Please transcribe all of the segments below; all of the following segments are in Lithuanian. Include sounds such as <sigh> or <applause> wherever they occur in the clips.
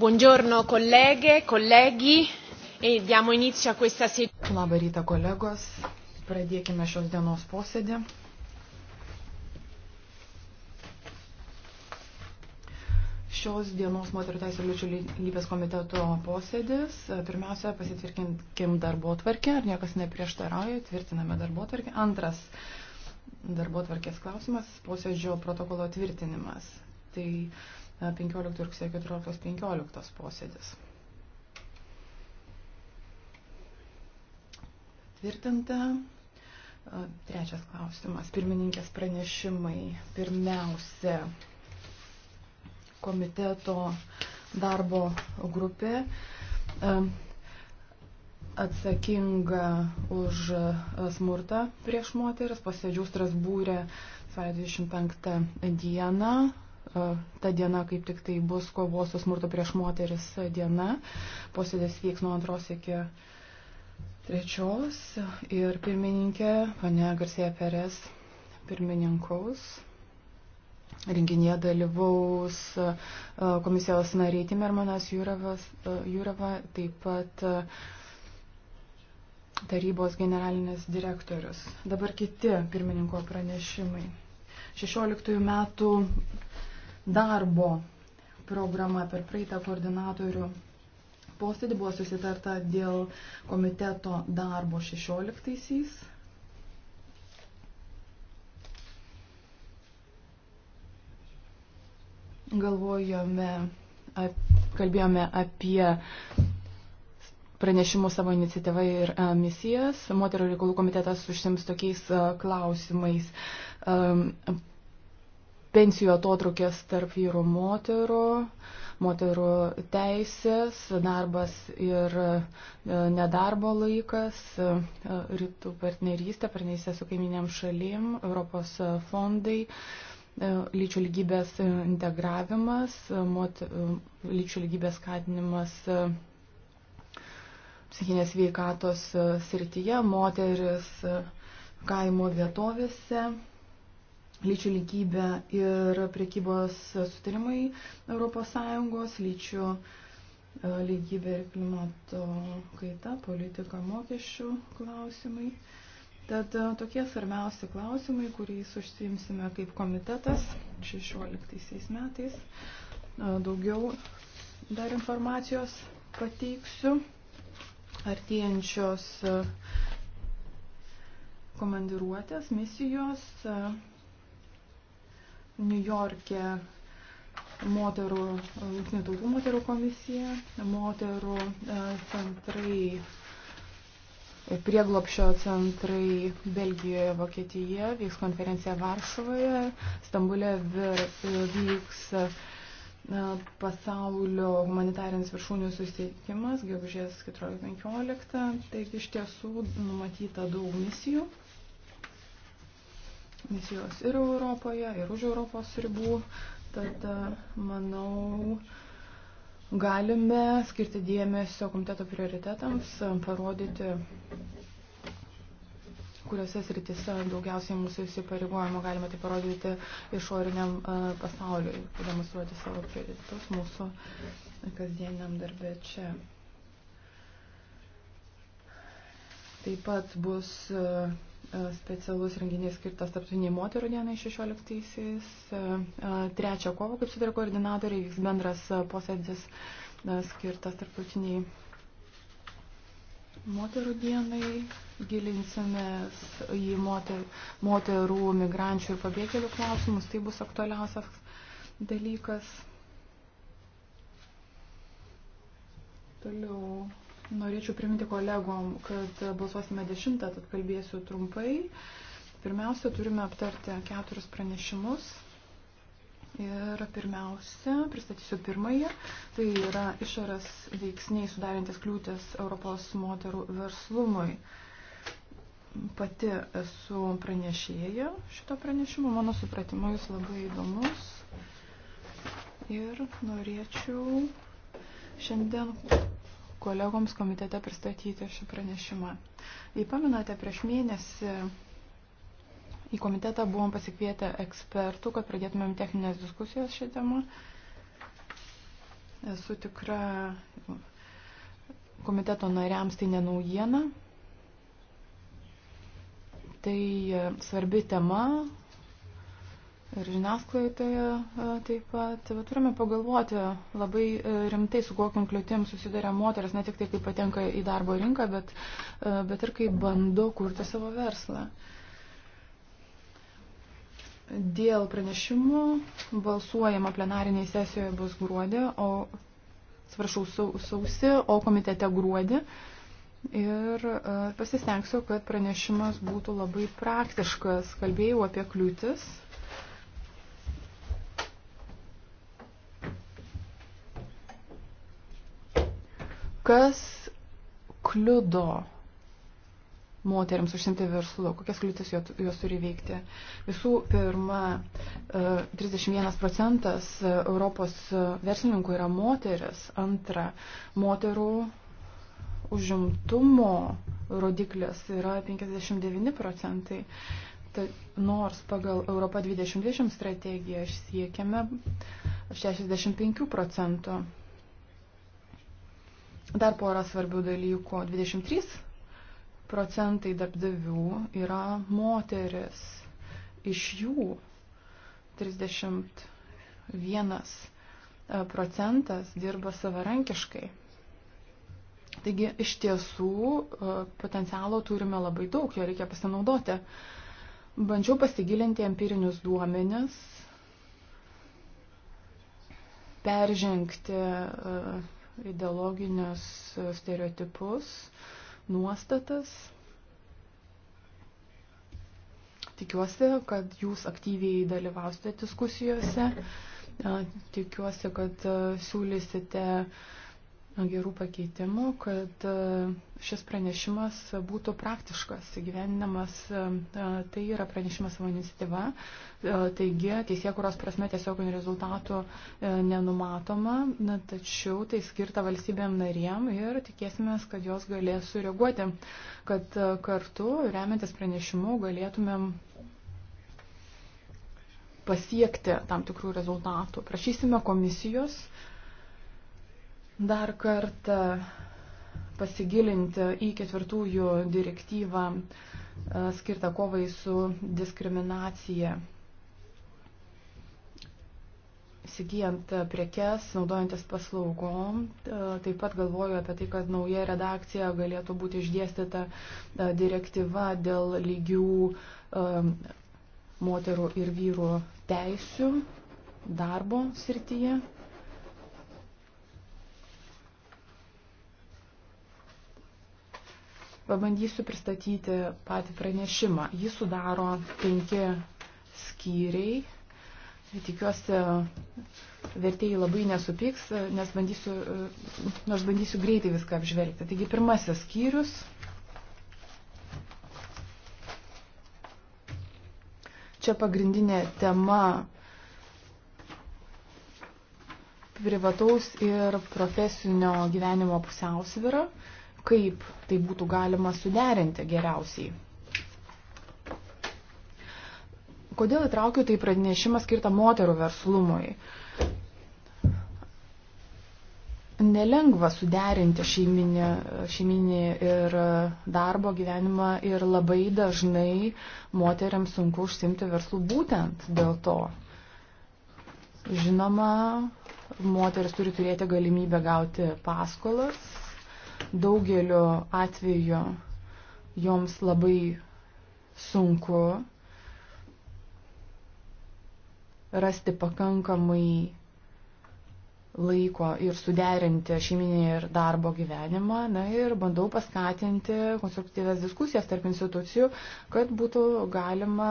Buongiorno colleghe, colleghi e diamo inizio a questa seduta. Labą rytą kolegos, pradėkime šios dienos posėdį. Šios dienos moterų teisų ir liučių lygybės komiteto posėdis. Pirmiausia, pasitvirtinkim darbo tvarkę, ar niekas neprieštarauja, tvirtiname darbo tvarkę. Antras darbo tvarkės klausimas, posėdžio protokolo tvirtinimas. Tai uh, 15 rugsėjo 14.15 posėdis. Tvirtinta. Trečias klausimas. Pirmininkės pranešimai. Pirmiausia, komiteto darbo grupė atsakinga už smurtą prieš moteris. Posėdžių Strasbūrė spalio 25 dieną E, ta diena kaip tik tai bus kovos su smurto prieš moteris diena. Posėdės vyks nuo antros iki trečios ir pirmininkė, pane Garsėja Perez, pirmininkaus. Renginėje dalyvaus e, komisijos nariai Timermanas Jūrava, e, taip pat tarybos generalinis direktorius. Dabar kiti pirmininko pranešimai. 16 metų darbo programa per praeitą koordinatorių posėdį buvo susitarta dėl komiteto darbo 16-aisiais. Galvojome, ap, kalbėjome apie pranešimus savo iniciatyvą ir a, e, misijas. Moterų reikalų komitetas užsims tokiais a, e, klausimais. A, pensijų atotrukės tarp vyrų moterų, moterų teisės, darbas ir e, nedarbo laikas, e, rytų partnerystė, partnerystė su kaiminėm šalim, Europos fondai e, lyčių lygybės integravimas, mot, lyčių lygybės skatinimas psichinės veikatos srityje, moteris kaimo vietovėse, lyčių lygybė ir priekybos sutarimai ES, lyčių e, lygybė ir klimato kaita, politika mokesčių klausimai. Tad e, tokie svarbiausi klausimai, kuriais užsiimsime kaip komitetas 16 metais. E, daugiau dar informacijos pateiksiu artėjančios komandiruotės misijos New York'e moterų, e, jungtinių tautų moterų komisija, moterų e, centrai, e, prieglopšio centrai Belgijoje, Vokietijoje, vyks konferencija Varšuvoje, Stambulė vyks pasaulio humanitarinis viršūnių susitikimas, gegužės 14-15, taigi iš tiesų numatyta daug misijų misijos ir Europoje, ir už Europos ribų. Tad manau, galime skirti dėmesio komiteto prioritetams, parodyti, kuriuose sritise daugiausiai mūsų įsipareigojimo galime tai parodyti išoriniam pasauliui, demonstruoti savo prioritetus mūsų kasdieniam darbė čia. Taip pat bus uh, E, specialus renginys skirtas tarptautiniai moterų dienai 16-aisiais. E, e, trečią kovo, kaip sutarė koordinatoriai, vyks bendras posėdis skirtas tarptautiniai moterų dienai. Gilinsimės į moter, moterų, migrančių ir pabėgėlių klausimus. Tai bus aktualiausias dalykas. Toliau. Norėčiau priminti kolegom, kad balsuosime dešimtą, tad kalbėsiu trumpai. Pirmiausia, turime aptarti keturis pranešimus. Ir pirmiausia, pristatysiu pirmąją, tai yra išorės veiksniai sudarintis kliūtis Europos moterų verslumui. Pati esu pranešėja šito pranešimo, mano supratimo jis labai įdomus. Ir norėčiau šiandien kolegoms komitete pristatyti šį pranešimą. Jei paminate, prieš mėnesį į komitetą buvom pasikvietę ekspertų, kad pradėtumėm techninės diskusijos šią temą. Esu tikra, komiteto nariams tai ne naujiena. Tai svarbi tema, Ir žiniasklaidoje e, taip pat bet turime pagalvoti labai e, rimtai, su kokiam kliūtim susiduria moteris, ne tik tai, kai patenka į darbo rinką, bet, e, bet ir kai bando kurti savo verslą. Dėl pranešimų balsuojama plenarinėje sesijoje bus gruodį, o, svaršau, sausi, o komitete gruodį. Ir pasistengsiu, kad pranešimas būtų labai praktiškas. Kalbėjau apie kliūtis Kas kliudo moteriams užsimti verslu, kokias kliūtis jos turi veikti. Visų pirma, 31 e, procentas Europos verslininkų yra moteris, antra, moterų užimtumo rodiklis yra 59 procentai. Ta, nors pagal Europą 2020 strategiją siekiame 65 procentų Dar pora svarbių dalykų. 23 procentai darbdavių yra moteris. Iš jų 31 e, procentas dirba savarankiškai. Taigi iš tiesų e, potencialo turime labai daug, jo reikia pasinaudoti. Bandžiau pasigilinti empirinius duomenis, peržengti uh, ideologinius stereotipus, nuostatas. Tikiuosi, kad jūs aktyviai dalyvausite diskusijose. Tikiuosi, kad e, siūlysite uh, gerų pakeitimų, kad e, šis pranešimas būtų praktiškas, įgyvendinamas, e, tai yra pranešimas savo iniciatyva, e, taigi teisėkuros prasme tiesioginių rezultatų nenumatoma, na, tačiau tai skirta valstybėm narėm ir tikėsime, kad jos galės sureaguoti, kad kartu remiantis pranešimu galėtumėm pasiekti tam tikrų rezultatų. Prašysime komisijos uh, dar kartą pasigilinti į ketvirtųjų direktyvą e, skirtą kovai su diskriminacija. Įsigijant prekes, naudojantis paslaugom, e, taip pat galvoju apie tai, kad nauja redakcija galėtų būti išdėstyta e, direktyva dėl lygių moterų ir vyrų teisių darbo srityje. Pabandysiu pristatyti patį pranešimą. Jį sudaro penki skyriai. Tikiuosi, vertėjai labai nesupyks, nes bandysiu, nors bandysiu greitai viską apžvelgti. Taigi pirmasis skyrius. Čia pagrindinė tema privataus ir profesinio gyvenimo pusiausvyra kaip tai būtų galima suderinti geriausiai. Kodėl įtraukiu tai pranešimą skirtą moterų verslumui? Nelengva suderinti šeiminį, šeiminį ir darbo gyvenimą ir labai dažnai moteriams sunku užsimti verslų būtent dėl to. Žinoma, moteris turi turėti galimybę gauti paskolas daugeliu atveju joms labai sunku rasti pakankamai laiko ir suderinti šeiminį ir darbo gyvenimą. Na ir bandau paskatinti konstruktyvės diskusijas tarp institucijų, kad būtų galima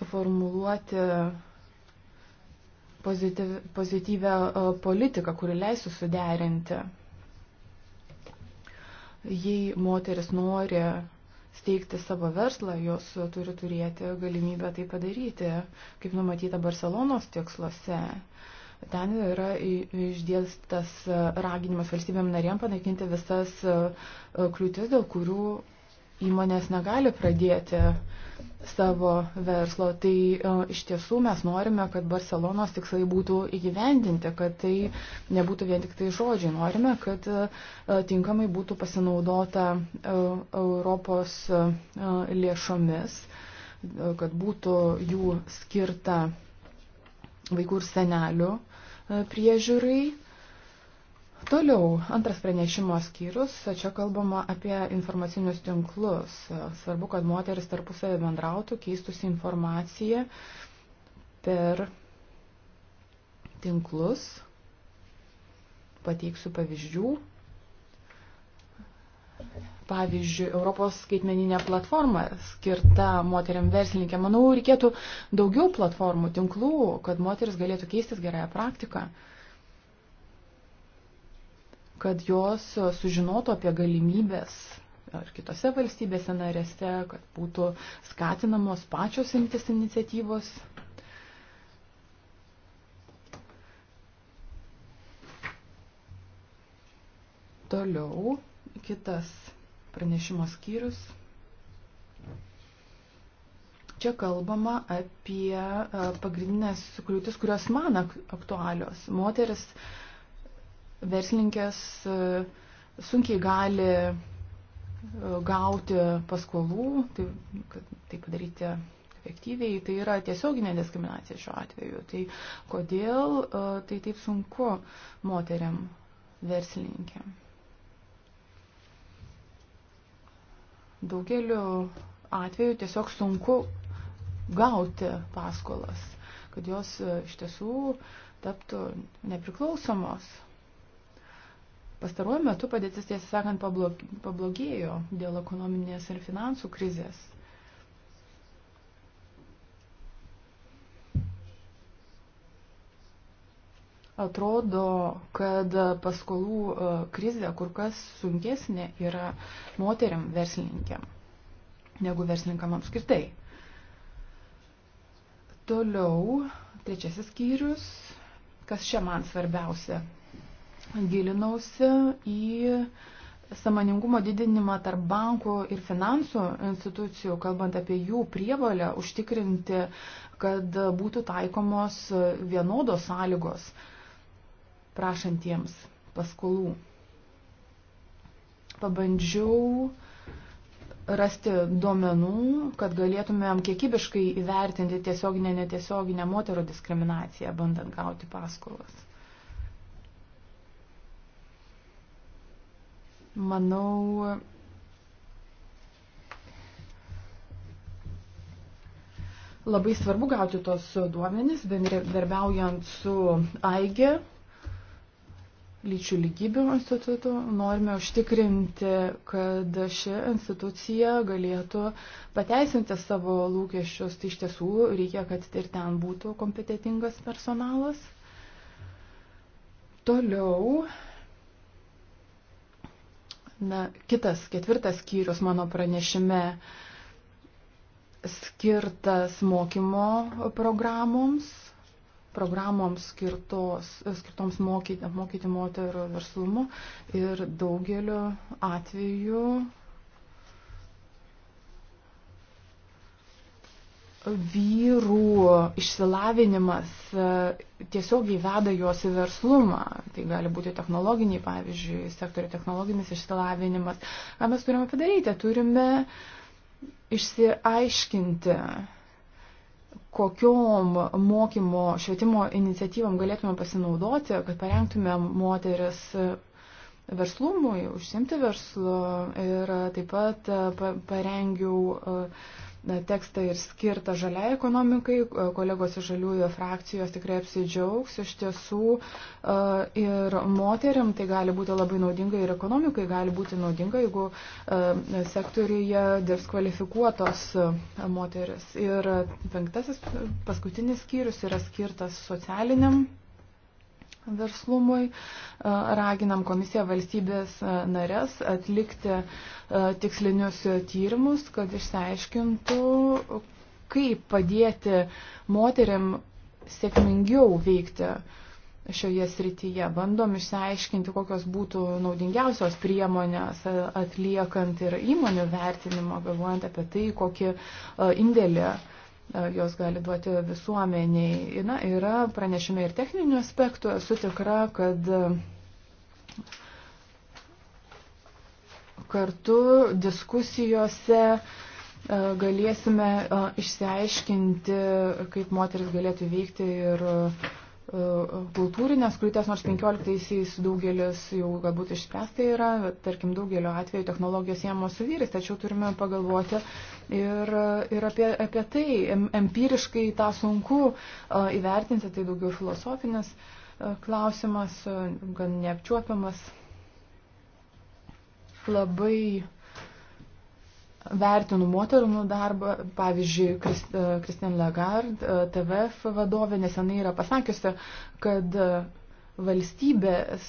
suformuluoti pozityv, pozityvę e, politiką, kuri leisų suderinti. Jei moteris nori steigti savo verslą, jos turi turėti galimybę tai padaryti, kaip numatyta Barcelonos tiksluose. Ten yra išdėstas raginimas valstybėm narėm panaikinti visas e, kliūtis, dėl kurių įmonės negali pradėti uh, savo verslo. Tai e, iš tiesų mes norime, kad Barcelonos tikslai būtų įgyvendinti, kad tai nebūtų vien tik tai žodžiai. Norime, kad e, tinkamai būtų pasinaudota e, Europos lėšomis, kad būtų jų skirta vaikų ir senelių priežiūrai Toliau, antras pranešimo skyrius, čia kalbama apie informacinius tinklus. Svarbu, kad moteris tarpusavį bendrautų, keistųsi informaciją per tinklus. Pateiksiu pavyzdžių. Pavyzdžiui, Europos skaitmeninė platforma skirta moteriam verslininkė. Manau, reikėtų daugiau platformų, tinklų, kad moteris galėtų keistis gerąją praktiką. Uh, kad jos sužinotų apie galimybės ar kitose valstybėse narėse, kad būtų skatinamos pačios imtis iniciatyvos. Toliau kitas pranešimo skyrius. Čia kalbama apie e, pagrindinės kliūtis, kurios man aktualios. Moteris uh, verslininkės e, sunkiai gali e, gauti paskolų, tai, kad tai padaryti efektyviai, tai yra tiesioginė diskriminacija šiuo atveju. Tai kodėl e, tai taip sunku moteriam verslininkėm? Daugeliu atveju tiesiog sunku gauti paskolas, kad jos iš tiesų taptų nepriklausomos Pastaruoju metu padėtis, tiesą sakant, pablogėjo dėl ekonominės ir finansų krizės. Atrodo, kad paskolų e, krizė kur kas sunkesnė yra moteriam verslininkėm negu verslininkam apskritai. Toliau, trečiasis skyrius, kas čia man svarbiausia gilinausi į samoningumo didinimą tarp bankų ir finansų institucijų, kalbant apie jų prievalę užtikrinti, kad būtų taikomos vienodos sąlygos prašantiems paskolų. Pabandžiau rasti duomenų, kad galėtumėm kiekybiškai įvertinti tiesioginę, netiesioginę moterų diskriminaciją, bandant gauti paskolas. Manau, labai svarbu gauti tos duomenys, bendradarbiaujant su AIGE, lyčių lygybių institutu, norime užtikrinti, kad ši institucija galėtų pateisinti savo lūkesčius. Tai iš tiesų reikia, kad ir ten būtų kompetitingas personalas. Toliau Na, kitas, ketvirtas skyrius mano pranešime skirtas mokymo programoms, programoms skirtos, skirtoms mokyti, apmokyti moterų verslumu ir daugeliu atveju vyrų išsilavinimas e, tiesiogiai veda juos į verslumą. Tai gali būti technologiniai, pavyzdžiui, sektorių technologinis išsilavinimas. Ką mes turime padaryti? Turime išsiaiškinti, kokiom mokymo, švietimo iniciatyvom galėtume pasinaudoti, kad parengtume moteris verslumui, užsimti verslu. Ir taip pat parengiau e, tekstą ir skirtą žaliai ekonomikai. E, kolegos iš žaliųjų frakcijos tikrai apsidžiaugs. Iš tiesų e, ir moteriam tai gali būti labai naudinga ir ekonomikai gali būti naudinga, jeigu e, sektoriuje dirbs kvalifikuotos moteris. Ir penktasis, paskutinis skyrius yra skirtas socialiniam verslumui. Raginam komisiją valstybės narės atlikti tikslinius tyrimus, kad išsiaiškintų, kaip padėti moteriam sėkmingiau veikti šioje srityje. Bandom išsiaiškinti, kokios būtų naudingiausios priemonės atliekant ir įmonių vertinimą, galvojant apie tai, kokį indėlį uh, jos gali duoti visuomeniai. Na, yra pranešime ir techninių aspektų. Esu tikra, kad kartu diskusijose galėsime išsiaiškinti, kaip moteris galėtų veikti ir uh, kultūrinės kliūtės, nors 15-aisiais daugelis jau galbūt išspręsta yra, tarkim, daugelio atveju technologijos siemos su vyrais, tačiau turime pagalvoti ir, ir apie, apie tai, empiriškai tą sunku įvertinti, tai daugiau filosofinis klausimas, gan neapčiuopiamas. Labai vertinu moterų nu darbą, pavyzdžiui, Kristin e, Lagarde, e, TVF vadovė, nesenai yra pasakiusi, kad e, valstybės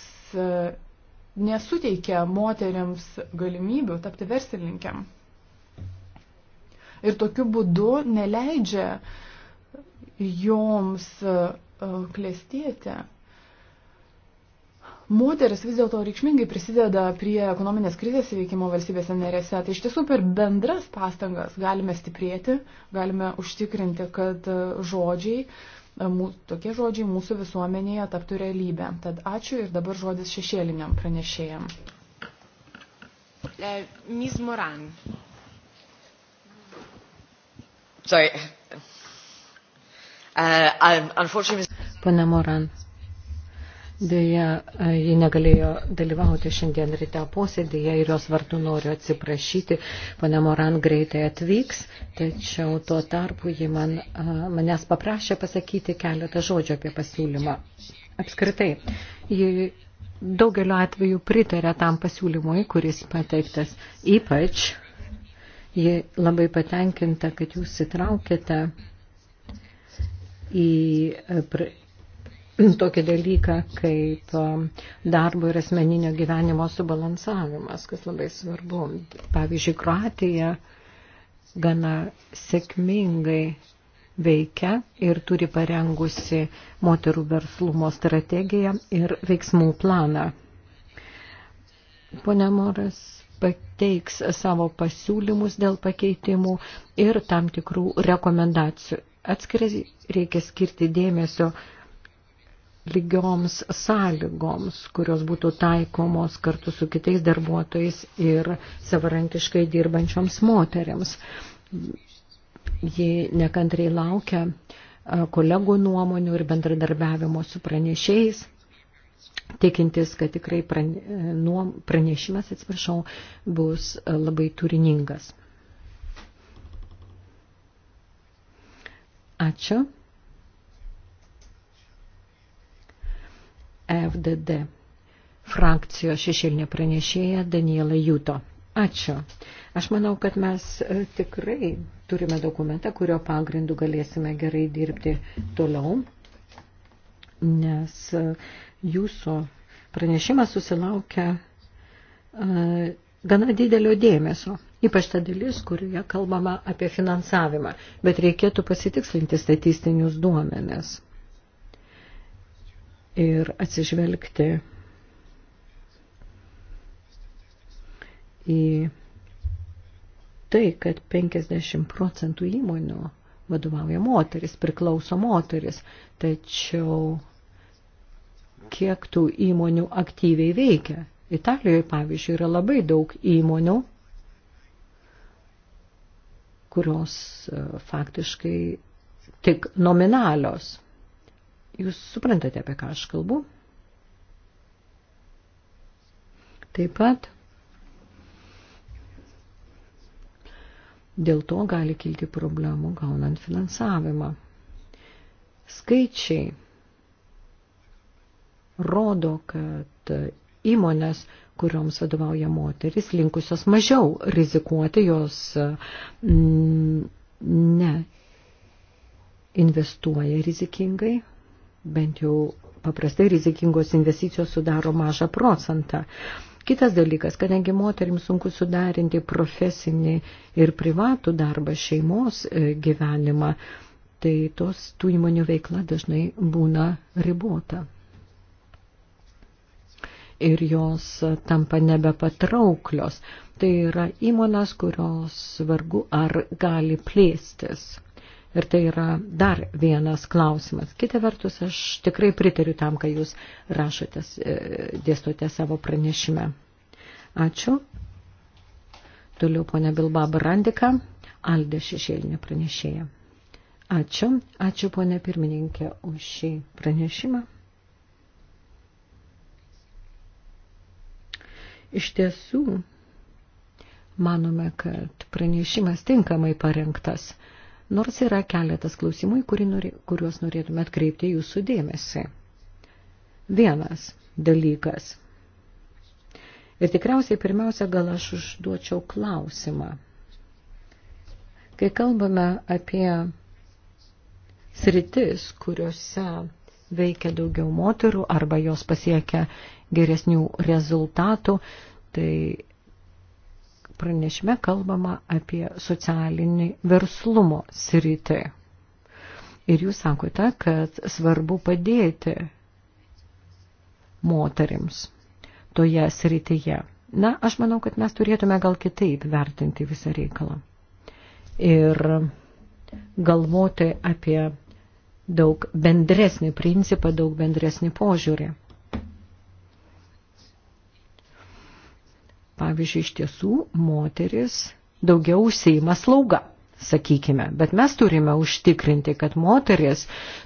nesuteikia moteriams galimybių tapti verslininkėm. Ir tokiu būdu neleidžia joms klėstėti moteris vis dėlto reikšmingai prisideda prie ekonominės krizės įveikimo valstybėse narėse. Tai iš tiesų per bendras pastangas galime stiprėti, galime užtikrinti, kad žodžiai, tokie žodžiai mūsų visuomenėje taptų realybę. Tad ačiū ir dabar žodis šešėliniam pranešėjam. Eh, Ms. Moran. Sorry. Uh, unfortunately... Pane Moran. Deja, ji negalėjo dalyvauti šiandien ryte posėdėje ir jos vardu noriu atsiprašyti. Pane Moran greitai atvyks, tačiau tuo tarpu ji man, manęs paprašė pasakyti keletą žodžių apie pasiūlymą. Apskritai, ji daugeliu atveju pritarė tam pasiūlymui, kuris pateiktas. Ypač ji labai patenkinta, kad jūs įtraukėte į tokį dalyką kaip um, darbo ir asmeninio gyvenimo subalansavimas, kas labai svarbu. Pavyzdžiui, Kroatija gana sėkmingai veikia ir turi parengusi moterų verslumo strategiją ir veiksmų planą. Pone Moras pateiks savo pasiūlymus dėl pakeitimų ir tam tikrų rekomendacijų. Atskirai reikia skirti dėmesio lygioms sąlygoms, kurios būtų taikomos kartu su kitais darbuotojais ir savarankiškai dirbančioms moteriams. Ji nekantriai laukia kolegų nuomonių ir bendradarbiavimo su pranešėjais, tikintis, kad tikrai e, pranešimas, atsiprašau, bus labai turiningas. Ačiū. FDD frakcijos šešėlinė pranešėja Daniela Juto. Ačiū. Aš manau, kad mes e, tikrai turime dokumentą, kurio pagrindu galėsime gerai dirbti toliau, nes e, jūsų pranešimas susilaukia e, gana didelio dėmesio, ypač ta dalis, kurioje kalbama apie finansavimą, bet reikėtų pasitikslinti statistinius duomenis ir atsižvelgti į tai, kad 50 procentų įmonių vadovauja moteris, priklauso moteris, tačiau kiek tų įmonių aktyviai veikia. Italijoje, pavyzdžiui, yra labai daug įmonių, kurios e, faktiškai tik nominalios. Jūs suprantate, apie ką aš kalbu? Taip pat dėl to gali kilti problemų gaunant finansavimą. Skaičiai rodo, kad įmonės, kurioms vadovauja moteris, linkusios mažiau rizikuoti, jos mm, ne investuoja rizikingai bent jau paprastai rizikingos investicijos sudaro mažą procentą. Kitas dalykas, kadangi moterims sunku sudarinti profesinį ir privatų darbą šeimos e, gyvenimą, tai tos tų įmonių veikla dažnai būna ribota. Ir jos tampa nebepatrauklios. Tai yra įmonas, kurios vargu ar gali plėstis Ir tai yra dar vienas klausimas. Kita vertus, aš tikrai pritariu tam, ką jūs rašote, e, dėstote savo pranešime. Ačiū. Toliau ponia Bilba Brandika, Aldė šešėlinė pranešėja. Ačiū. Ačiū ponia pirmininkė už šį pranešimą. Iš tiesų, manome, kad pranešimas tinkamai parengtas – Nors yra keletas klausimų, norė, kuriuos norėtume atkreipti jūsų dėmesį. Vienas dalykas. Ir tikriausiai pirmiausia, gal aš užduočiau klausimą. Kai kalbame apie sritis, kuriuose veikia daugiau moterų arba jos pasiekia geresnių rezultatų, tai pranešime kalbama apie socialinį verslumo sritį. Ir jūs sakote, kad svarbu padėti moterims toje srityje. Na, aš manau, kad mes turėtume gal kitaip vertinti visą reikalą. Ir galvoti apie daug bendresnį principą, daug bendresnį požiūrį. Pavyzdžiui, iš tiesų moteris daugiau užseima slauga, sakykime, bet mes turime užtikrinti, kad moteris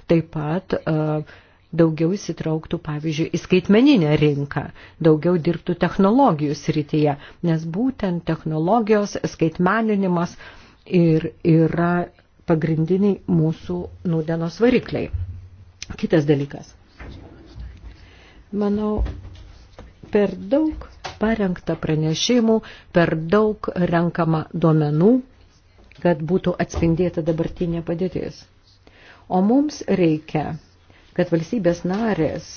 taip pat uh, daugiau įsitrauktų, pavyzdžiui, į skaitmeninę rinką, daugiau dirbtų technologijų srityje, nes būtent technologijos skaitmeninimas ir yra pagrindiniai mūsų nūdenos varikliai. Kitas dalykas. Manau, per daug parengta pranešimų, per daug renkama duomenų, kad būtų atspindėta dabartinė padėtis. O mums reikia, kad valstybės narės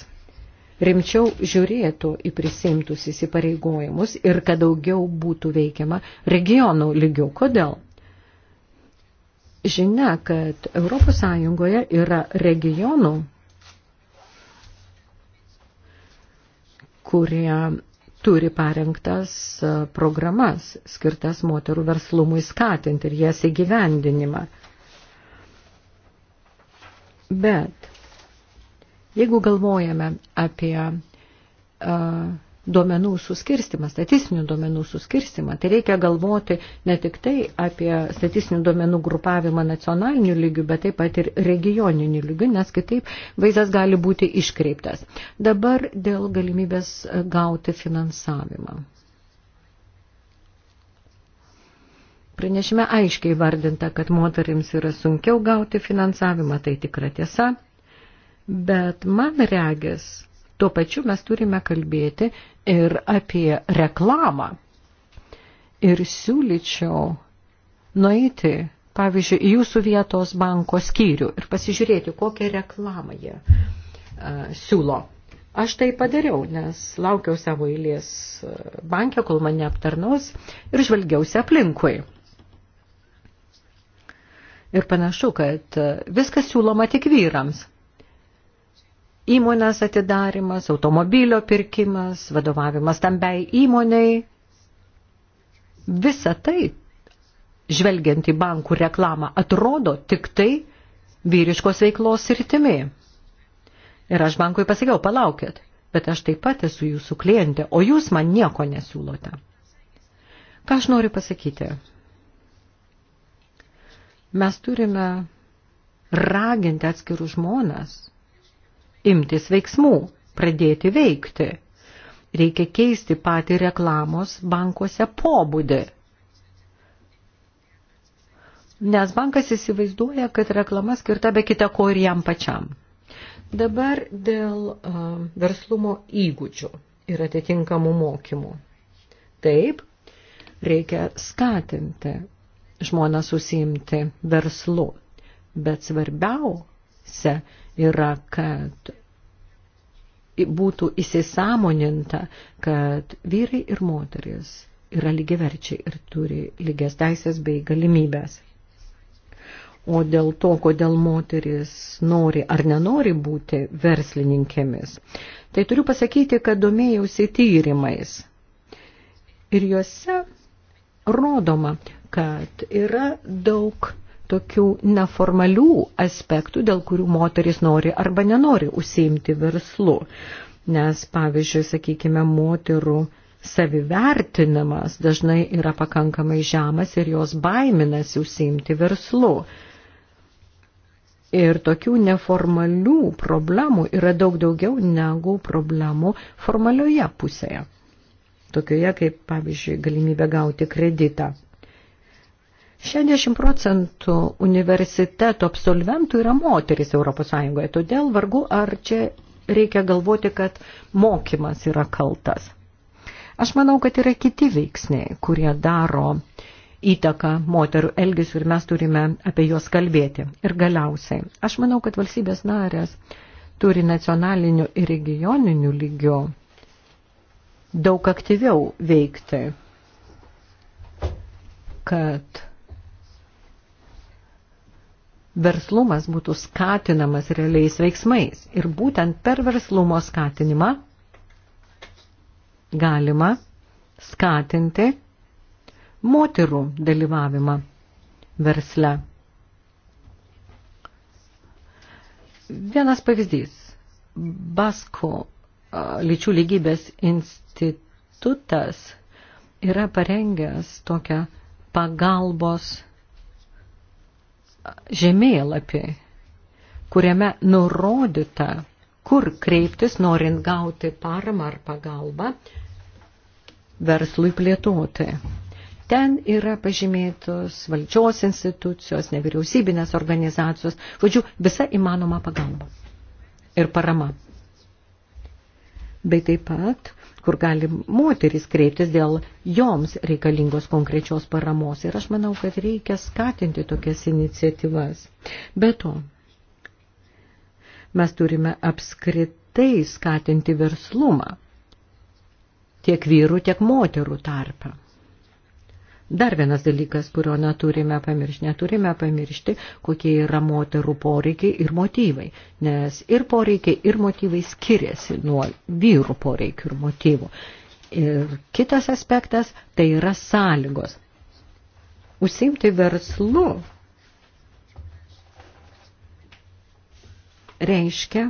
rimčiau žiūrėtų į prisimtus įsipareigojimus ir kad daugiau būtų veikiama regionų lygių. Kodėl? Žinia, kad ES yra regionų, kurie turi parengtas e, programas skirtas moterų verslumui skatinti ir jas įgyvendinimą. Bet jeigu galvojame apie uh, duomenų suskirstimą, statistinių duomenų suskirstimą. Tai reikia galvoti ne tik tai apie statistinių duomenų grupavimą nacionaliniu lygiu, bet taip pat ir regioniniu lygiu, nes kitaip vaizdas gali būti iškreiptas. Dabar dėl galimybės gauti finansavimą. Pranešime aiškiai vardinta, kad moterims yra sunkiau gauti finansavimą, tai tikra tiesa, bet man regis, Tuo pačiu mes turime kalbėti ir apie reklamą. Ir siūlyčiau nueiti, pavyzdžiui, į jūsų vietos banko skyrių ir pasižiūrėti, kokią reklamą jie uh, siūlo. Aš tai padariau, nes laukiau savo eilės bankę, kol mane aptarnaus ir žvalgiausi aplinkui. Ir panašu, kad viskas siūloma tik vyrams įmonės atidarimas, automobilio pirkimas, vadovavimas tambiai įmoniai. Visa tai, žvelgiant į bankų reklamą, atrodo tik tai vyriškos veiklos sritimi. Ir aš bankui pasakiau, palaukit, bet aš taip pat esu jūsų klientė, o jūs man nieko nesiūlote. Ką aš noriu pasakyti? Mes turime raginti atskirų žmonės imtis veiksmų, pradėti veikti. Reikia keisti patį reklamos bankuose pobūdį. Nes bankas įsivaizduoja, kad reklama skirta be kita ko ir jam pačiam. Dabar dėl uh, verslumo įgūdžių ir atitinkamų mokymų. Taip, reikia skatinti žmonas užsiimti verslu, bet svarbiausia yra, kad būtų įsisamoninta, kad vyrai ir moteris yra lygiverčiai ir turi lygias teisės bei galimybės. O dėl to, kodėl moteris nori ar nenori būti verslininkėmis, tai turiu pasakyti, kad domėjausi tyrimais. Ir juose rodoma, kad yra daug tokių neformalių aspektų, dėl kurių moteris nori arba nenori užsiimti verslu. Nes, pavyzdžiui, sakykime, moterų savivertinimas dažnai yra pakankamai žemas ir jos baiminasi užsiimti verslu. Ir tokių neformalių problemų yra daug daugiau negu problemų formalioje pusėje. Tokioje kaip, pavyzdžiui, galimybė gauti kreditą 60 procentų universiteto absolventų yra moteris ES, todėl vargu ar čia reikia galvoti, kad mokymas yra kaltas. Aš manau, kad yra kiti veiksniai, kurie daro įtaką moterų elgesiu ir mes turime apie juos kalbėti. Ir galiausiai, aš manau, kad valstybės narės turi nacionaliniu ir regioniniu lygiu daug aktyviau veikti, kad verslumas būtų skatinamas realiais veiksmais. Ir būtent per verslumo skatinimą galima skatinti moterų dalyvavimą versle. Vienas pavyzdys. Basko lyčių lygybės institutas yra parengęs tokią pagalbos žemėlapį, kuriame nurodyta, kur kreiptis, norint gauti paramą ar pagalbą verslui plėtoti. Ten yra pažymėtos valdžios institucijos, nevyriausybinės organizacijos, vadžiu, visa įmanoma pagalba ir parama. Bei taip pat kur gali moteris kreiptis dėl joms reikalingos konkrečios paramos. Ir aš manau, kad reikia skatinti tokias iniciatyvas. Be to, mes turime apskritai skatinti verslumą tiek vyrų, tiek moterų tarpą. Dar vienas dalykas, kurio neturime pamiršti, neturime pamiršti, kokie yra moterų poreikiai ir motyvai, nes ir poreikiai, ir motyvai skiriasi nuo vyrų poreikių ir motyvų. Ir kitas aspektas tai yra sąlygos. Užsimti verslu reiškia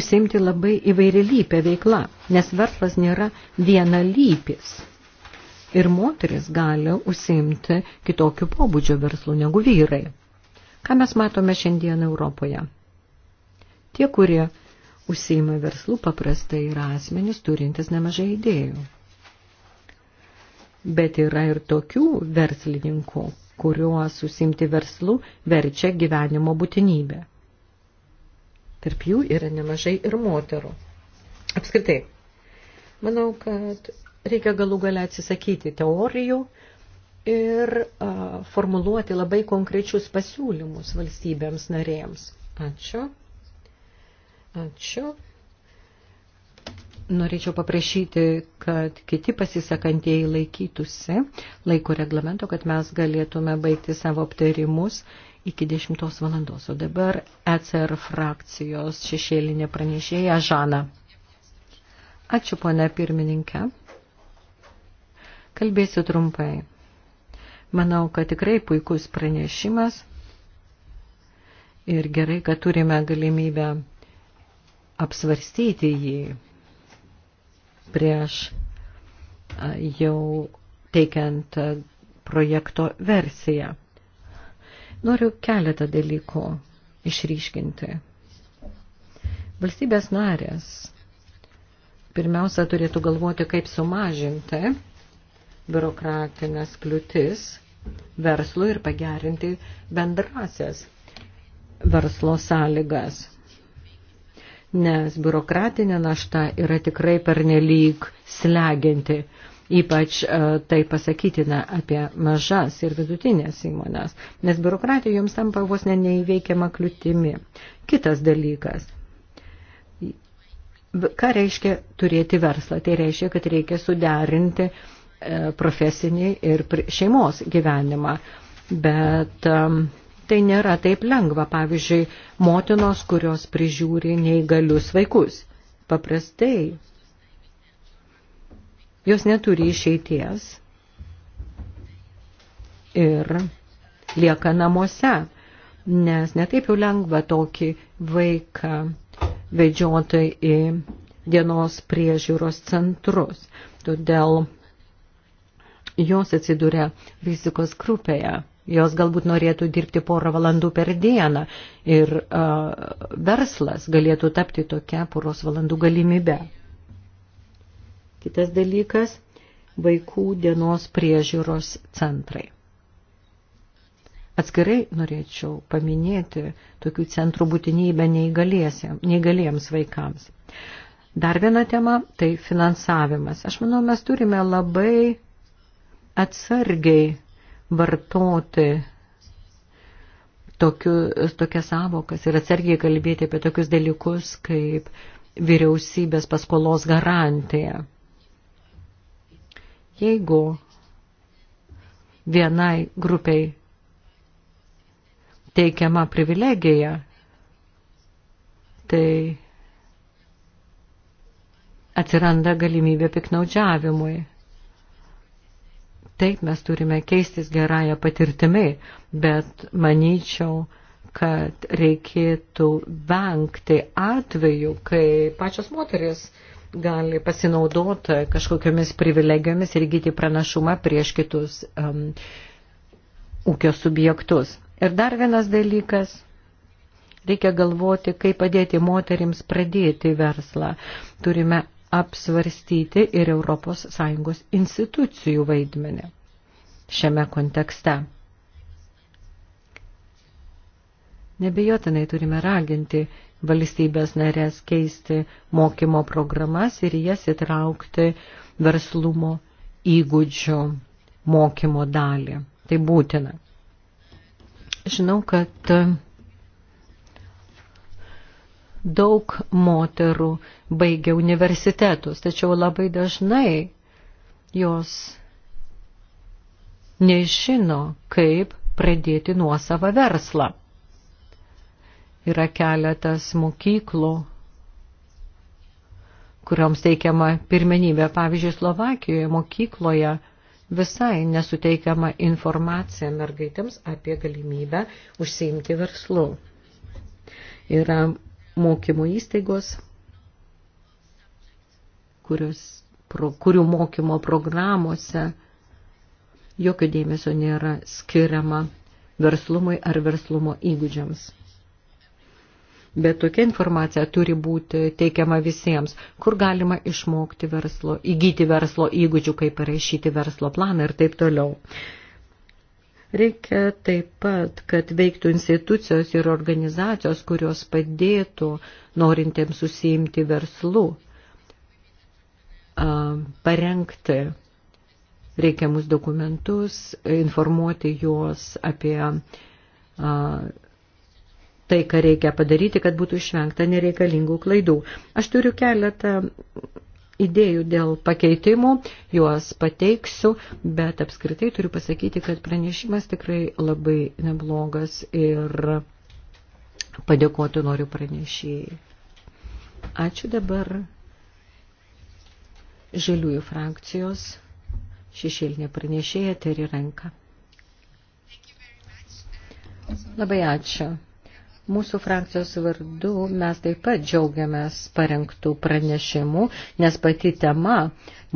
užsimti labai įvairialypę veiklą, nes verslas nėra vienalypis ir moteris gali užsiimti kitokių pobūdžio verslų negu vyrai. Ką mes matome šiandien Europoje? Tie, kurie užsiima verslų, paprastai yra asmenys turintis nemažai idėjų. Bet yra ir tokių verslininkų, kuriuos užsimti verslų verčia gyvenimo būtinybė. Tarp jų yra nemažai ir moterų. Apskritai, manau, kad reikia galų gale atsisakyti teorijų ir a, formuluoti labai konkrečius pasiūlymus valstybėms narėms. Ačiū. Ačiū. Norėčiau paprašyti, kad kiti pasisakantieji laikytųsi laiko reglamento, kad mes galėtume baigti savo aptarimus iki 10 valandos. O dabar ECR frakcijos šešėlinė pranešėja Žana. Ačiū, ponia pirmininkė. Kalbėsiu trumpai. Manau, kad tikrai puikus pranešimas ir gerai, kad turime galimybę apsvarstyti jį prieš jau teikiant projekto versiją. Noriu keletą dalykų išryškinti. Valstybės narės pirmiausia turėtų galvoti, kaip sumažinti biurokratinės kliūtis verslui ir pagerinti bendrasias verslo sąlygas. Nes biurokratinė našta yra tikrai pernelyg sleginti, ypač e, tai pasakytina apie mažas ir vidutinės įmonės, nes biurokratija joms tampa vos ne neįveikiama kliūtimi. Kitas dalykas ką reiškia turėti verslą? Tai reiškia, kad reikia suderinti E, profesinį ir šeimos gyvenimą. Bet tai nėra taip lengva, pavyzdžiui, motinos, kurios prižiūri neįgalius vaikus. Paprastai jos neturi išeities ir lieka namuose, nes netaip jau lengva tokį vaiką vedžioti į dienos priežiūros centrus. Todėl jos atsiduria rizikos grupėje. Jos galbūt norėtų dirbti porą valandų per dieną ir uh, verslas galėtų tapti tokia poros valandų galimybe. Kitas dalykas – vaikų dienos priežiūros centrai. Atskirai norėčiau paminėti tokių centrų būtinybę neįgaliems vaikams. Dar viena tema – tai finansavimas. Aš manau, mes turime labai atsargiai vartoti tokius, tokias savokas ir atsargiai kalbėti apie tokius dalykus kaip vyriausybės paskolos garantija. Jeigu vienai grupiai teikiama privilegija, tai atsiranda galimybė piknaudžiavimui. Taip, mes turime keistis gerąją patirtimai, bet manyčiau, kad reikėtų vengti atveju, kai pačios moteris gali pasinaudoti kažkokiamis privilegijomis ir gyti pranašumą prieš kitus um, ūkio subjektus. Ir dar vienas dalykas reikia galvoti, kaip padėti moterims pradėti verslą. Turime apsvarstyti ir ES institucijų vaidmenį šiame kontekste. Nebejotinai turime raginti valstybės narės keisti mokymo programas ir jas įtraukti verslumo įgūdžių mokymo dalį. Tai būtina. Žinau, kad daug moterų baigia universitetus, tačiau labai dažnai jos nežino, kaip pradėti nuosavą verslą. Yra keletas mokyklų, kurioms teikiama pirmenybė. Pavyzdžiui, Slovakijoje mokykloje visai nesuteikiama informacija mergaitėms apie galimybę užsiimti verslu. Yra mokymo įstaigos, kurios, pro, kurių mokymo programuose jokio dėmesio nėra skiriama verslumui ar verslumo įgūdžiams. Bet tokia informacija turi būti teikiama visiems, kur galima išmokti verslo, įgyti verslo įgūdžių, kaip parašyti verslo planą ir taip toliau. Reikia taip pat, kad veiktų institucijos ir organizacijos, kurios padėtų norintiems susijimti verslu, parengti reikiamus dokumentus, informuoti juos apie tai, ką reikia padaryti, kad būtų išvengta nereikalingų klaidų. Aš turiu keletą idėjų dėl pakeitimų, juos pateiksiu, bet apskritai turiu pasakyti, kad pranešimas tikrai labai neblogas ir padėkoti noriu pranešėjai. Ačiū dabar žaliųjų frakcijos šešėlinė pranešėja Teri Renka. Labai ačiū. Mūsų frakcijos vardu mes taip pat džiaugiamės parengtų pranešimų, nes pati tema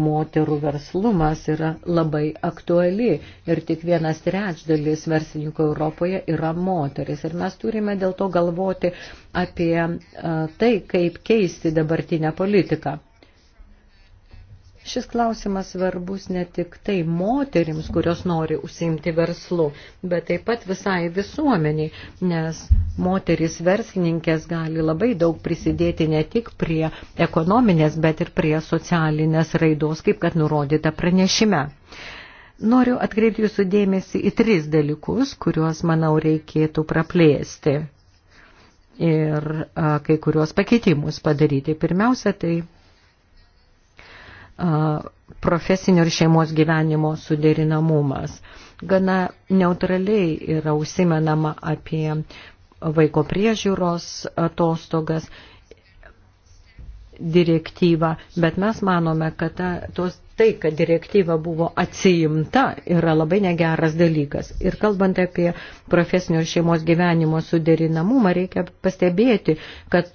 moterų verslumas yra labai aktuali ir tik vienas trečdalis verslininkų Europoje yra moteris. Ir mes turime dėl to galvoti apie tai, kaip keisti dabartinę politiką. Šis klausimas svarbus ne tik tai moterims, kurios nori užsiimti verslu, bet taip pat visai visuomeniai, nes moteris verslininkės gali labai daug prisidėti ne tik prie ekonominės, bet ir prie socialinės raidos, kaip kad nurodyta pranešime. Noriu atkreipti jūsų dėmesį į tris dalykus, kuriuos, manau, reikėtų praplėsti ir a, kai kuriuos pakeitimus padaryti. Pirmiausia, tai profesinio ir šeimos gyvenimo suderinamumas. Gana neutraliai yra užsimenama apie vaiko priežiūros atostogas direktyvą, bet mes manome, kad ta, tos, tai, kad direktyva buvo atsiimta, yra labai negeras dalykas. Ir kalbant apie profesinio ir šeimos gyvenimo suderinamumą, reikia pastebėti, kad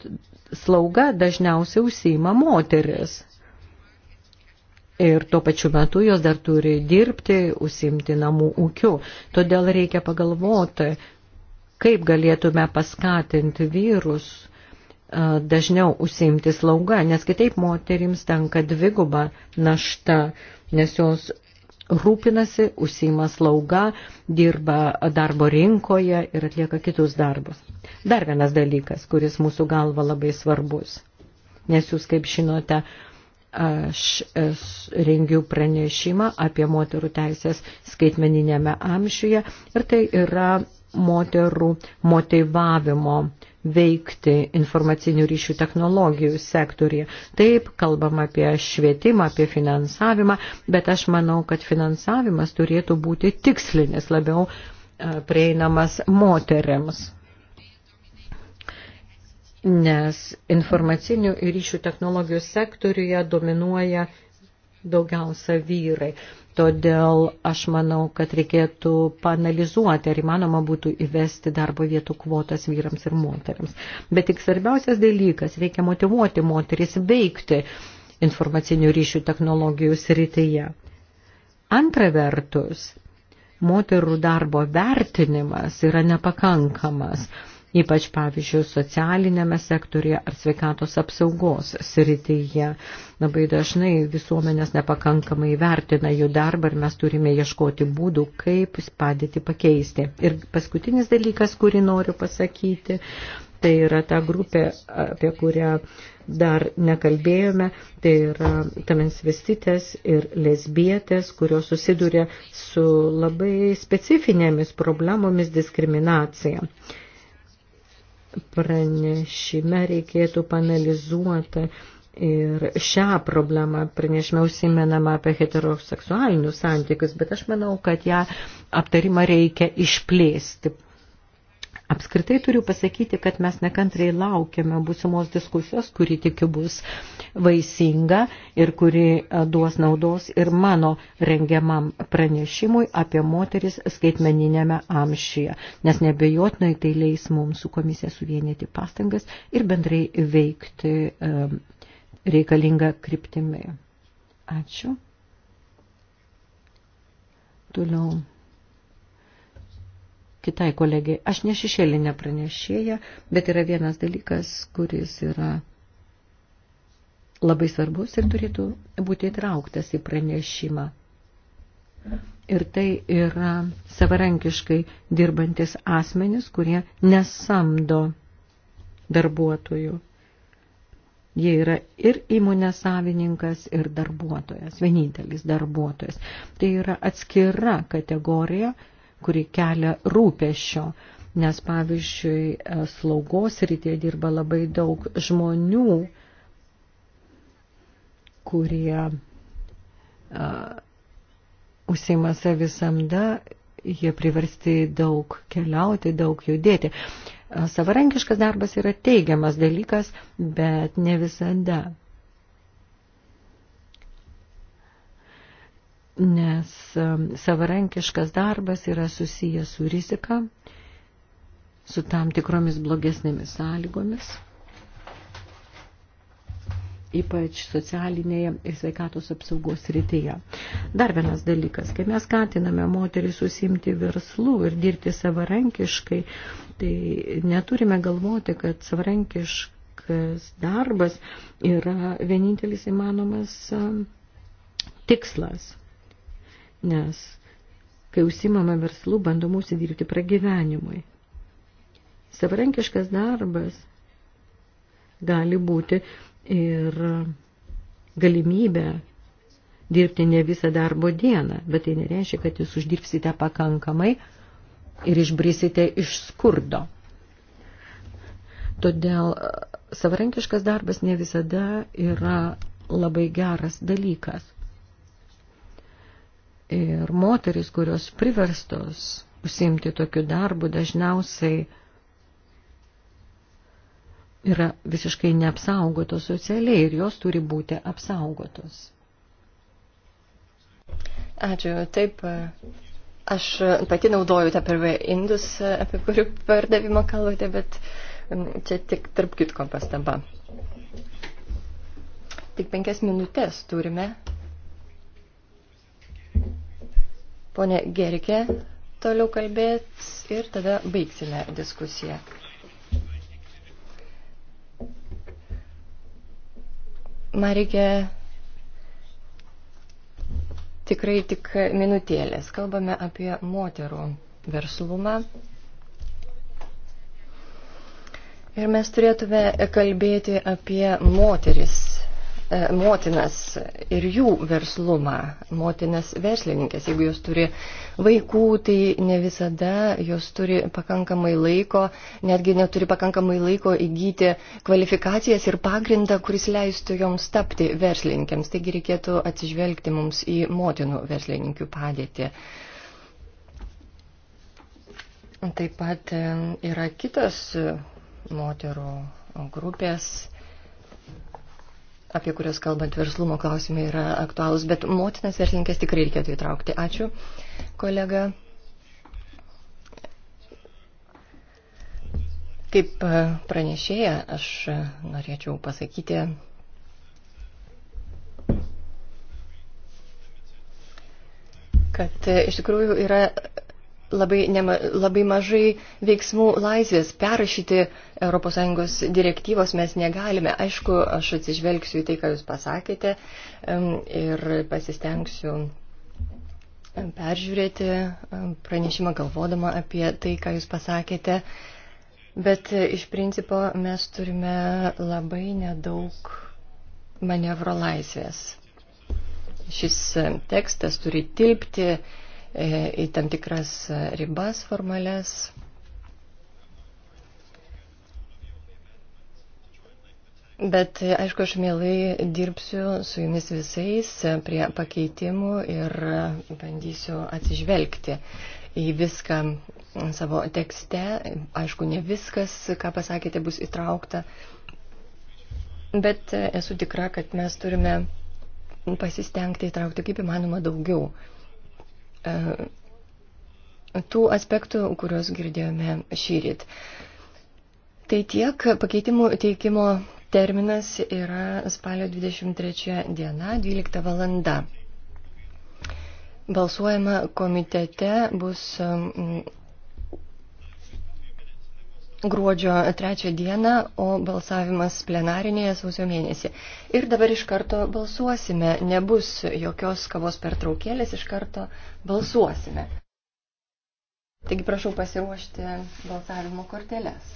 slauga dažniausiai užsima moteris ir tuo pačiu metu jos dar turi dirbti, užsimti namų ūkiu. Todėl reikia pagalvoti, kaip galėtume paskatinti vyrus dažniau užsimti slaugą, nes kitaip moterims tenka dviguba našta, nes jos rūpinasi, užsima slauga, dirba darbo rinkoje ir atlieka kitus darbus. Dar vienas dalykas, kuris mūsų galva labai svarbus, nes jūs, kaip žinote, aš rengiu pranešimą apie moterų teisės skaitmeninėme amžiuje ir tai yra moterų motivavimo veikti informacinių ryšių technologijų sektorija. Taip, kalbam apie švietimą, apie finansavimą, bet aš manau, kad finansavimas turėtų būti tikslinis, labiau e, prieinamas moteriams nes informacinių ir ryšių technologijų sektoriuje dominuoja daugiausia vyrai. Todėl aš manau, kad reikėtų panalizuoti, ar įmanoma būtų įvesti darbo vietų kvotas vyrams ir moteriams. Bet tik svarbiausias dalykas - reikia motivuoti moteris veikti informacinių ryšių technologijų srityje. Antra vertus, moterų darbo vertinimas yra nepakankamas. Mm ypač pavyzdžiui socialinėme sektorėje ar sveikatos apsaugos srityje. Labai dažnai visuomenės nepakankamai vertina jų darbą ir mes turime ieškoti būdų, kaip padėti pakeisti. Ir paskutinis dalykas, kurį noriu pasakyti, tai yra ta grupė, apie kurią dar nekalbėjome, tai yra tamensvestitės ir lesbietės, kurios susiduria su labai specifinėmis problemomis diskriminacija pranešime reikėtų panalizuoti ir šią problemą. Pranešime užsimenama apie heteroseksualinius santykius, bet aš manau, kad ją aptarimą reikia išplėsti Apskritai turiu pasakyti, kad mes nekantrai laukiame būsimos diskusijos, kuri tikiu bus vaisinga ir kuri e, duos naudos ir mano rengiamam pranešimui apie moteris skaitmeninėme amšyje, nes nebejotinai tai leis mums su komisija suvienyti pastangas ir bendrai veikti e, reikalingą kryptimį. Ačiū. Toliau kitai kolegijai. Aš ne šešėlinė pranešėja, bet yra vienas dalykas, kuris yra labai svarbus ir turėtų būti įtrauktas į pranešimą. Ir tai yra savarankiškai dirbantis asmenys, kurie nesamdo darbuotojų. Jie yra ir įmonės savininkas, ir darbuotojas, vienintelis darbuotojas. Tai yra atskira kategorija, kuri kelia rūpešio, nes pavyzdžiui, e, slaugos rytėje dirba labai daug žmonių, kurie uh, e, užsima savisamda, jie priversti daug keliauti, daug judėti. E, savarankiškas darbas yra teigiamas dalykas, bet ne visada nes um, savarankiškas darbas yra susijęs su rizika, su tam tikromis blogesnėmis sąlygomis, ypač socialinėje ir sveikatos apsaugos rytyje. Dar vienas dalykas, kai mes skatiname moterį susimti verslų ir dirbti savarankiškai, tai neturime galvoti, kad savarankiškas darbas yra vienintelis įmanomas um, tikslas nes kai užsimama verslų, bandom užsidirbti pragyvenimui. Savarankiškas darbas gali būti ir galimybė dirbti ne visą darbo dieną, bet tai nereiškia, kad jūs uždirbsite pakankamai ir išbrisite iš skurdo. Todėl e, savarankiškas darbas ne visada yra labai geras dalykas. Ir moteris, kurios priverstos užsimti tokiu darbu, dažniausiai yra visiškai neapsaugotos socialiai ir jos turi būti apsaugotos. Ačiū. Taip, aš pati naudoju tą pirmąją indus, apie kurių pardavimą kalbate, bet čia tik tarp kitko pastaba. Tik penkias minutės turime Pone Gerike toliau kalbėt ir tada baigsime diskusiją. Man reikia tikrai tik minutėlės. Kalbame apie moterų verslumą. Ir mes turėtume kalbėti apie moteris E, motinas ir jų verslumą, motinas verslininkės. Jeigu jos turi vaikų, tai ne visada jos turi pakankamai laiko, netgi neturi pakankamai laiko įgyti kvalifikacijas ir pagrindą, kuris leistų joms tapti verslininkėms. Taigi reikėtų atsižvelgti mums į motinų verslininkių padėtį. Taip pat e, yra kitas e, moterų grupės apie kurias kalbant verslumo klausimai yra aktualūs, bet motinas verslininkės tikrai reikėtų įtraukti. Ačiū, kolega. Kaip pranešėja, aš norėčiau pasakyti, kad iš tikrųjų yra labai, nema, labai mažai veiksmų laisvės perrašyti ES direktyvos mes negalime. Aišku, aš atsižvelgsiu į tai, ką Jūs pasakėte ir pasistengsiu peržiūrėti pranešimą galvodama apie tai, ką Jūs pasakėte. Bet e, iš principo mes turime labai nedaug manevro laisvės. Šis tekstas turi tilpti E, į tam tikras ribas formales. Bet, aišku, aš mielai dirbsiu su jumis visais prie pakeitimų ir bandysiu atsižvelgti į viską savo tekste. Aišku, ne viskas, ką pasakėte, bus įtraukta. Bet esu tikra, kad mes turime pasistengti įtraukti kaip įmanoma daugiau. E, tų aspektų, kuriuos girdėjome šyrit. Tai tiek pakeitimų teikimo terminas yra spalio 23 diena, 12 valanda. Balsuojama komitete bus gruodžio trečią dieną, o balsavimas plenarinėje sausio mėnesį. Ir dabar iš karto balsuosime, nebus jokios kavos pertraukėlės, iš karto balsuosime. Taigi prašau pasiruošti balsavimo korteles.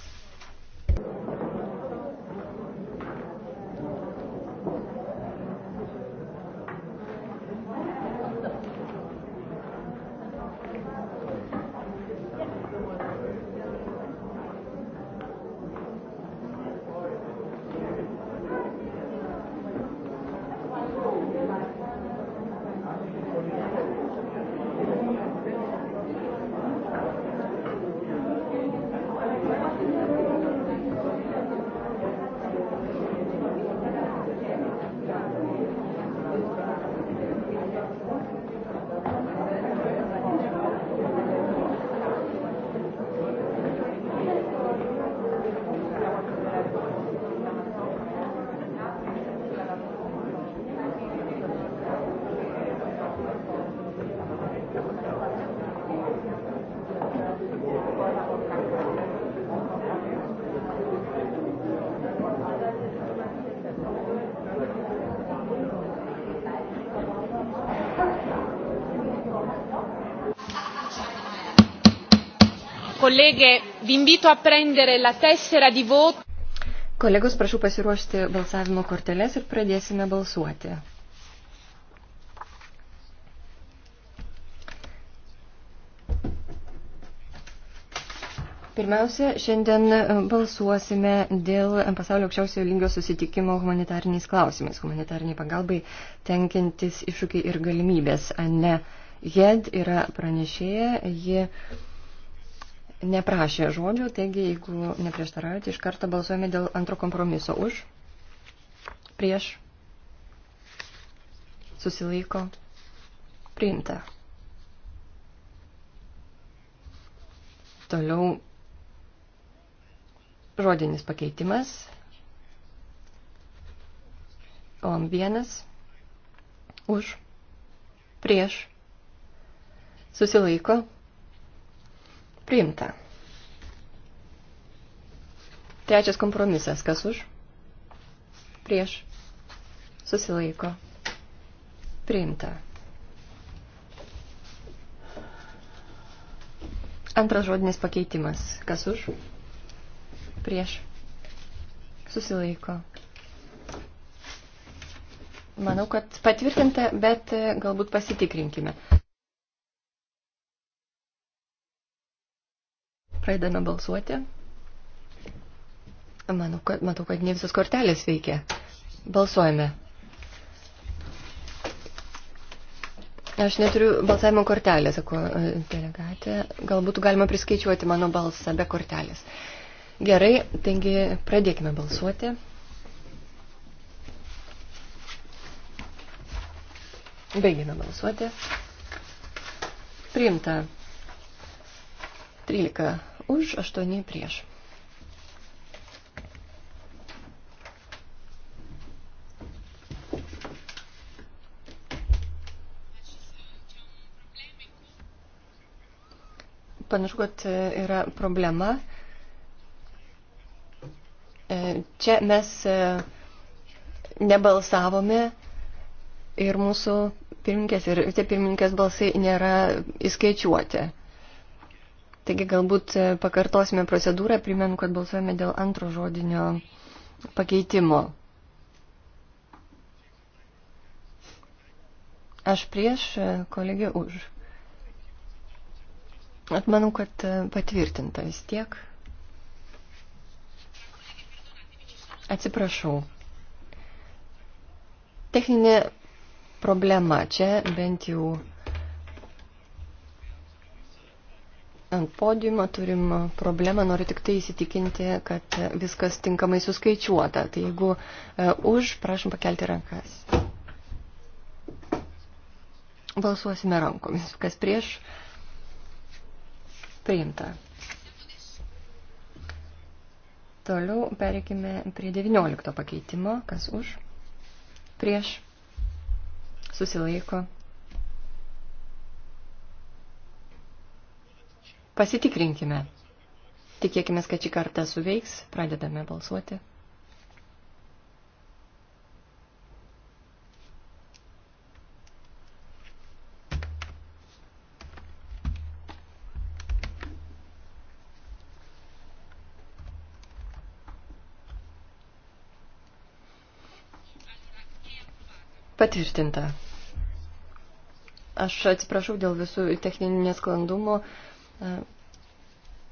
colleghe, vi invito a prendere la tessera di voto. Kolegos, prašau pasiruošti balsavimo korteles ir pradėsime balsuoti. Pirmiausia, šiandien e, balsuosime dėl pasaulio aukščiausiojo lygio susitikimo humanitariniais klausimais, humanitariniai pagalbai tenkintis iššūkiai ir galimybės. Anne Jed yra pranešėja, ji neprašė žodžio, taigi jeigu neprieštaraujate, iš karto balsuojame dėl antro kompromiso už, prieš, susilaiko, priimta. Toliau žodinis pakeitimas. OM vienas už, prieš, susilaiko, priimta Priimta. Trečias kompromisas. Kas už? Prieš. Susilaiko. Priimta. Antras žodinis pakeitimas. Kas už? Prieš. Susilaiko. Manau, kad patvirtinta, bet e, galbūt pasitikrinkime. Pradedame balsuoti. Manau, kad, matau, kad ne visos kortelės veikia. Balsuojame. Aš neturiu balsavimo kortelės, sako e, delegatė. Galbūt galima priskaičiuoti mano balsą be kortelės. Gerai, taigi pradėkime balsuoti. Baigime balsuoti. Priimta 13 už, 8 prieš. panašu, kad yra problema. E, čia mes e, nebalsavome ir mūsų pirmininkės ir vicepirmininkės balsai nėra įskaičiuoti. Taigi galbūt e, pakartosime procedūrą, primenu, kad balsuojame dėl antro žodinio pakeitimo. Aš prieš, e, kolegė už. Atmanau, kad e, patvirtinta vis tiek. Atsiprašau. Techninė problema čia bent jau ant podiumo turim problemą, noriu tik tai įsitikinti, kad viskas tinkamai suskaičiuota. Tai jeigu uh, už, prašom pakelti rankas. Balsuosime rankomis. Kas prieš? Priimta. Toliau pereikime prie 19 pakeitimo. Kas už? Prieš? Susilaiko. Pasitikrinkime. Tikėkime, kad šį kartą suveiks. Pradedame balsuoti. Patvirtinta. Aš atsiprašau dėl visų techninių nesklandumų.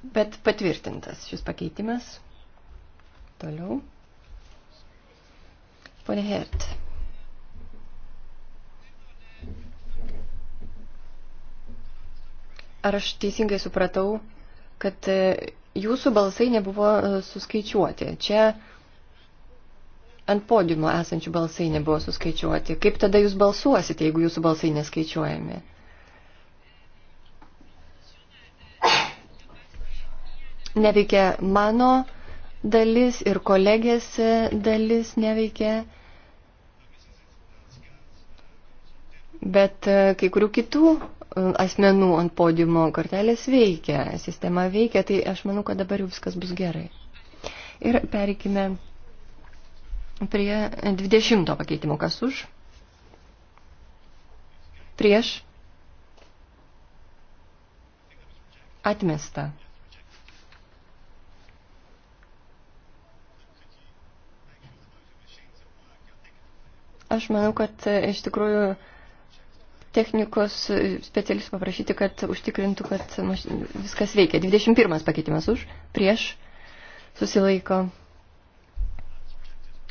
Bet patvirtintas šis pakeitimas. Toliau. Pone Hert. Ar aš teisingai supratau, kad e, jūsų balsai nebuvo e, suskaičiuoti? Čia ant podiumo esančių balsai nebuvo suskaičiuoti. Kaip tada jūs balsuosite, jeigu jūsų balsai neskaičiuojami? neveikia mano dalis ir kolegės dalis neveikia. Bet e, kai kurių kitų e, asmenų ant podiumo kortelės veikia, sistema veikia, tai aš manau, kad dabar jau viskas bus gerai. Ir pereikime prie 20 pakeitimo, kas už. Prieš. Atmesta. Aš manau, kad e, iš tikrųjų technikos e, specialistų paprašyti, kad užtikrintų, kad viskas veikia. 21 pakeitimas už, prieš, susilaiko,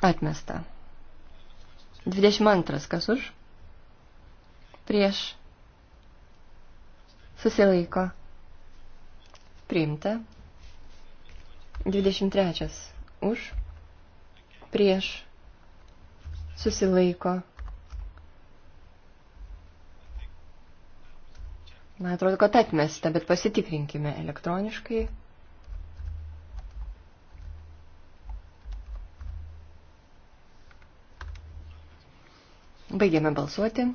atmesta. 22 kas už, prieš, susilaiko, priimta. 23 už, prieš, susilaiko. Man atrodo, kad atmesta, bet pasitikrinkime elektroniškai. Baigėme balsuoti.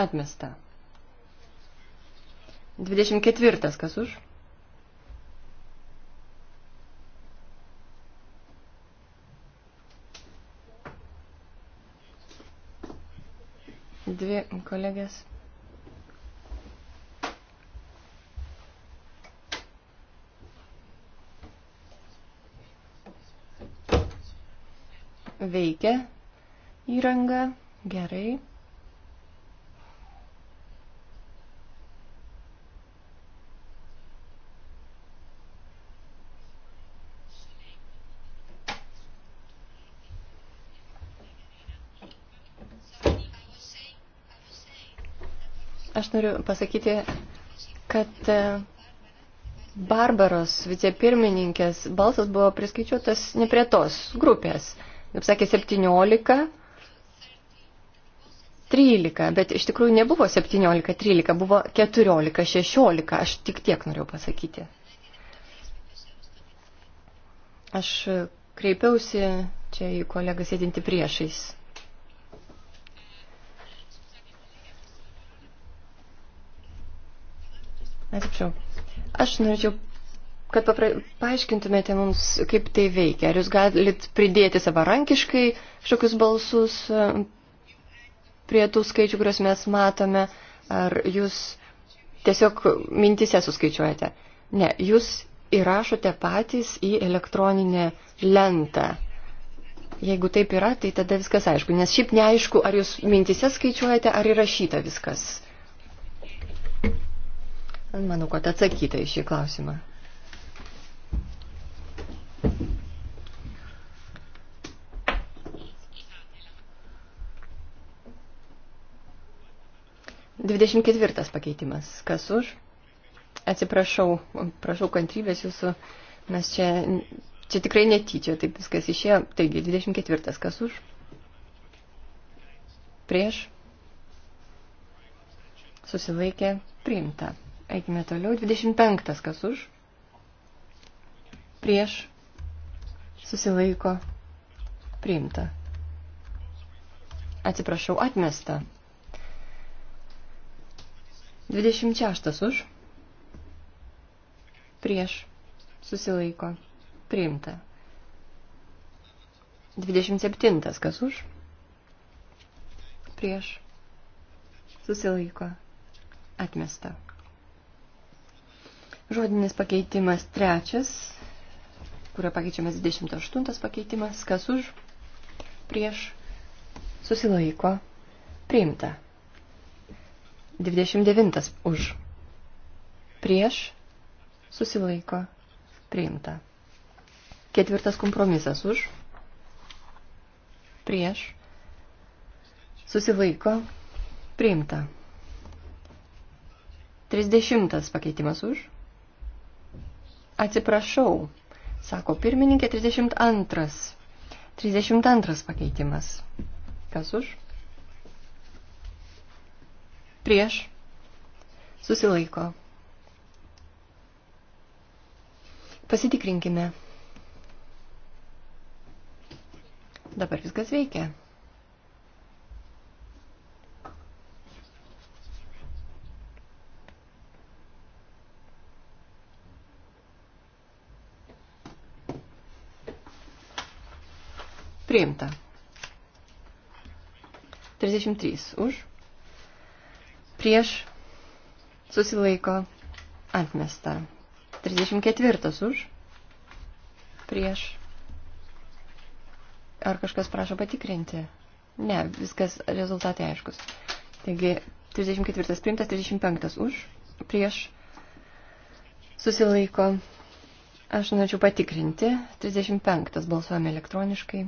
Atmesta. 24. Kas už? Dvi kolegės. Veikia įranga gerai. aš noriu pasakyti, kad e, Barbaros vicepirmininkės balsas buvo priskaičiuotas ne prie tos grupės. Kaip sakė, 17, 13, bet iš tikrųjų nebuvo 17, 13, buvo 14, 16, aš tik tiek norėjau pasakyti. Aš kreipiausi čia į kolegą sėdinti priešais. Atsiprašau. Aš norėčiau, kad papra... paaiškintumėte mums, kaip tai veikia. Ar jūs galit pridėti savarankiškai šokius balsus e, prie tų skaičių, kuriuos mes matome, ar jūs tiesiog mintise suskaičiuojate? Ne, jūs įrašote patys į elektroninę lentą. Jeigu taip yra, tai tada viskas aišku, nes šiaip neaišku, ar jūs mintise skaičiuojate, ar įrašyta viskas. Manau, kad atsakyta į šį klausimą. Dvidešimt ketvirtas pakeitimas. Kas už? Atsiprašau, prašau kantrybės jūsų, mes čia, čia tikrai netyčia, taip viskas išėjo. Taigi, 24. Kas už? Prieš? Susilaikė? Priimta. Eikime toliau. 25. Kas už? Prieš. Susilaiko. Priimta. Atsiprašau, atmesta. 26. Už. Prieš. Susilaiko. Priimta. 27. Kas už? Prieš. Susilaiko. Atmesta. Žodinis pakeitimas trečias, kurio pakeičiamas 28 pakeitimas, kas už, prieš, susilaiko, priimta. 29 už, prieš, susilaiko, priimta. Ketvirtas kompromisas už, prieš, susilaiko, priimta. 30 pakeitimas už, Atsiprašau, sako pirmininkė 32. 32 pakeitimas. Kas už? Prieš. Susilaiko. Pasitikrinkime. Dabar viskas veikia. Priimta. 33 už. Prieš susilaiko atmesta. 34 už. Prieš. Ar kažkas prašo patikrinti? Ne, viskas rezultatai aiškus. Taigi 34 priimtas, 35 už. Prieš susilaiko. Aš norėčiau patikrinti. 35 balsuojame elektroniškai.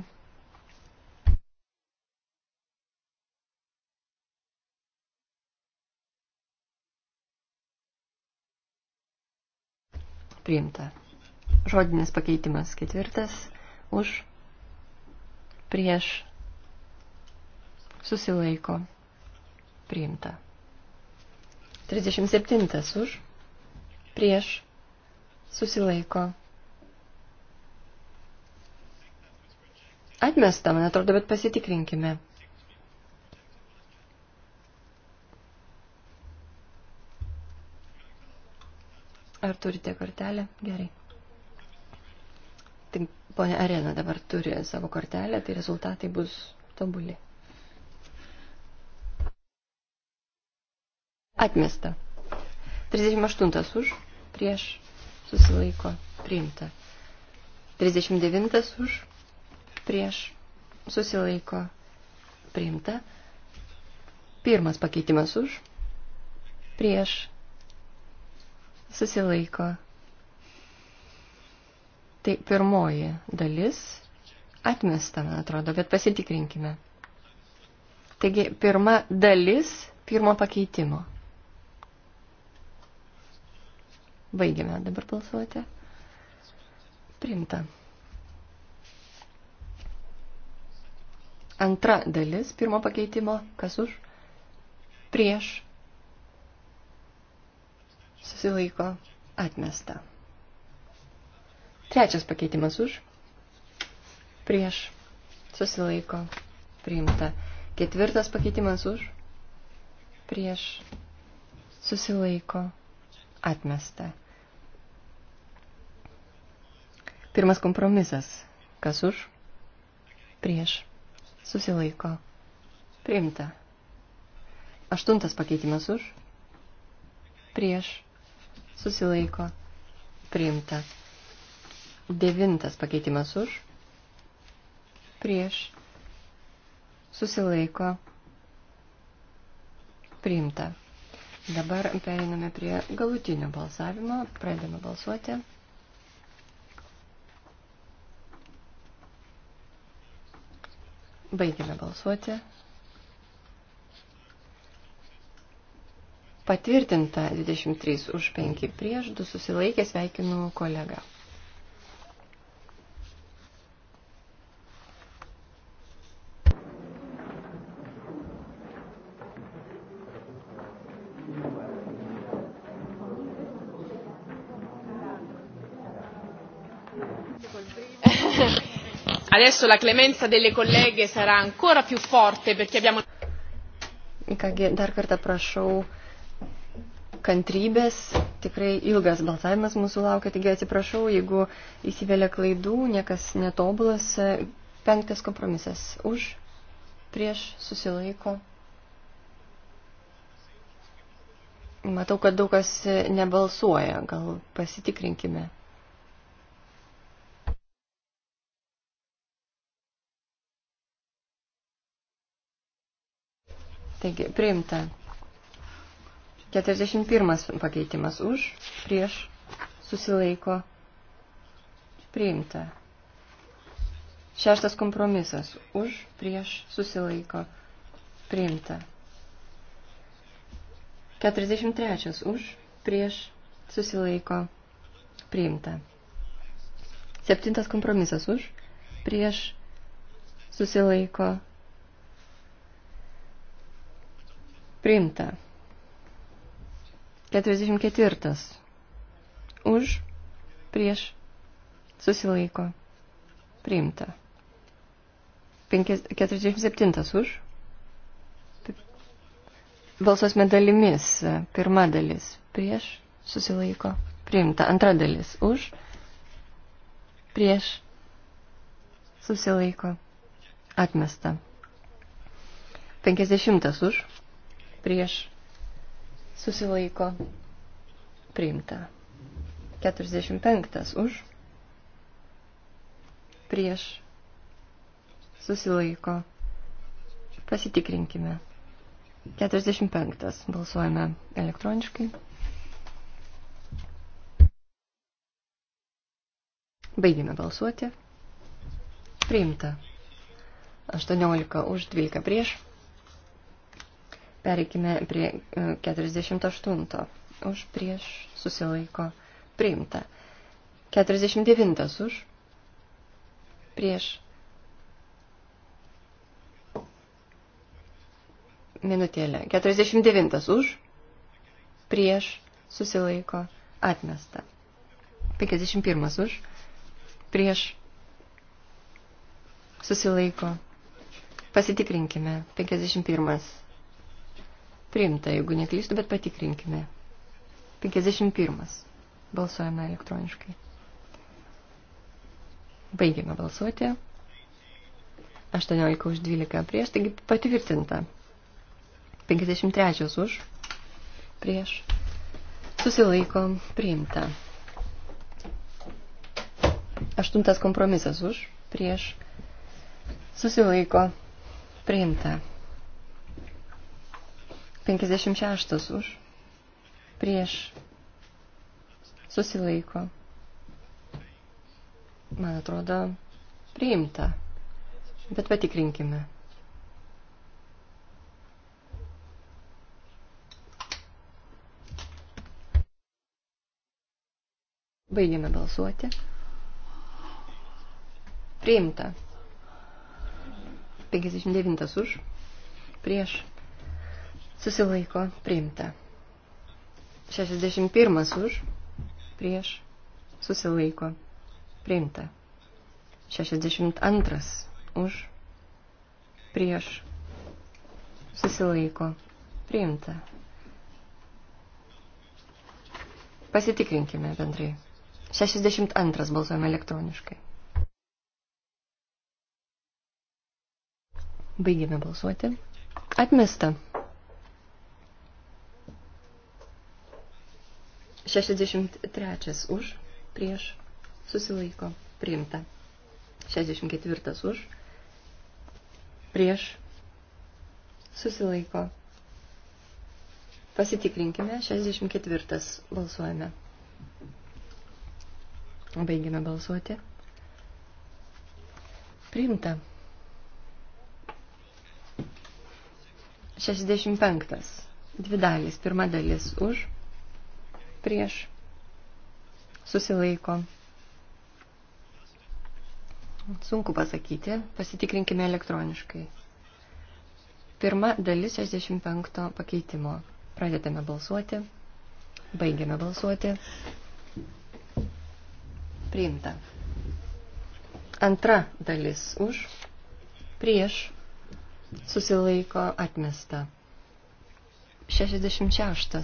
priimta. Žodinis pakeitimas ketvirtas už prieš susilaiko priimta. 37 už prieš susilaiko. Atmesta, man atrodo, bet pasitikrinkime. Ar turite kortelę? Gerai. Tik ponia Arena dabar turi savo kortelę, tai rezultatai bus tobuli. Atmesta. 38 už, prieš, susilaiko, priimta. 39 už, prieš, susilaiko, priimta. Pirmas pakeitimas už, prieš, susilaiko. Tai pirmoji dalis atmesta, man atrodo, bet pasitikrinkime. Taigi, pirma dalis pirmo pakeitimo. Baigiame dabar balsuoti. Primta. Antra dalis pirmo pakeitimo. Kas už? Prieš susilaiko atmesta. Trečias pakeitimas už, prieš, susilaiko, priimta. Ketvirtas pakeitimas už, prieš, susilaiko, atmesta. Pirmas kompromisas, kas už, prieš, susilaiko, priimta. Aštuntas pakeitimas už, prieš, susilaiko priimta. Devintas pakeitimas už, prieš, susilaiko priimta. Dabar periname prie galutinio balsavimo, pradėme balsuoti. Baigėme balsuoti. Patvirtinta 23 už 5 prieš, 2 susilaikė, sveikinu kolegą. Adesso la clemenza delle colleghe sarà ancora più forte perché abbiamo. Kągi, dar kartą prašau kantrybės, tikrai ilgas balsavimas mūsų laukia, taigi atsiprašau, jeigu įsivelia klaidų, niekas netobulas. Penktas kompromisas už, prieš, susilaiko. Matau, kad daug kas nebalsuoja, gal pasitikrinkime. Taigi, priimta. 41 pakeitimas už, prieš, susilaiko, priimta. Šeštas kompromisas už, prieš, susilaiko, priimta. 43 už, prieš, susilaiko, priimta. Septintas kompromisas už, prieš, susilaiko, priimta. 44. Už, prieš, susilaiko, priimta. 47. Už. Balsuosime dalimis. Pirma dalis prieš, susilaiko, priimta. Antra dalis už, prieš, susilaiko, atmesta. 50 už, prieš, susilaiko priimta. 45 už, prieš, susilaiko, pasitikrinkime. 45 balsuojame elektroniškai. Baigime balsuoti. Priimta. 18 už 12 prieš. Pereikime prie 48. E, Už prieš susilaiko priimta. 49. Už prieš. Minutėlė. 49. Už prieš susilaiko atmesta. 51. Už prieš susilaiko. Pasitikrinkime. 51. Priimta, jeigu neklystu, bet patikrinkime. 51. Balsuojame elektroniškai. Baigėme balsuoti. 18 už 12 prieš, taigi patvirtinta. 53 už prieš. Susilaiko priimta. Aštuntas kompromisas už prieš. Susilaiko priimta. 56 už. Prieš. Susilaiko. Man atrodo, priimta. Bet patikrinkime. Baigėme balsuoti. Priimta. 59 už. Prieš Susilaiko priimta. 61 už, prieš, susilaiko, priimta. 62 už, prieš, susilaiko, priimta. Pasitikrinkime bendrai. 62 balsuojame elektroniškai. Baigėme balsuoti. Atmesta. 63 už, prieš, susilaiko, priimta. 64 už, prieš, susilaiko. Pasitikrinkime, 64 balsuojame. Baigime balsuoti. Priimta. 65. Dvi dalis. Pirma dalis už prieš susilaiko. Sunku pasakyti, pasitikrinkime elektroniškai. Pirma dalis 65 pakeitimo. Pradedame balsuoti, baigiame balsuoti. Priimta. Antra dalis už, prieš, susilaiko atmesta. 66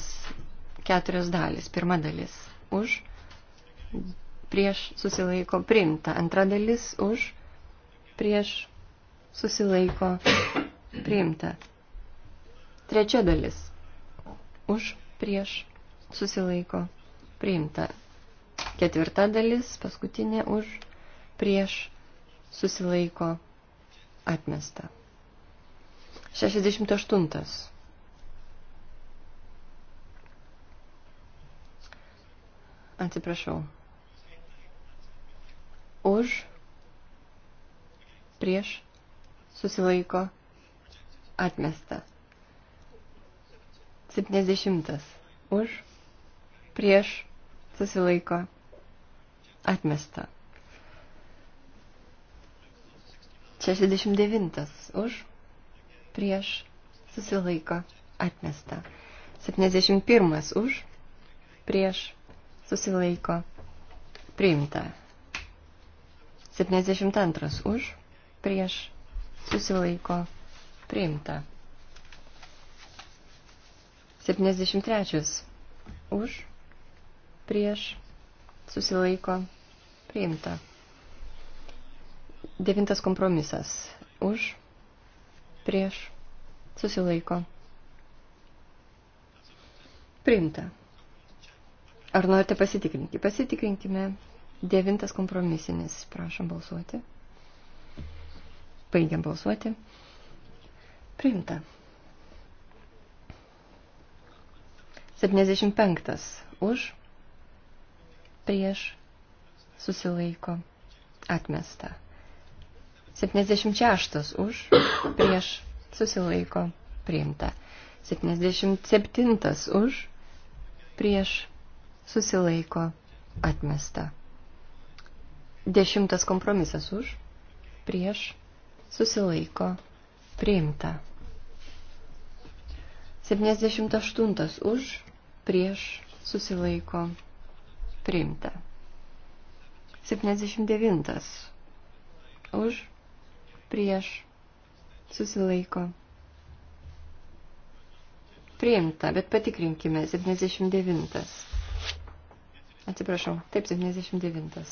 keturios dalis. Pirma dalis už, prieš susilaiko priimta. Antra dalis už, prieš susilaiko priimta. Trečia dalis už, prieš susilaiko priimta. Ketvirta dalis, paskutinė už, prieš susilaiko atmesta. 68. Atsiprašau. Už, prieš, susilaiko, atmesta. 70. Už, prieš, susilaiko, atmesta. 69. Už, prieš, susilaiko, atmesta. 71. Už, prieš, susilaiko priimta. 72 už, prieš, susilaiko priimta. 73 už, prieš, susilaiko priimta. Devintas kompromisas už, prieš, susilaiko priimta. Ar norite pasitikrinti? Pasitikrinkime. Devintas kompromisinis. Prašom balsuoti. Baigiam balsuoti. Priimta. 75. Už. Prieš. Susilaiko. Atmesta. 76. Už. Prieš. Susilaiko. Priimta. 77. Už. Prieš susilaiko atmesta. Dešimtas kompromisas už, prieš, susilaiko, priimta. 78 už, prieš, susilaiko, priimta. 79 už, prieš, susilaiko, priimta, bet patikrinkime 79. Atsiprašau, taip, 79.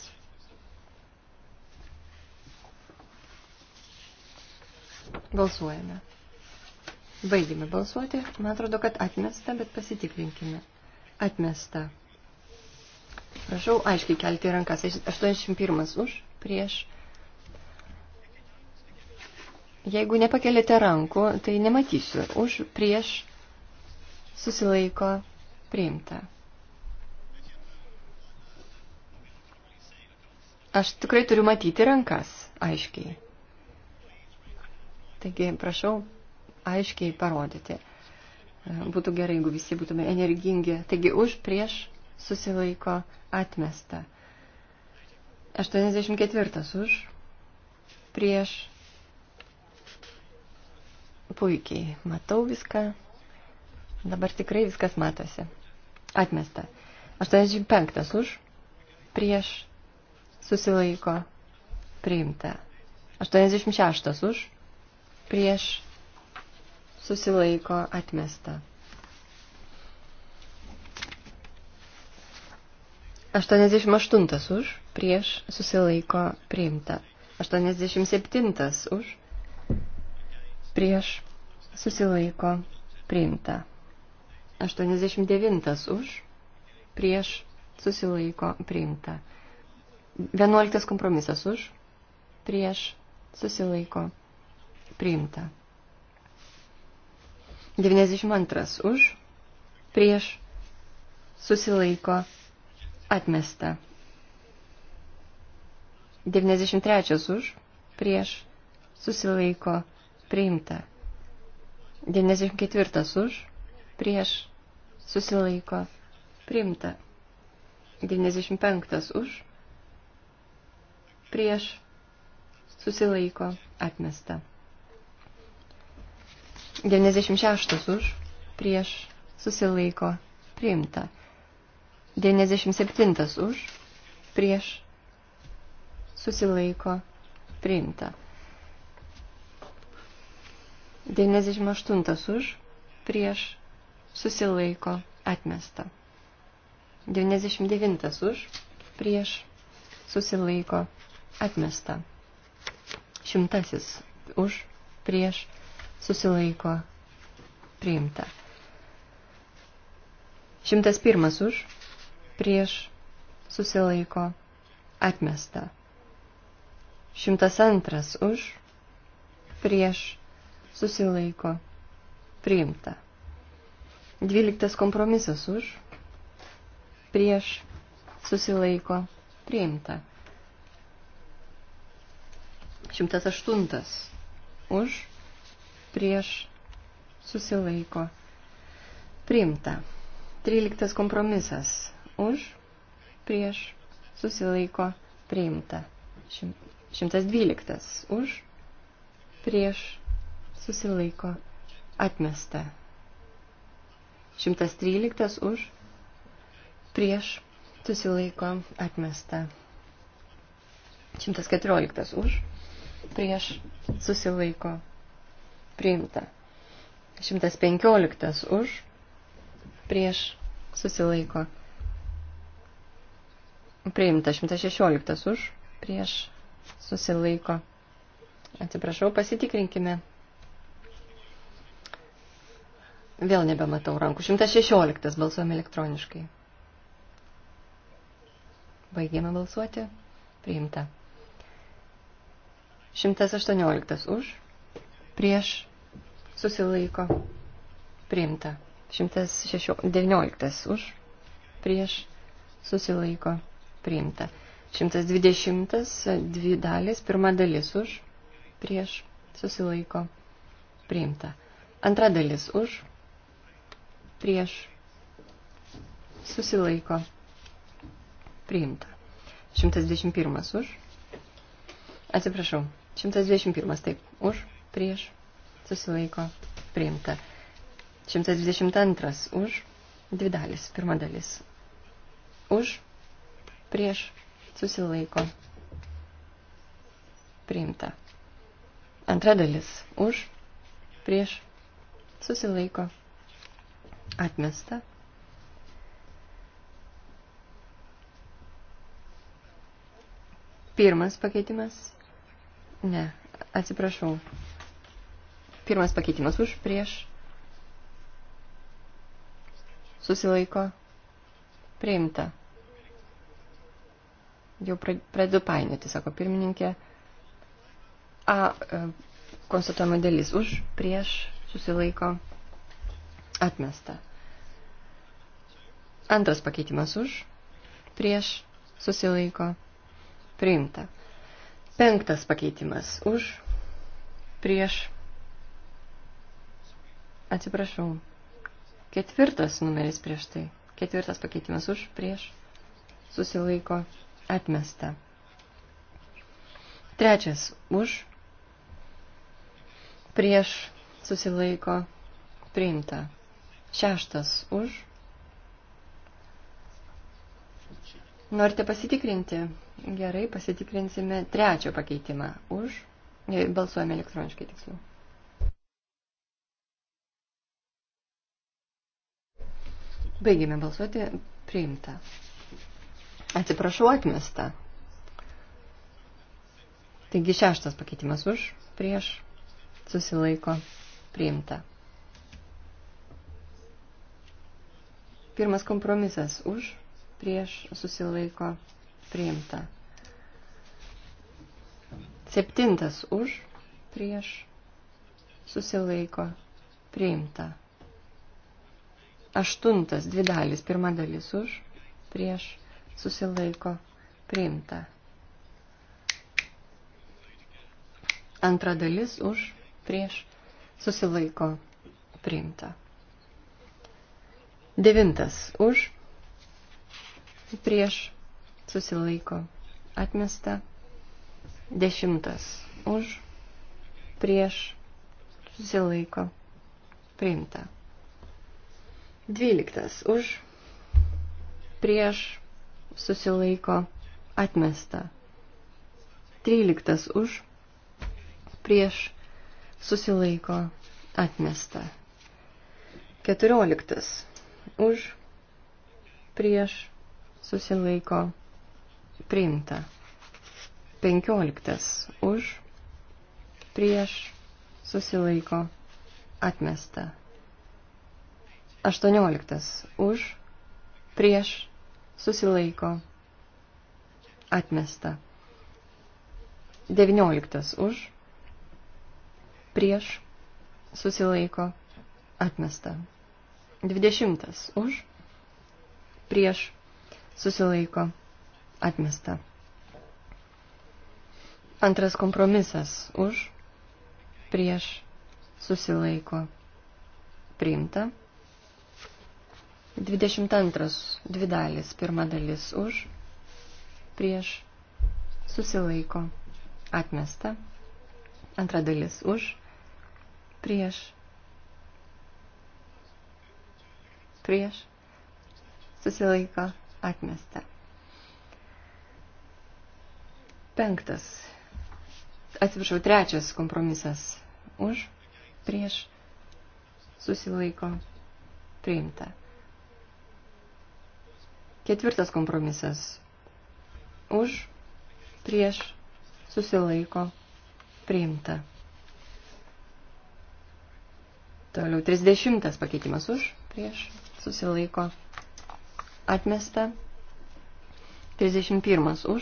Balsuojame. Baigime balsuoti. Man atrodo, kad atmesta, bet pasitikrinkime. Atmesta. Prašau aiškiai kelti rankas. 81 už, prieš. Jeigu nepakelėte rankų, tai nematysiu. Už, prieš, susilaiko, priimta. Aš tikrai turiu matyti rankas, aiškiai. Taigi, prašau, aiškiai parodyti. Būtų gerai, jeigu visi būtume energingi. Taigi, už prieš susilaiko atmesta. 84 už prieš. Puikiai, matau viską. Dabar tikrai viskas matosi. Atmesta. 85 už prieš susilaiko priimta. 86 už prieš susilaiko atmesta. 88 už prieš susilaiko priimta. 87 už prieš susilaiko priimta. 89 už prieš susilaiko priimta. 11 kompromisas už, prieš, susilaiko, priimta. 92 už, prieš, susilaiko, atmesta. 93 už, prieš, susilaiko, priimta. 94 už, prieš, susilaiko, priimta. 95 už, prieš susilaiko atmesta. 96 už prieš susilaiko priimta. 97 už prieš susilaiko priimta. 98 už prieš susilaiko atmesta. 99 už prieš susilaiko atmesta. Šimtasis už, prieš, susilaiko, priimta. Šimtas pirmas už, prieš, susilaiko, atmesta. Šimtas antras už, prieš, susilaiko, priimta. Dvyliktas kompromisas už, prieš, susilaiko, priimta. 108 už, prieš, susilaiko, priimta. 13 kompromisas už, prieš, susilaiko, priimta. 112 už, prieš, susilaiko, atmesta. 113 už, prieš, susilaiko, atmesta. 114 už, prieš susilaiko priimta. 115 už prieš susilaiko priimta. 116 už prieš susilaiko. Atsiprašau, pasitikrinkime. Vėl nebematau rankų. 116 balsuojame elektroniškai. Baigėme balsuoti. Priimta. 118 už, prieš susilaiko priimta. 119 už, prieš susilaiko priimta. 120 dvi dalis, pirma dalis už, prieš susilaiko priimta. Antra dalis už, prieš susilaiko priimta. 121 už. Atsiprašau, 121. Taip. Už, prieš, susilaiko, priimta. 122. Už, dvi dalis. Pirma dalis. Už, prieš, susilaiko, priimta. Antra dalis. Už, prieš, susilaiko, atmesta. Pirmas pakeitimas Ne, atsiprašau. Pirmas pakeitimas už, prieš. Susilaiko. Priimta. Jau pradedu painioti, sako pirmininkė. A, e, konstatuojama dalis už, prieš, susilaiko, atmesta. Antras pakeitimas už, prieš, susilaiko, priimta. Penktas pakeitimas. Už, prieš. Atsiprašau. Ketvirtas numeris prieš tai. Ketvirtas pakeitimas už, prieš. Susilaiko. Atmesta. Trečias. Už. Prieš. Susilaiko. Priimta. Šeštas. Už. Norite pasitikrinti? Gerai, pasitikrinsime trečio pakeitimą. Už. E, balsuojame elektroniškai tiksliau. Baigėme balsuoti priimta. Atsiprašau, atmesta. Taigi šeštas pakeitimas už, prieš, susilaiko, priimta. Pirmas kompromisas už, prieš, susilaiko, priimta priimta. Septintas už, prieš, susilaiko, priimta. Aštuntas, dvi dalis, pirma dalis už, prieš, susilaiko, priimta. Antra dalis už, prieš, susilaiko, priimta. Devintas už, prieš, susilaiko atmesta. Dešimtas už, prieš, susilaiko, priimta. Dvyliktas už, prieš, susilaiko, atmesta. Tryliktas už, prieš, susilaiko, atmesta. Keturioliktas už, prieš, susilaiko, atmesta priimta. 15 už, prieš, susilaiko, atmesta. 18 už, prieš, susilaiko, atmesta. 19 už, prieš, susilaiko, atmesta. 20 už, prieš, susilaiko, atmesta Atmesta. Antras kompromisas už, prieš, susilaiko, priimta. 22. Dvi dalis. Pirma dalis už, prieš, susilaiko, atmesta. Antra dalis už, prieš, prieš, susilaiko, atmesta. Penktas. Atsiprašau, trečias kompromisas. Už, prieš, susilaiko, priimta. Ketvirtas kompromisas. Už, prieš, susilaiko, priimta. Toliau 30 pakeitimas už, prieš, susilaiko, atmesta. 31 už,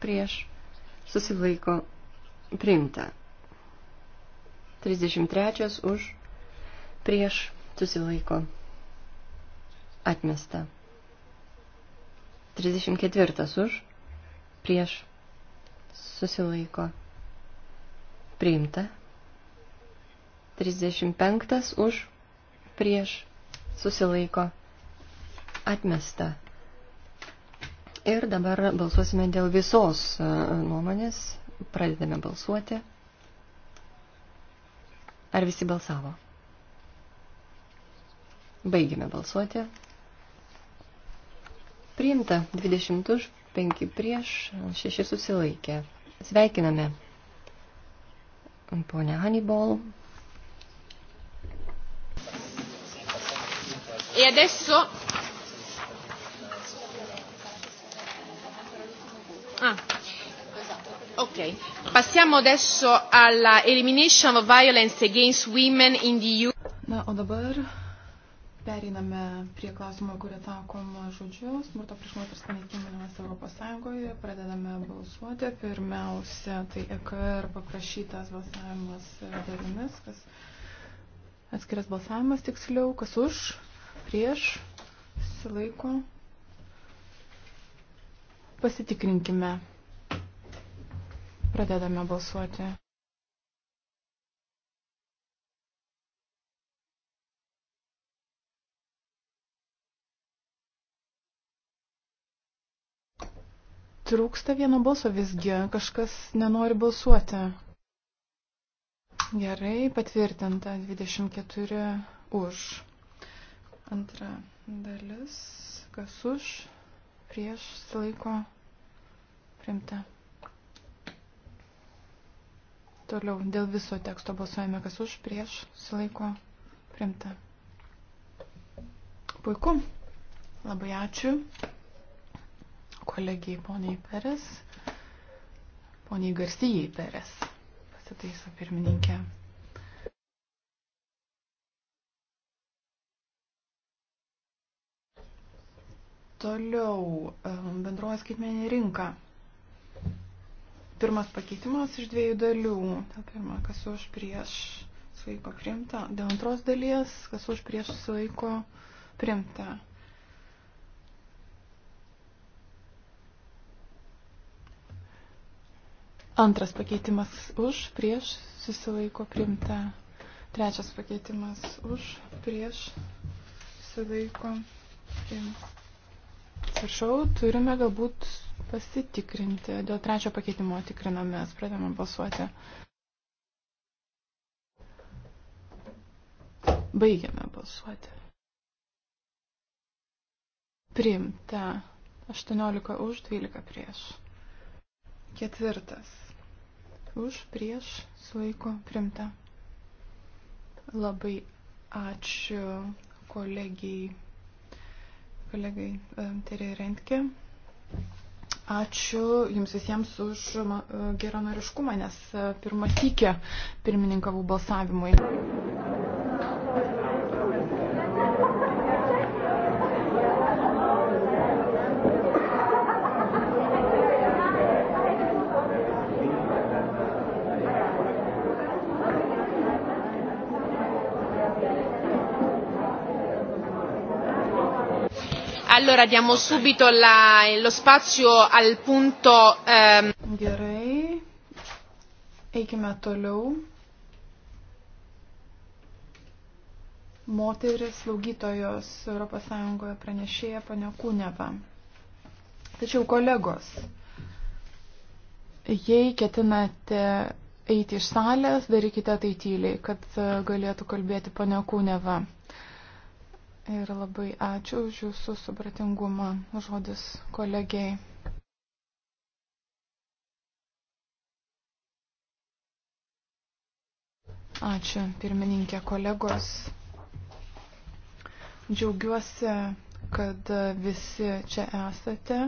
prieš, susilaiko priimta. 33 už prieš susilaiko atmesta. 34 už prieš susilaiko priimta. 35 už prieš susilaiko atmesta. Ir dabar balsuosime dėl visos e, nuomonės. Pradedame balsuoti. Ar visi balsavo? Baigime balsuoti. Priimta 20 už, 5 prieš, 6 susilaikė. Sveikiname ponę Hannibal. E adesso Ah. Ok, passiamo adesso alla elimination of violence against women in the EU. Na, o dabar Periname prie klausimo, kurį takoma žodžiu, smurto prieš moteris panaikinimas Europos Sąjungoje. Pradedame balsuoti. Pirmiausia, tai EKR paprašytas balsavimas dalimis, kas atskiras balsavimas tiksliau, kas už, prieš, silaiko, Pasitikrinkime. Pradedame balsuoti. Trūksta vieno balso visgi, kažkas nenori balsuoti. Gerai, patvirtinta 24 už. Antra dalis, kas už, prieš laiko primta. Toliau dėl viso teksto balsuojame, kas už prieš laiko primta. Puiku. Labai ačiū kolegijai poniai Peres, poniai Garcijai Peres, pasitaiso pirmininkė. Toliau bendroji skaitmeninė rinka. Pirmas pakeitimas iš dviejų dalių. Ta pirma, kas už prieš suvaiko priimta. Dėl antros dalies, kas už prieš suvaiko priimta. Antras pakeitimas už prieš susilaiko priimta. Trečias pakeitimas už prieš susilaiko priimta. Prašau, turime galbūt pasitikrinti. Dėl trečio pakeitimo tikrinamės, pradėjome balsuoti. Baigiame balsuoti. Priimta 18 už, 12 prieš. Ketvirtas. Už, prieš, sulaiko, priimta. Labai ačiū kolegijai kolegai e, Terė Rentke. Ačiū Jums visiems už e, geranoriškumą, nes e, pirmą sykę pirmininkavau balsavimui. Allora diamo subito la, lo spazio al punto. Um... Gerai, eikime toliau. Moteris slaugytojos ES pranešėja ponia Kūneva. Tačiau kolegos, jei ketinate eiti iš salės, darykite tai tyliai, kad e, galėtų kalbėti ponia Kūneva ir labai ačiū už jūsų supratingumą. Žodis kolegiai. Ačiū, pirmininkė kolegos. Džiaugiuosi, kad visi čia esate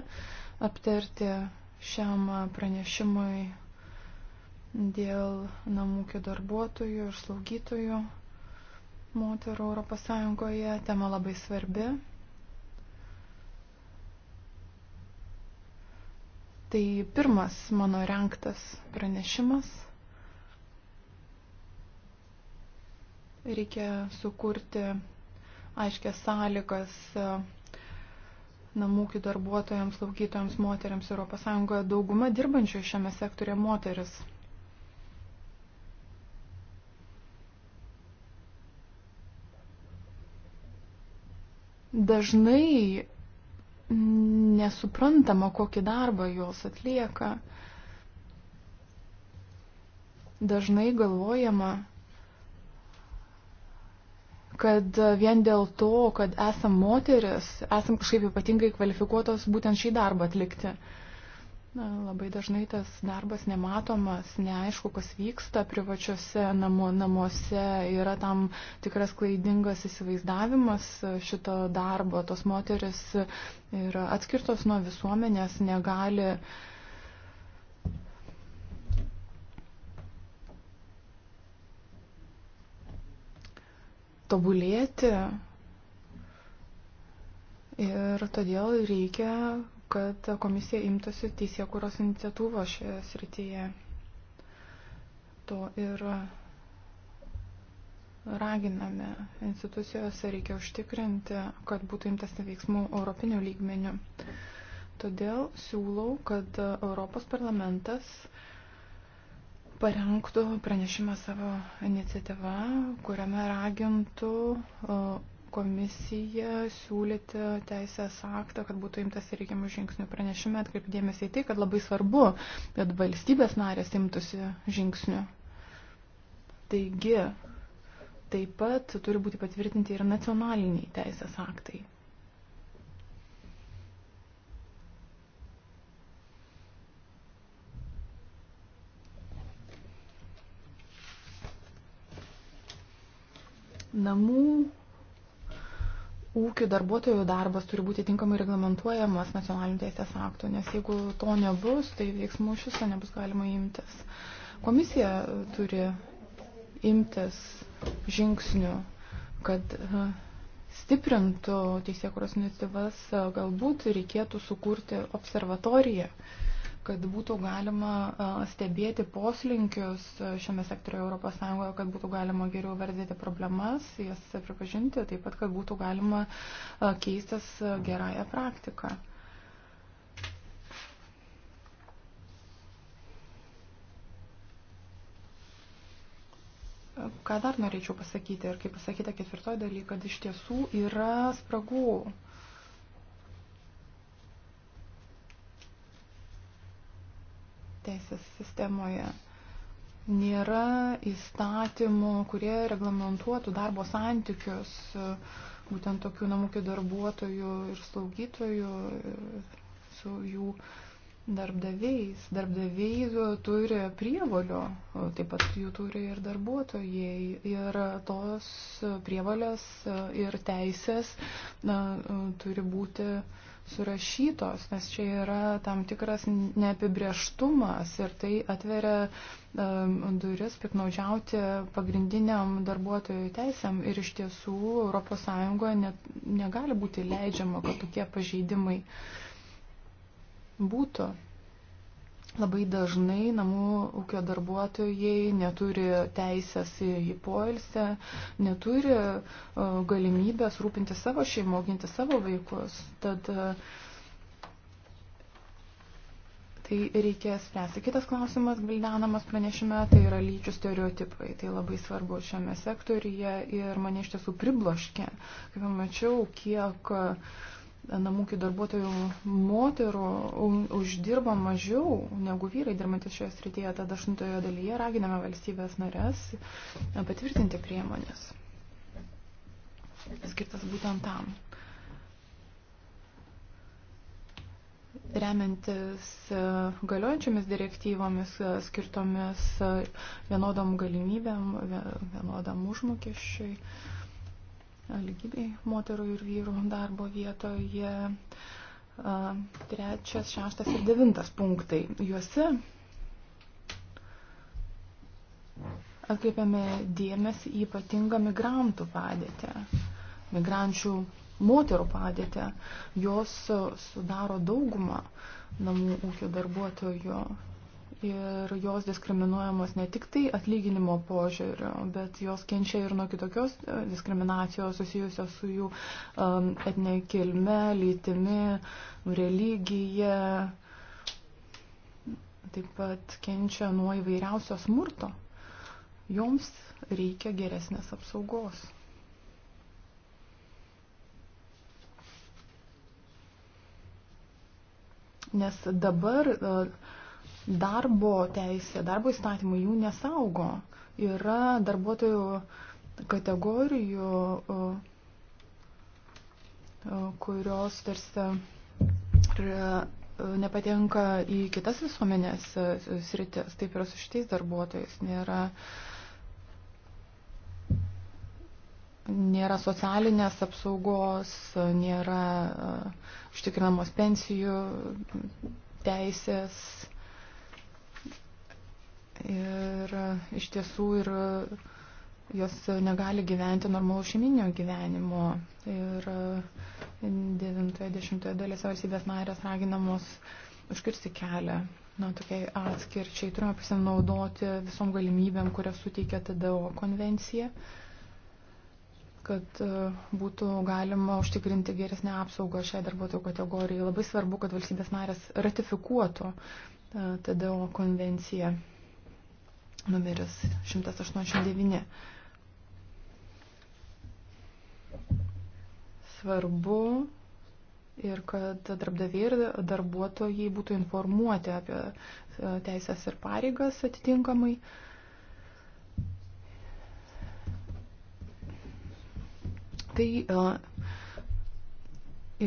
aptarti šiam pranešimui dėl namų ūkio darbuotojų ir slaugytojų moterų Europos Sąjungoje. Tema labai svarbi. Tai pirmas mano renktas pranešimas. Reikia sukurti aiškias sąlygas e, namų ūkių darbuotojams, laukytojams, moteriams Europos Sąjungoje. Dauguma dirbančių šiame sektorė moteris. dažnai nesuprantama, kokį darbą jos atlieka. Dažnai galvojama, kad vien dėl to, kad esam moteris, esam kažkaip ypatingai kvalifikuotos būtent šį darbą atlikti. Uh, Na, labai dažnai tas darbas nematomas, neaišku, kas vyksta privačiuose namu, namuose, yra tam tikras klaidingas įsivaizdavimas šito darbo, tos moteris yra atskirtos nuo visuomenės, negali. Tobulėti ir todėl reikia kad komisija imtųsi teisėkuros iniciatyvo šioje srityje. To ir raginame institucijose reikia užtikrinti, kad būtų imtasi veiksmų europinių lygmenių. Todėl siūlau, kad Europos parlamentas parengtų pranešimą savo iniciatyvą, kuriame ragintų komisija siūlyti teisės aktą, kad būtų imtas reikiamų žingsnių. Pranešime atkreipti dėmesį į tai, kad labai svarbu, kad valstybės narės imtųsi žingsnių. Taigi, taip pat turi būti patvirtinti ir nacionaliniai teisės aktai. Namų ūkių darbuotojų darbas turi būti tinkamai reglamentuojamas nacionalinių teisės aktų, nes jeigu to nebus, tai veiksmų iš viso nebus galima imtis. Komisija turi imtis žingsnių, kad e, stiprintų teisėkuros iniciatyvas, e, galbūt reikėtų sukurti observatoriją kad būtų galima stebėti poslinkius šiame sektoriuje Europos Sąjungoje, kad būtų galima geriau vardyti problemas, jas pripažinti, taip pat, kad būtų galima keistis gerąją praktiką. Ką dar norėčiau pasakyti ir kaip pasakyta ketvirtoji dalyka, kad iš tiesų yra spragų teisės sistemoje nėra įstatymų, kurie reglamentuotų darbo santykius būtent tokių namų darbuotojų ir slaugytojų su jų darbdaviais. Darbdaviai turi prievalių, taip pat jų turi ir darbuotojai. Ir tos prievalės ir teisės na, turi būti uh, surašytos, nes čia yra tam tikras neapibrieštumas ir tai atveria um, duris piknaudžiauti pagrindiniam darbuotojų teisėm ir iš tiesų ES net, negali būti leidžiama, kad tokie pažeidimai būtų. Labai dažnai namų ūkio darbuotojai neturi teisės į poilsę, neturi e, galimybės rūpinti savo šeimą, auginti savo vaikus. Tad e, tai reikia spręsti. Kitas klausimas, gvildenamas pranešime, tai yra lyčių stereotipai. Tai labai svarbu šiame sektoriuje ir mane iš tiesų pribloškė, kai pamačiau, kiek uh, namūkių darbuotojų moterų uždirba mažiau negu vyrai dirbantys šioje srityje, tad aštuntojo dalyje raginame valstybės narės patvirtinti priemonės skirtas būtent tam. Remiantis e, galiojančiomis direktyvomis, e, skirtomis e, vienodom galimybėm, vienodam užmokesčiui lygybei moterų ir vyrų darbo vietoje. Trečias, šeštas ir devintas punktai. Juose atkreipiame dėmesį į ypatingą migrantų padėtį, migrančių moterų padėtį. Jos sudaro daugumą namų ūkio darbuotojų ir jos diskriminuojamos ne tik tai atlyginimo požiūriu, bet jos kenčia ir nuo kitokios e, diskriminacijos susijusios su jų um, etne kilme, lytimi, religija. Taip pat kenčia nuo įvairiausio smurto. Joms reikia geresnės apsaugos. Nes dabar uh, darbo teisė, darbo įstatymai jų nesaugo. Yra darbuotojų kategorijų, kurios tarsi e, e, nepatenka į kitas visuomenės e, sritis. Taip yra su šitais darbuotojais. Nėra, nėra socialinės apsaugos, nėra užtikrinamos pensijų teisės ir e, iš tiesų ir e, jos negali gyventi normalų šeiminio gyvenimo. Ir 90-10 e, dalyse valstybės narės raginamos užkirsti kelią. Na, tokiai atskirčiai turime pasinaudoti visom galimybėm, kurias suteikia TDO konvencija, kad būtų galima užtikrinti geresnę apsaugą šiai darbuotojų kategorijai. Labai svarbu, kad valstybės narės ratifikuotų TDO konvenciją numeris 189. Svarbu ir kad darbdaviai ir darbuotojai būtų informuoti apie e, teisės ir pareigas atitinkamai. Tai e,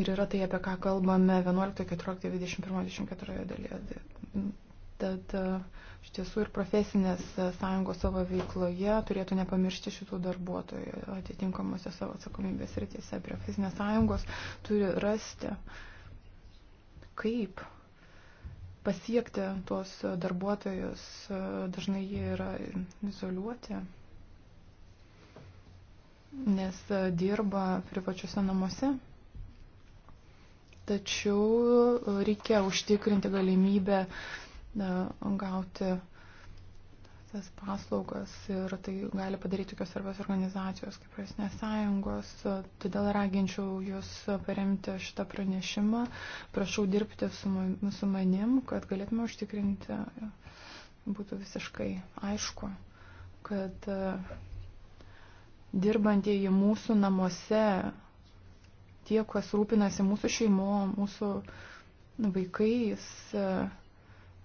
ir yra tai, apie ką kalbame 11, 14, 21, 24 dalyje. Tad e, Iš tiesų ir profesinės e, sąjungos savo veikloje turėtų nepamiršti šitų darbuotojų atitinkamosios savo atsakomybės rytise. Profesinės sąjungos turi rasti, kaip pasiekti tuos darbuotojus, e, dažnai jie yra izoliuoti, nes e, dirba privačiuose namuose. Tačiau reikia užtikrinti galimybę uh, gauti tas paslaugas ir tai gali padaryti tokios svarbios organizacijos kaip Prasinės sąjungos. Todėl raginčiau jūs paremti šitą pranešimą. Prašau dirbti su, su manim, kad galėtume užtikrinti, būtų visiškai aišku, kad dirbantieji mūsų namuose, tie, kas rūpinasi mūsų šeimo, mūsų vaikais,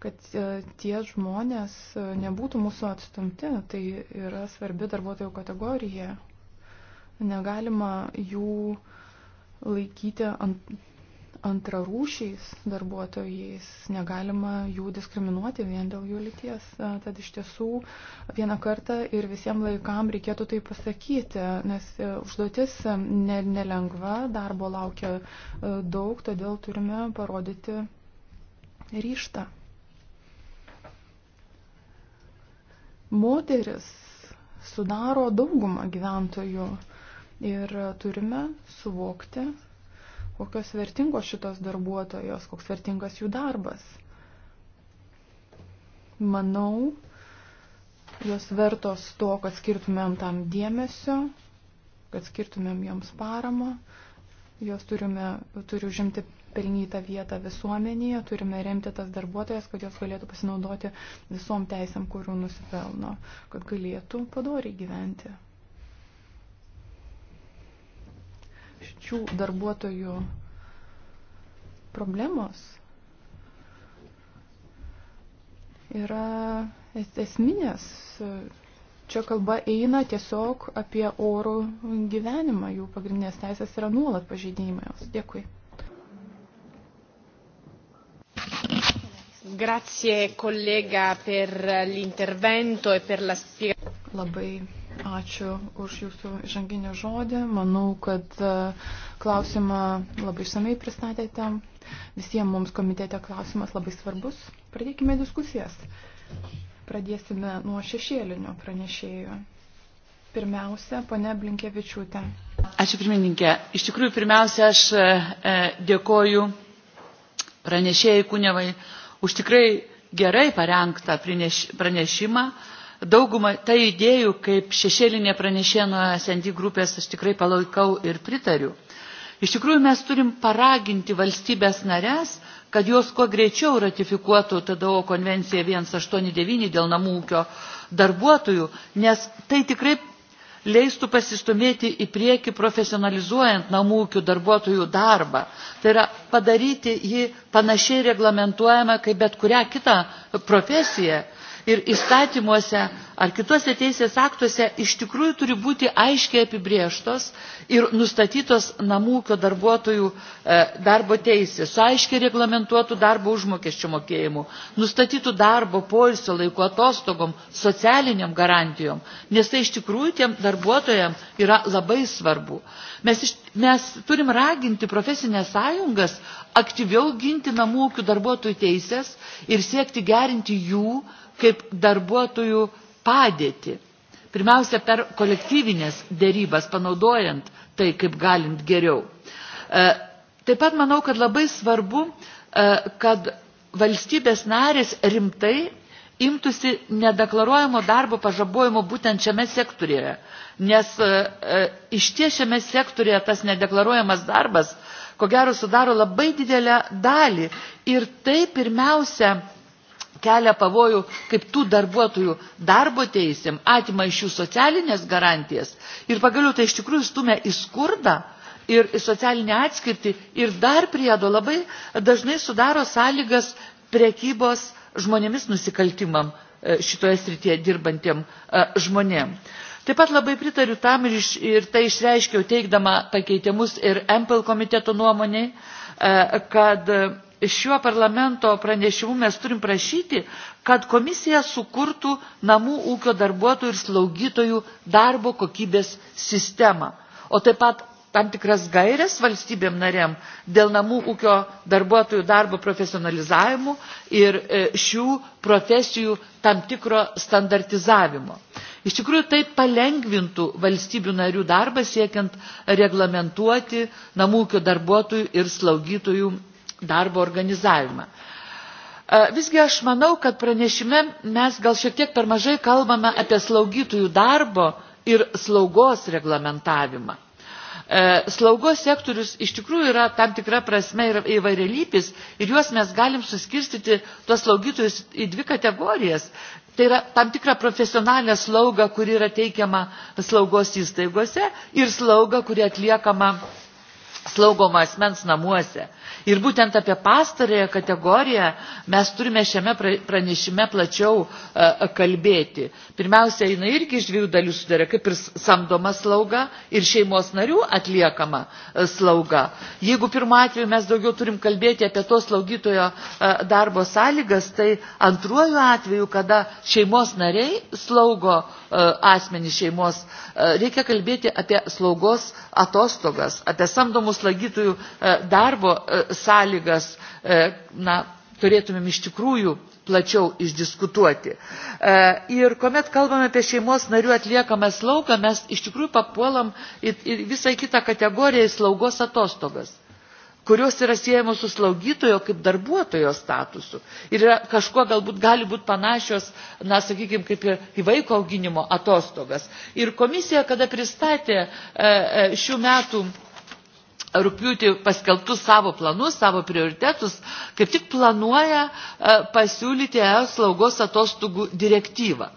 kad e, tie žmonės e, nebūtų mūsų atstumti. Tai yra svarbi darbuotojų kategorija. Negalima jų laikyti ant, antrarūšiais darbuotojais, negalima jų diskriminuoti vien dėl jų lyties. E, tad iš tiesų vieną kartą ir visiems laikam reikėtų tai pasakyti, nes užduotis nelengva, darbo laukia daug, todėl turime parodyti ryštą. moteris sudaro daugumą gyventojų ir turime suvokti, kokios vertingos šitos darbuotojos, koks vertingas jų darbas. Manau, jos vertos to, kad skirtumėm tam dėmesio, kad skirtumėm joms paramą, jos turime, turi užimti pelnytą vietą visuomenėje, turime remti tas darbuotojas, kad jos galėtų pasinaudoti visom teisėm, kurių nusipelno, kad galėtų padoriai gyventi. Šių darbuotojų problemos yra esminės. Čia kalba eina tiesiog apie orų gyvenimą, jų pagrindinės teisės yra nuolat pažeidinimai. Dėkui. Grazie kolega per l'intervento e per la spiegazione. Labai ačiū už jūsų žanginį žodį. Manau, kad e, klausimą labai išsamei pristatėte. Visiems mums komitete klausimas labai svarbus. Pradėkime diskusijas. Pradėsime nuo šešėlinio pranešėjo. Pirmiausia, ponė Blinkevičiūtė. Ačiū pirmininkė. Iš tikrųjų, pirmiausia, aš e, e dėkoju pranešėjai Kunevai už tikrai gerai parengtą pranešimą. Daugumą tai idėjų, kaip šešėlinė pranešė nuo SND grupės, aš tikrai palaikau ir pritariu. Iš tikrųjų, mes turim paraginti valstybės narės, kad jos kuo greičiau ratifikuotų TDO konvenciją 189 dėl namų ūkio darbuotojų, nes tai tikrai leistų pasistumėti į priekį profesionalizuojant namų ūkių darbuotojų darbą. Tai yra padaryti jį panašiai reglamentuojamą kaip bet kurią kitą profesiją ir įstatymuose ar kituose teisės aktuose iš tikrųjų turi būti aiškiai apibrieštos ir nustatytos namų ūkio darbuotojų e, darbo teisės, su aiškiai reglamentuotų darbo užmokesčio mokėjimu, nustatytų darbo poilsio laiko atostogom, socialiniam garantijom, nes tai iš tikrųjų tiem darbuotojam yra labai svarbu. Mes, iš, mes turim raginti profesinės sąjungas aktyviau ginti namų ūkių darbuotojų teisės ir siekti gerinti jų kaip darbuotojų padėtį. Pirmiausia, per kolektyvinės dėrybas, panaudojant tai, kaip galint geriau. E, taip pat manau, kad labai svarbu, e, kad valstybės narės rimtai imtųsi nedeklaruojamo darbo pažabojimo būtent šiame sektorijoje, nes e, iš tie šiame sektorijoje tas nedeklaruojamas darbas, ko gero, sudaro labai didelę dalį ir tai pirmiausia kelia pavojų kaip tų darbuotojų darbo teisėm, atima iš jų socialinės garantijas ir pagaliau tai iš tikrųjų stumia į skurdą ir į socialinę atskirtį ir dar priedo labai dažnai sudaro sąlygas prekybos žmonėmis nusikaltimam e, šitoje srityje dirbantiem e, žmonėm. Taip pat labai pritariu tam ir, ir tai išreiškiau teikdama pakeitimus ir MPL komiteto nuomonėj, e, kad šiuo parlamento pranešimu mes turim prašyti, kad komisija sukurtų namų ūkio darbuotojų ir slaugytojų darbo kokybės sistemą, o taip pat tam tikras gairias valstybėm narėm dėl namų ūkio darbuotojų darbo profesionalizavimų ir e, šių profesijų tam tikro standartizavimo. Iš tikrųjų, tai palengvintų valstybių narių darbą siekiant reglamentuoti namų ūkio darbuotojų ir slaugytojų darbo organizavimą. E, visgi aš manau, kad pranešime mes gal šiek tiek per mažai kalbame apie slaugytojų darbo ir slaugos reglamentavimą. E, slaugos sektorius iš tikrųjų yra tam tikra prasme ir įvairialypis ir juos mes galim suskirstyti tuos slaugytojus į dvi kategorijas. Tai yra tam tikra profesionalinė slauga, kuri yra teikiama slaugos įstaigose ir slauga, kuri atliekama slaugomo asmens namuose. Ir būtent apie pastarąją kategoriją mes turime šiame pranešime plačiau e, kalbėti. Pirmiausia, jinai irgi iš dviejų dalių sudarė, kaip ir samdoma slauga ir šeimos narių atliekama e, slauga. Jeigu pirmo atveju mes daugiau turim kalbėti apie to slaugytojo e, darbo sąlygas, tai antruoju atveju, kada šeimos nariai slaugo asmenį šeimos, reikia kalbėti apie slaugos atostogas, apie samdomus tinkamus slagytojų e, darbo e, sąlygas e, na, turėtumėm iš tikrųjų plačiau išdiskutuoti. Ir kuomet kalbame apie šeimos narių atliekamą slaugą, mes iš tikrųjų papuolam į, į visą kitą kategoriją į slaugos atostogas kurios yra siejamos su slaugytojo kaip darbuotojo statusu. Ir yra, kažkuo galbūt gali būti panašios, na, sakykime, kaip ir į vaiko auginimo atostogas. Ir komisija, kada pristatė šių metų rūpiutį paskelbtus savo planus, savo prioritetus, kaip tik planuoja e, pasiūlyti ES slaugos atostogų direktyvą.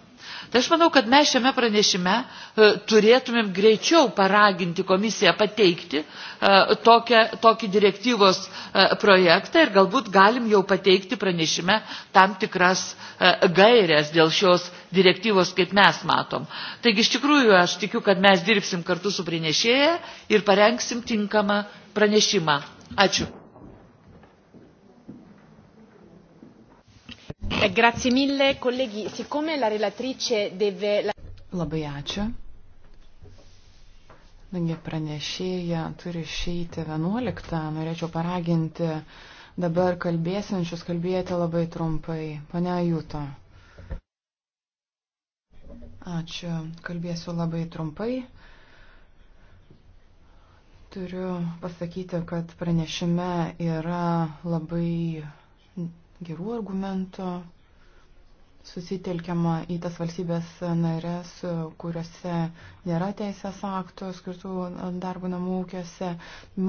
Tai aš manau, kad mes šiame pranešime e, turėtumėm greičiau paraginti komisiją pateikti e, tokią, tokį direktyvos e, projektą ir galbūt galim jau pateikti pranešime tam tikras gairias dėl šios direktyvos, kaip mes matom. Taigi, iš tikrųjų, aš tikiu, kad mes dirbsim kartu su pranešėja ir parengsim tinkamą pranešimą. Ačiū. Eh, grazie mille, colleghi. Siccome la relatrice deve... Labai ačiū. Dangi pranešėja turi išeiti 11. Norėčiau paraginti dabar kalbėsiančius kalbėti labai trumpai. Pane Jūto. Ačiū. Kalbėsiu labai trumpai. Turiu pasakyti, kad pranešime yra labai gerų argumentų, susitelkiama į tas valstybės narės, kuriuose nėra teisės aktų skirtų darbų namų ūkiuose.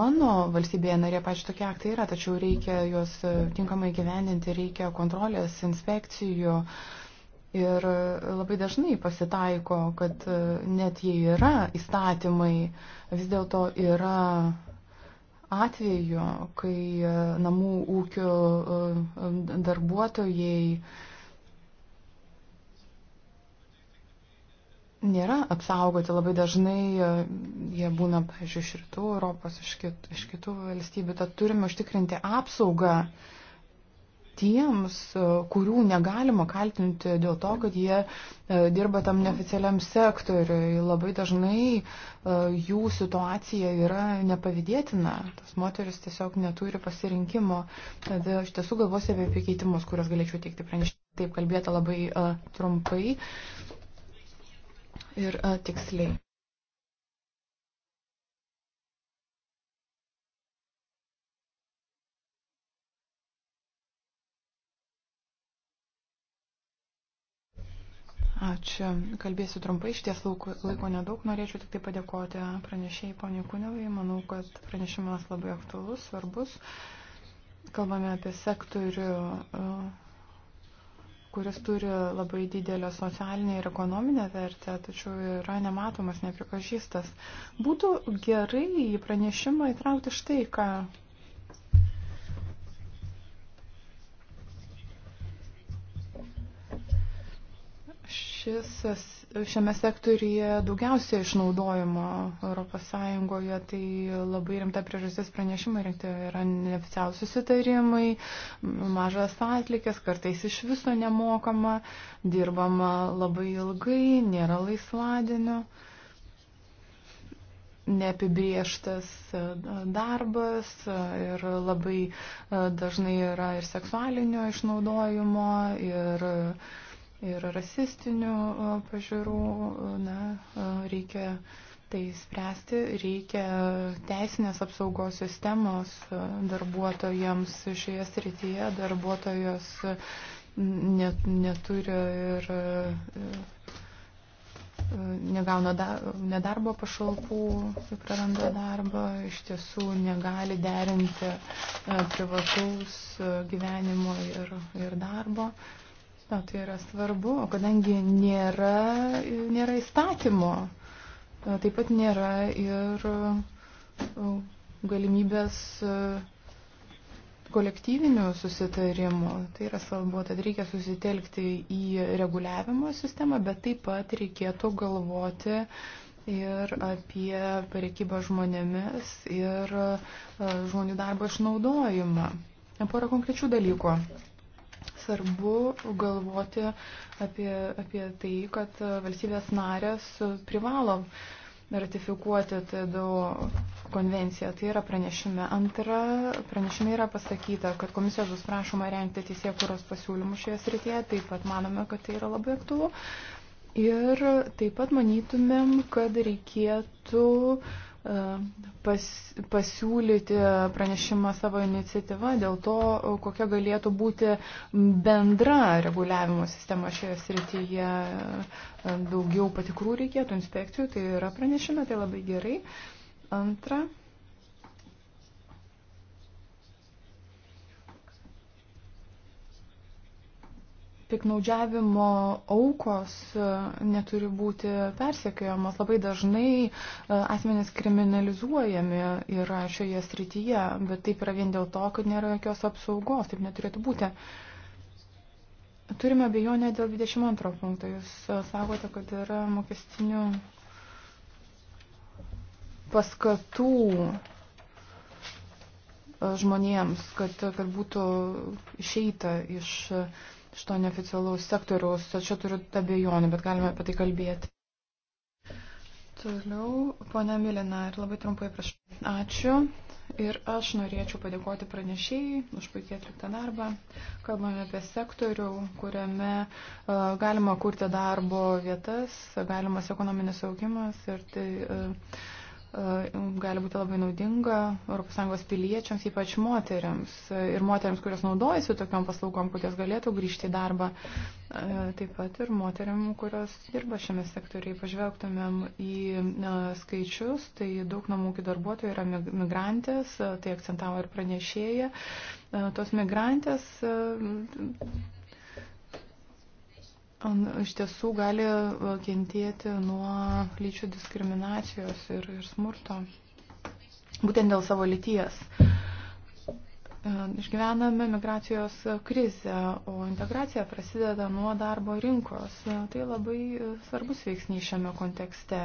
Mano valstybėje narė, pačiu, tokie aktai yra, tačiau reikia juos tinkamai gyveninti, reikia kontrolės, inspekcijų. Ir labai dažnai pasitaiko, kad net jei yra įstatymai, vis dėlto yra atveju, kai e, namų ūkio e, darbuotojai nėra apsaugoti labai dažnai, e, jie būna, pažiūrėjau, iš rytų Europos, iš kitų, iš kitų valstybių, tad turime užtikrinti apsaugą uh, tiems, e, kurių negalima kaltinti dėl to, kad jie e, dirba tam neoficialiam sektoriui. Labai dažnai e, jų situacija yra nepavydėtina. Tas moteris tiesiog neturi pasirinkimo. Tad aš tiesų galvosiu apie pakeitimus, kuriuos galėčiau teikti pranešti. Taip kalbėta labai trumpai ir tiksliai. Ačiū. Kalbėsiu trumpai, iš ties laiko, laiko nedaug. Norėčiau tik tai padėkoti pranešėjai poniai Kunevai. Manau, kad pranešimas labai aktualus, svarbus. Kalbame apie sektorių, e, kuris turi labai didelę socialinę ir ekonominę vertę, tačiau yra nematomas, nepripažįstas. Būtų gerai į pranešimą įtraukti štai ką šis, šiame sektorija daugiausia išnaudojimo ES, tai labai rimta priežastis pranešimai rinkti yra neoficialūs susitarimai, mažas atlikės, kartais iš viso nemokama, dirbama labai ilgai, nėra laisvadienio, neapibrieštas e, darbas ir labai e, dažnai yra ir seksualinio išnaudojimo, ir ir rasistinių e, pažiūrų, e, na, e, reikia tai spręsti, reikia teisinės apsaugos sistemos darbuotojams šioje srityje, darbuotojos net, neturi ir negauna nedarbo pašalpų, praranda darbą, iš tiesų negali derinti privataus gyvenimo ir, ir darbo. Uh, Na, tai yra svarbu, kadangi nėra, nėra įstatymo, taip pat nėra ir galimybės e, kolektyvinių susitarimų. Tai yra svarbu, tad reikia susitelkti į reguliavimo sistemą, bet taip pat reikėtų galvoti ir apie pareikybą žmonėmis ir e, žmonių darbo išnaudojimą. Porą konkrečių dalykų svarbu galvoti apie, apie tai, kad valstybės narės privalo ratifikuoti TDO konvenciją. Tai yra pranešime. Antra, pranešime yra pasakyta, kad komisijos bus prašoma rengti teisėkuros pasiūlymus šioje srityje. Taip pat manome, kad tai yra labai aktualu. Ir taip pat manytumėm, kad reikėtų uh, pas, pasiūlyti pranešimą savo iniciatyvą dėl to, kokia galėtų būti bendra reguliavimo sistema šioje srityje. Daugiau patikrų reikėtų inspekcijų, tai yra pranešime, tai labai gerai. Antra. piknaudžiavimo aukos e, neturi būti persekiojamos. Labai dažnai e, asmenys kriminalizuojami yra šioje srityje, bet taip yra vien dėl to, kad nėra jokios apsaugos, taip neturėtų būti. Turime bejonę dėl 22 punkto. Jūs e, sakote, kad yra mokestinių paskatų žmonėms, kad, kad būtų išeita iš uh, šito neoficialaus sektoriaus. Čia turiu abejonių, bet galime apie tai kalbėti. Toliau, ponia Milina, ir labai trumpai prašau. Ačiū. Ir aš norėčiau padėkoti pranešėjai už puikiai atliktą darbą. Kalbame apie sektorių, kuriame uh, galima kurti darbo vietas, galimas ekonominis augimas ir tai. Uh, gali būti labai naudinga ES piliečiams, ypač moteriams ir moteriams, kurios naudojasi tokiam paslaugom, kokios galėtų grįžti į darbą, e, taip pat ir moteriam, kurios dirba šiame sektoriai. Pažvelgtumėm į e, skaičius, tai daug namų ūkių darbuotojų yra migrantės, e, tai akcentavo ir pranešėja. Tos migrantės Iš tiesų gali e, kentėti nuo lyčių diskriminacijos ir, ir smurto, būtent dėl savo lyties. E, išgyvename migracijos krizę, o integracija prasideda nuo darbo rinkos. E, tai labai svarbus veiksnys šiame kontekste.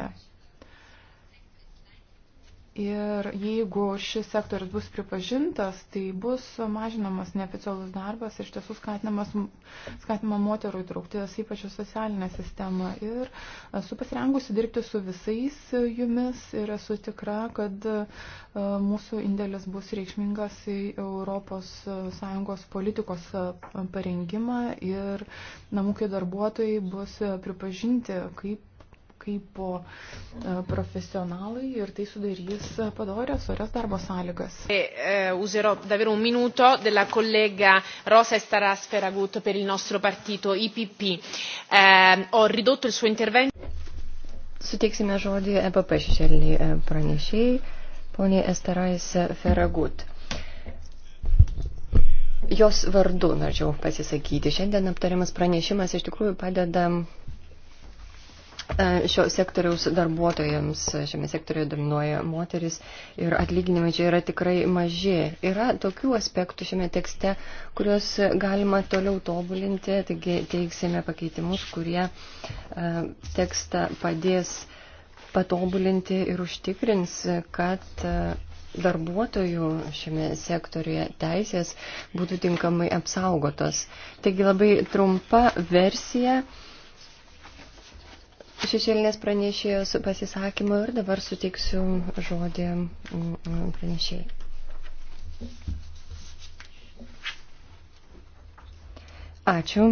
Ir jeigu šis sektorius bus pripažintas, tai bus mažinamas neoficialus darbas ir iš tiesų skatinama moterų įtrauktis ypač į socialinę sistemą. Ir esu pasirengusi dirbti su visais jumis ir esu tikra, kad e, mūsų indėlis bus reikšmingas į ES politikos e, parengimą ir namūkiai darbuotojai bus e, pripažinti kaip kaip e, profesionalai ir tai sudarys padorios, orios darbo sąlygas. E, e, userò davvero un minuto della collega Rosa Estaras Ferragut per il nostro partito IPP. Eh, ho ridotto il suo intervento. Suteiksime žodį EPP šešėlį pranešėjai, poniai Estarais Feragut. Jos vardu norėčiau pasisakyti. Šiandien aptariamas pranešimas iš tikrųjų padeda E, šio sektoriaus darbuotojams, šiame sektoriuje dominuoja moteris ir atlyginimai čia yra tikrai maži. Yra tokių aspektų šiame tekste, kuriuos galima toliau tobulinti, taigi teiksime pakeitimus, kurie e, tekstą padės patobulinti ir užtikrins, kad e, darbuotojų šiame sektoriuje teisės būtų tinkamai apsaugotos. Taigi labai trumpa versija šešėlinės pranešėjos pasisakymą ir dabar suteiksiu žodį mm, mm, pranešėjai. Ačiū.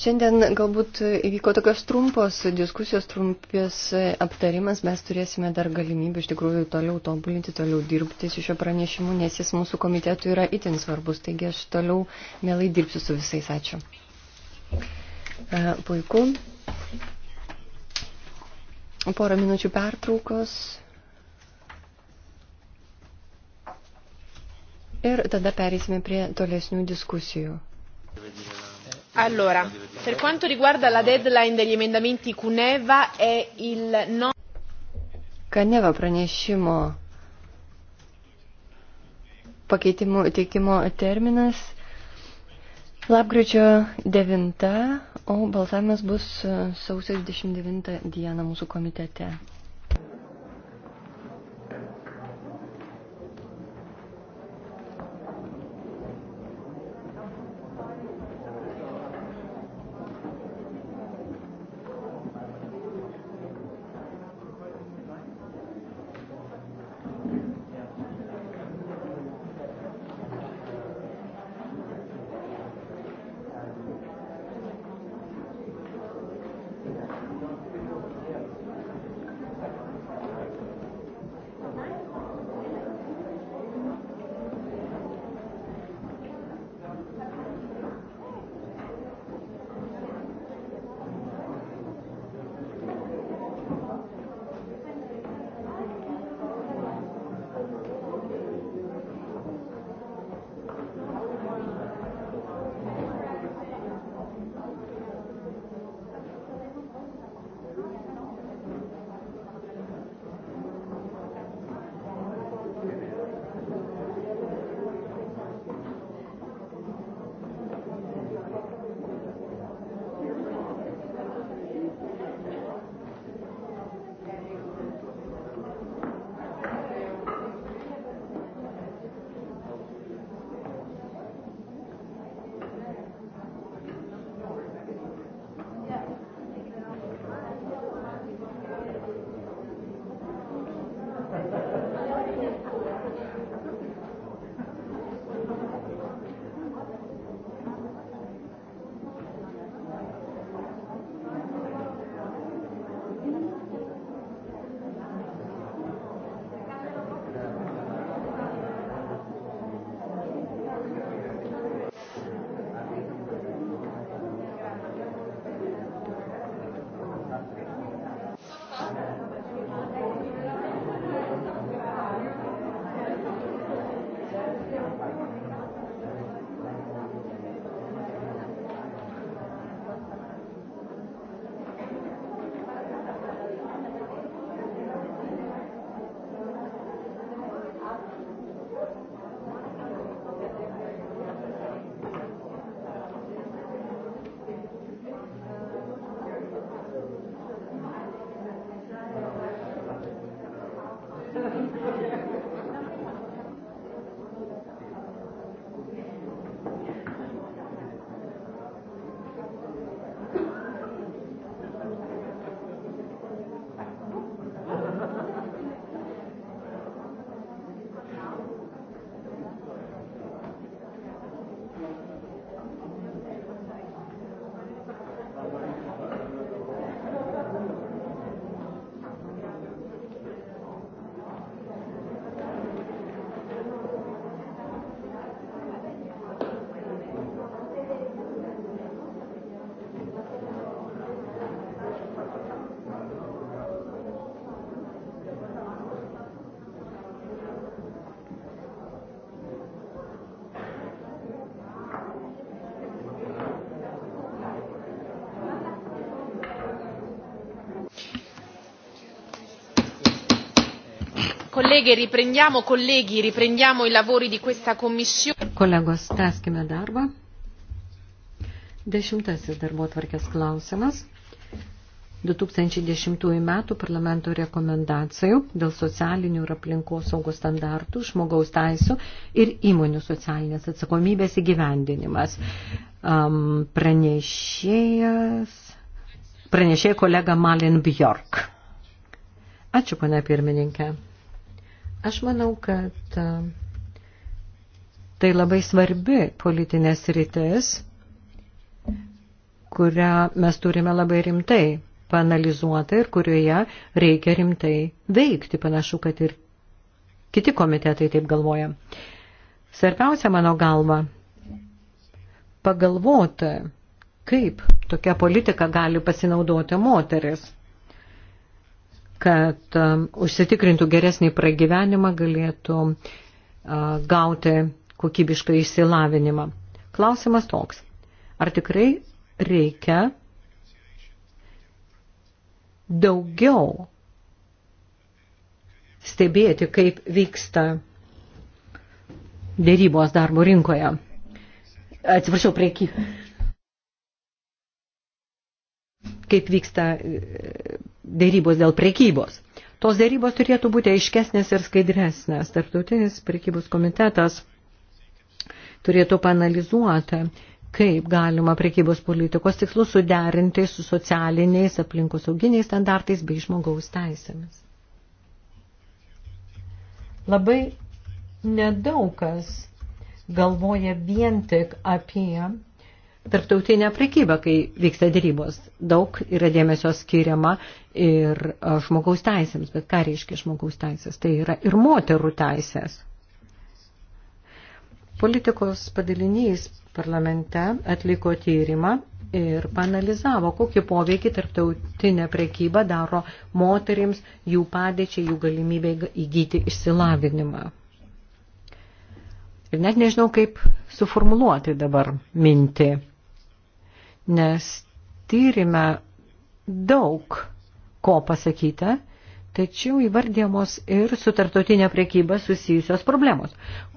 Šiandien galbūt įvyko tokios trumpos diskusijos, trumpės aptarimas. Mes turėsime dar galimybę iš tikrųjų toliau tobulinti, toliau dirbti su šio pranešimu, nes jis mūsų komitetų yra itin svarbus. Taigi aš toliau mielai dirbsiu su visais. Ačiū. E, puiku. Porą minučių pertraukos. Ir tada perėsime prie tolesnių diskusijų. Allora, per quanto riguarda la deadline degli emendamenti Cuneva è il 9... Kaneva pranešimo pakeitimų teikimo terminas Lapkričio 9, o balsavimas bus sausio 29 dieną mūsų komitete. Kolegė, riprendiamo, kolegi, riprendiamo i lavori di questa commissione. Kolegos, teskime darbą. Dešimtasis darbo tvarkės klausimas. 2010 metų parlamento rekomendacijų dėl socialinių ir aplinkos saugos standartų, žmogaus taisų ir įmonių socialinės atsakomybės įgyvendinimas. Um, pranešėjas, pranešėja kolega Malin Bjork. Ačiū, pana pirmininkė. Aš manau, kad e, tai labai svarbi politinės rytis, kurią mes turime labai rimtai panalizuota ir kurioje reikia rimtai veikti. Panašu, kad ir kiti komitetai taip galvoja. Svarbiausia mano galva pagalvoti, kaip tokia politika gali pasinaudoti moteris kad um, užsitikrintų geresnį pragyvenimą, galėtų uh, gauti kokybišką išsilavinimą. Klausimas toks. Ar tikrai reikia daugiau stebėti, kaip vyksta dėrybos darbo rinkoje? Atsiprašau, prieky, kaip vyksta e, dėrybos dėl prekybos. Tos dėrybos turėtų būti aiškesnės ir skaidresnės. Tarptautinis prekybos komitetas turėtų panalizuoti, kaip galima prekybos politikos tikslus suderinti su socialiniais, aplinkosauginiais standartais bei žmogaus teisėmis. Labai nedaug kas galvoja vien tik apie tarptautinę prekybą, kai vyksta dėrybos. Daug yra dėmesio skiriama ir žmogaus teisėms, bet ką reiškia žmogaus teisės? Tai yra ir moterų teisės. Politikos padalinys parlamente atliko tyrimą ir panalizavo, kokį poveikį tarptautinė prekyba daro moterims, jų padėčiai, jų galimybė įgyti išsilavinimą. Ir net nežinau, kaip suformuluoti dabar mintį nes tyrime daug ko pasakyta, tačiau įvardėmos ir su tarptautinė priekyba susijusios problemos.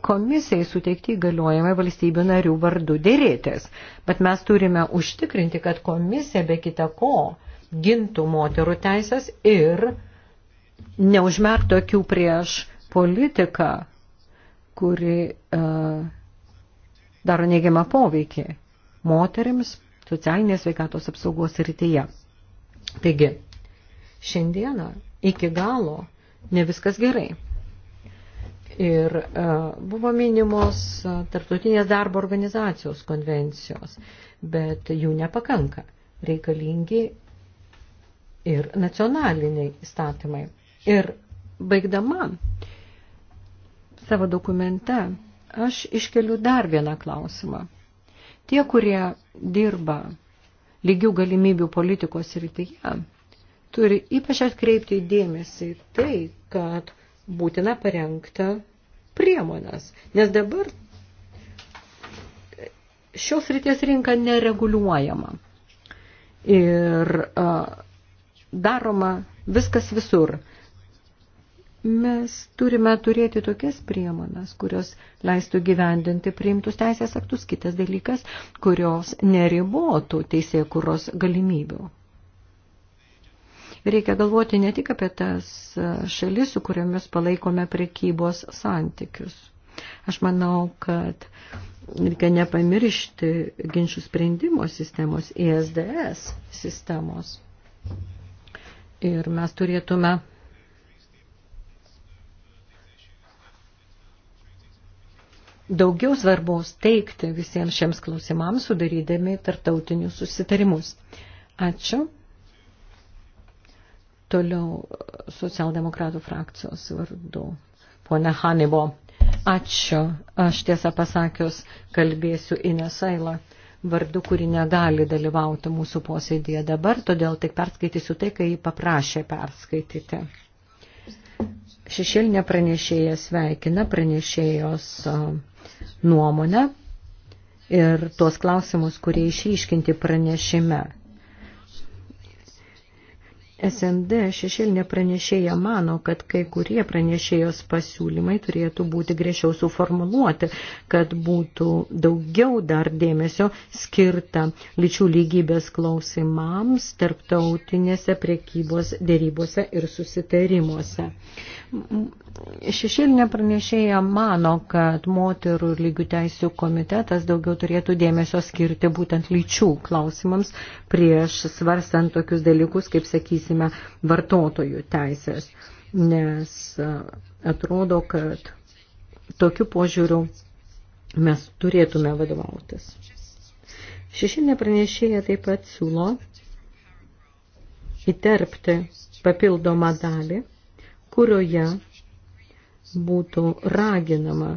Komisijai suteikti įgaliojimai valstybių narių vardu dėrėtis, bet mes turime užtikrinti, kad komisija be kita ko gintų moterų teisės ir neužmerktų akių prieš politiką, kuri uh, daro neigiamą poveikį moterims socialinės veikatos apsaugos rytyje. Taigi, šiandieną iki galo ne viskas gerai. Ir e, buvo minimos e, tarptautinės darbo organizacijos konvencijos, bet jų nepakanka. Reikalingi ir nacionaliniai įstatymai. Ir baigdama savo dokumente, aš iškeliu dar vieną klausimą. Tie, kurie dirba lygių galimybių politikos rytyje, turi ypač atkreipti dėmesį tai, kad būtina parengta priemonės, nes dabar šios ryties rinka nereguliuojama ir a, daroma viskas visur mes turime turėti tokias priemonas, kurios leistų gyvendinti priimtus teisės aktus, kitas dalykas, kurios neribotų teisėkuros galimybių. Reikia galvoti ne tik apie tas šalis, su kuriomis palaikome prekybos santykius. Aš manau, kad reikia nepamiršti ginčių sprendimo sistemos, ESDS sistemos. Ir mes turėtume daugiau svarbos teikti visiems šiems klausimams, sudarydami tartautinius susitarimus. Ačiū. Toliau socialdemokratų frakcijos vardu. Pone Hanibo. Ačiū. Aš tiesą pasakius kalbėsiu Inesailą vardu, kuri negali dalyvauti mūsų posėdėje dabar, todėl tik perskaitysiu tai, kai jį paprašė perskaityti. Šešėlinė pranešėja sveikina pranešėjos uh, nuomonę ir tuos klausimus, kurie išryškinti pranešime. SND šešėlinė pranešėja mano, kad kai kurie pranešėjos pasiūlymai turėtų būti griežčiau suformuluoti, kad būtų daugiau dar dėmesio skirta lyčių lygybės klausimams tarptautinėse priekybos dėrybose ir susitarimuose. Šešėlinė pranešėja mano, kad moterų ir lygių teisų komitetas daugiau turėtų dėmesio skirti būtent lyčių klausimams prieš svarstant tokius dalykus, kaip sakysime, vartotojų teisės. Nes atrodo, kad tokiu požiūriu mes turėtume vadovautis. Šešinė pranešėja taip pat siūlo įterpti papildomą dalį kurioje būtų raginama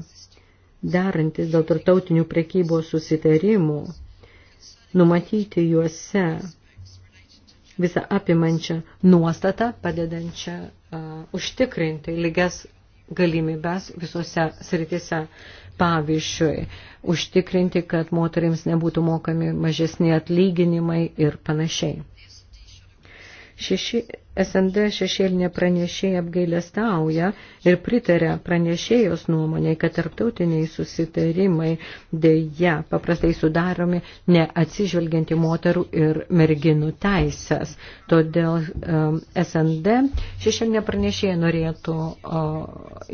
darantis dėl tartautinių prekybos susitarimų, numatyti juose visą apimančią nuostatą, padedančią uh, užtikrinti lygias galimybės visose sritise. Pavyzdžiui, užtikrinti, kad moterims nebūtų mokami mažesni atlyginimai ir panašiai. Šeši SND šešėlinė pranešėja apgailestauja ir pritarė pranešėjos nuomonėj, kad tarptautiniai susitarimai dėja paprastai sudaromi neatsižvelgiant į moterų ir merginų teisės. Todėl um, SND šešėlinė pranešėja norėtų uh,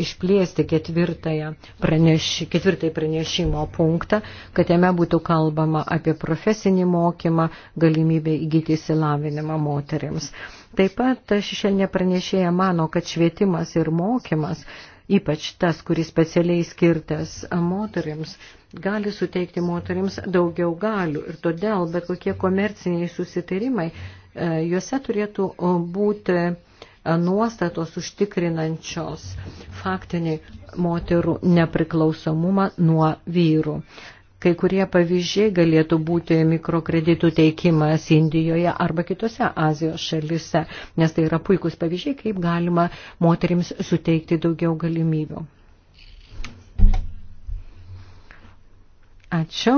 išplėsti ketvirtąją praneš, ketvirtąjį pranešimo punktą, kad jame būtų kalbama apie profesinį mokymą, galimybę įgyti įsilavinimą moteriams. Uh, Taip pat šešėlinė pranešėja mano, kad švietimas ir mokymas, ypač tas, kuris specialiai skirtas moteriams, gali suteikti moteriams daugiau galių ir todėl bet kokie komerciniai susitarimai, e, juose turėtų būti e, nuostatos užtikrinančios faktinį moterų nepriklausomumą nuo vyrų. Kai kurie pavyzdžiai galėtų būti mikrokreditų teikimas Indijoje arba kitose Azijos šalise, nes tai yra puikus pavyzdžiai, kaip galima moterims suteikti daugiau galimybių. Ačiū.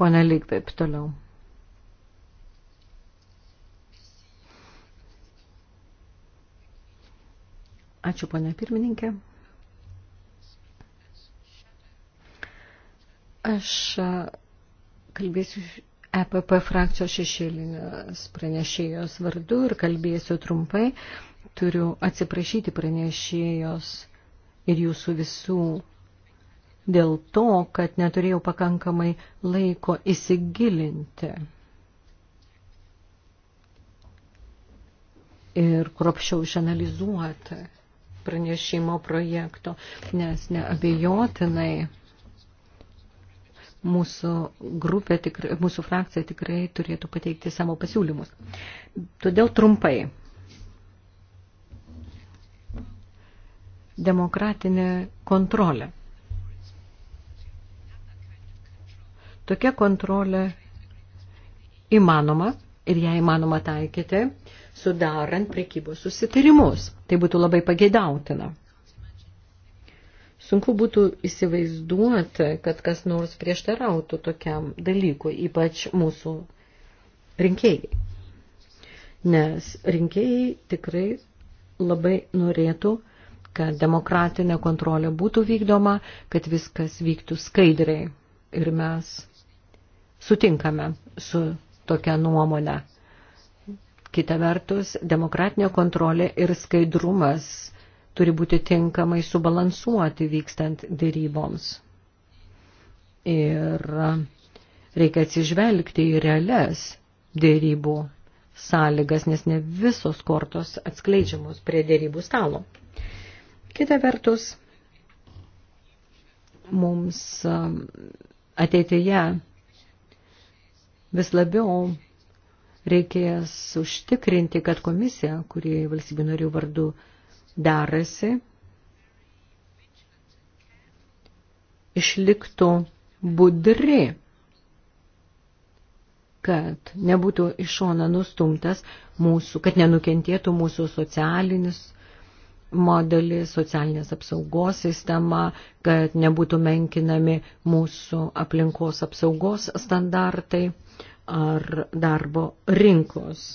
Pone Likvip, toliau. Ačiū, ponia pirmininkė. Aš kalbėsiu EPP frakcijos šešėlinės pranešėjos vardu ir kalbėsiu trumpai. Turiu atsiprašyti pranešėjos ir jūsų visų dėl to, kad neturėjau pakankamai laiko įsigilinti ir kropščiau išanalizuoti pranešimo projekto, nes neabejotinai mūsų grupė, tikrai, mūsų frakcija tikrai turėtų pateikti savo pasiūlymus. Todėl trumpai. Demokratinė kontrolė. Tokia kontrolė įmanoma ir ją įmanoma taikyti, sudarant prekybos susitarimus. Tai būtų labai pageidautina. Sunku būtų įsivaizduoti, kad kas nors prieštarautų tokiam dalykui, ypač mūsų rinkėjai. Nes rinkėjai tikrai labai norėtų, kad demokratinė kontrolė būtų vykdoma, kad viskas vyktų skaidriai. Ir mes sutinkame su tokia nuomonė. Kita vertus, demokratinė kontrolė ir skaidrumas turi būti tinkamai subalansuoti vykstant dėryboms. Ir reikia atsižvelgti į realias dėrybų sąlygas, nes ne visos kortos atskleidžiamos prie dėrybų stalo. Kita vertus, mums um, ateityje vis labiau reikės užtikrinti, kad komisija, kuri valstybių narių vardu darasi, išliktų budri, kad nebūtų iš šona nustumtas mūsų, kad nenukentėtų mūsų socialinis modelis, socialinės apsaugos sistema, kad nebūtų menkinami mūsų aplinkos apsaugos standartai ar darbo rinkos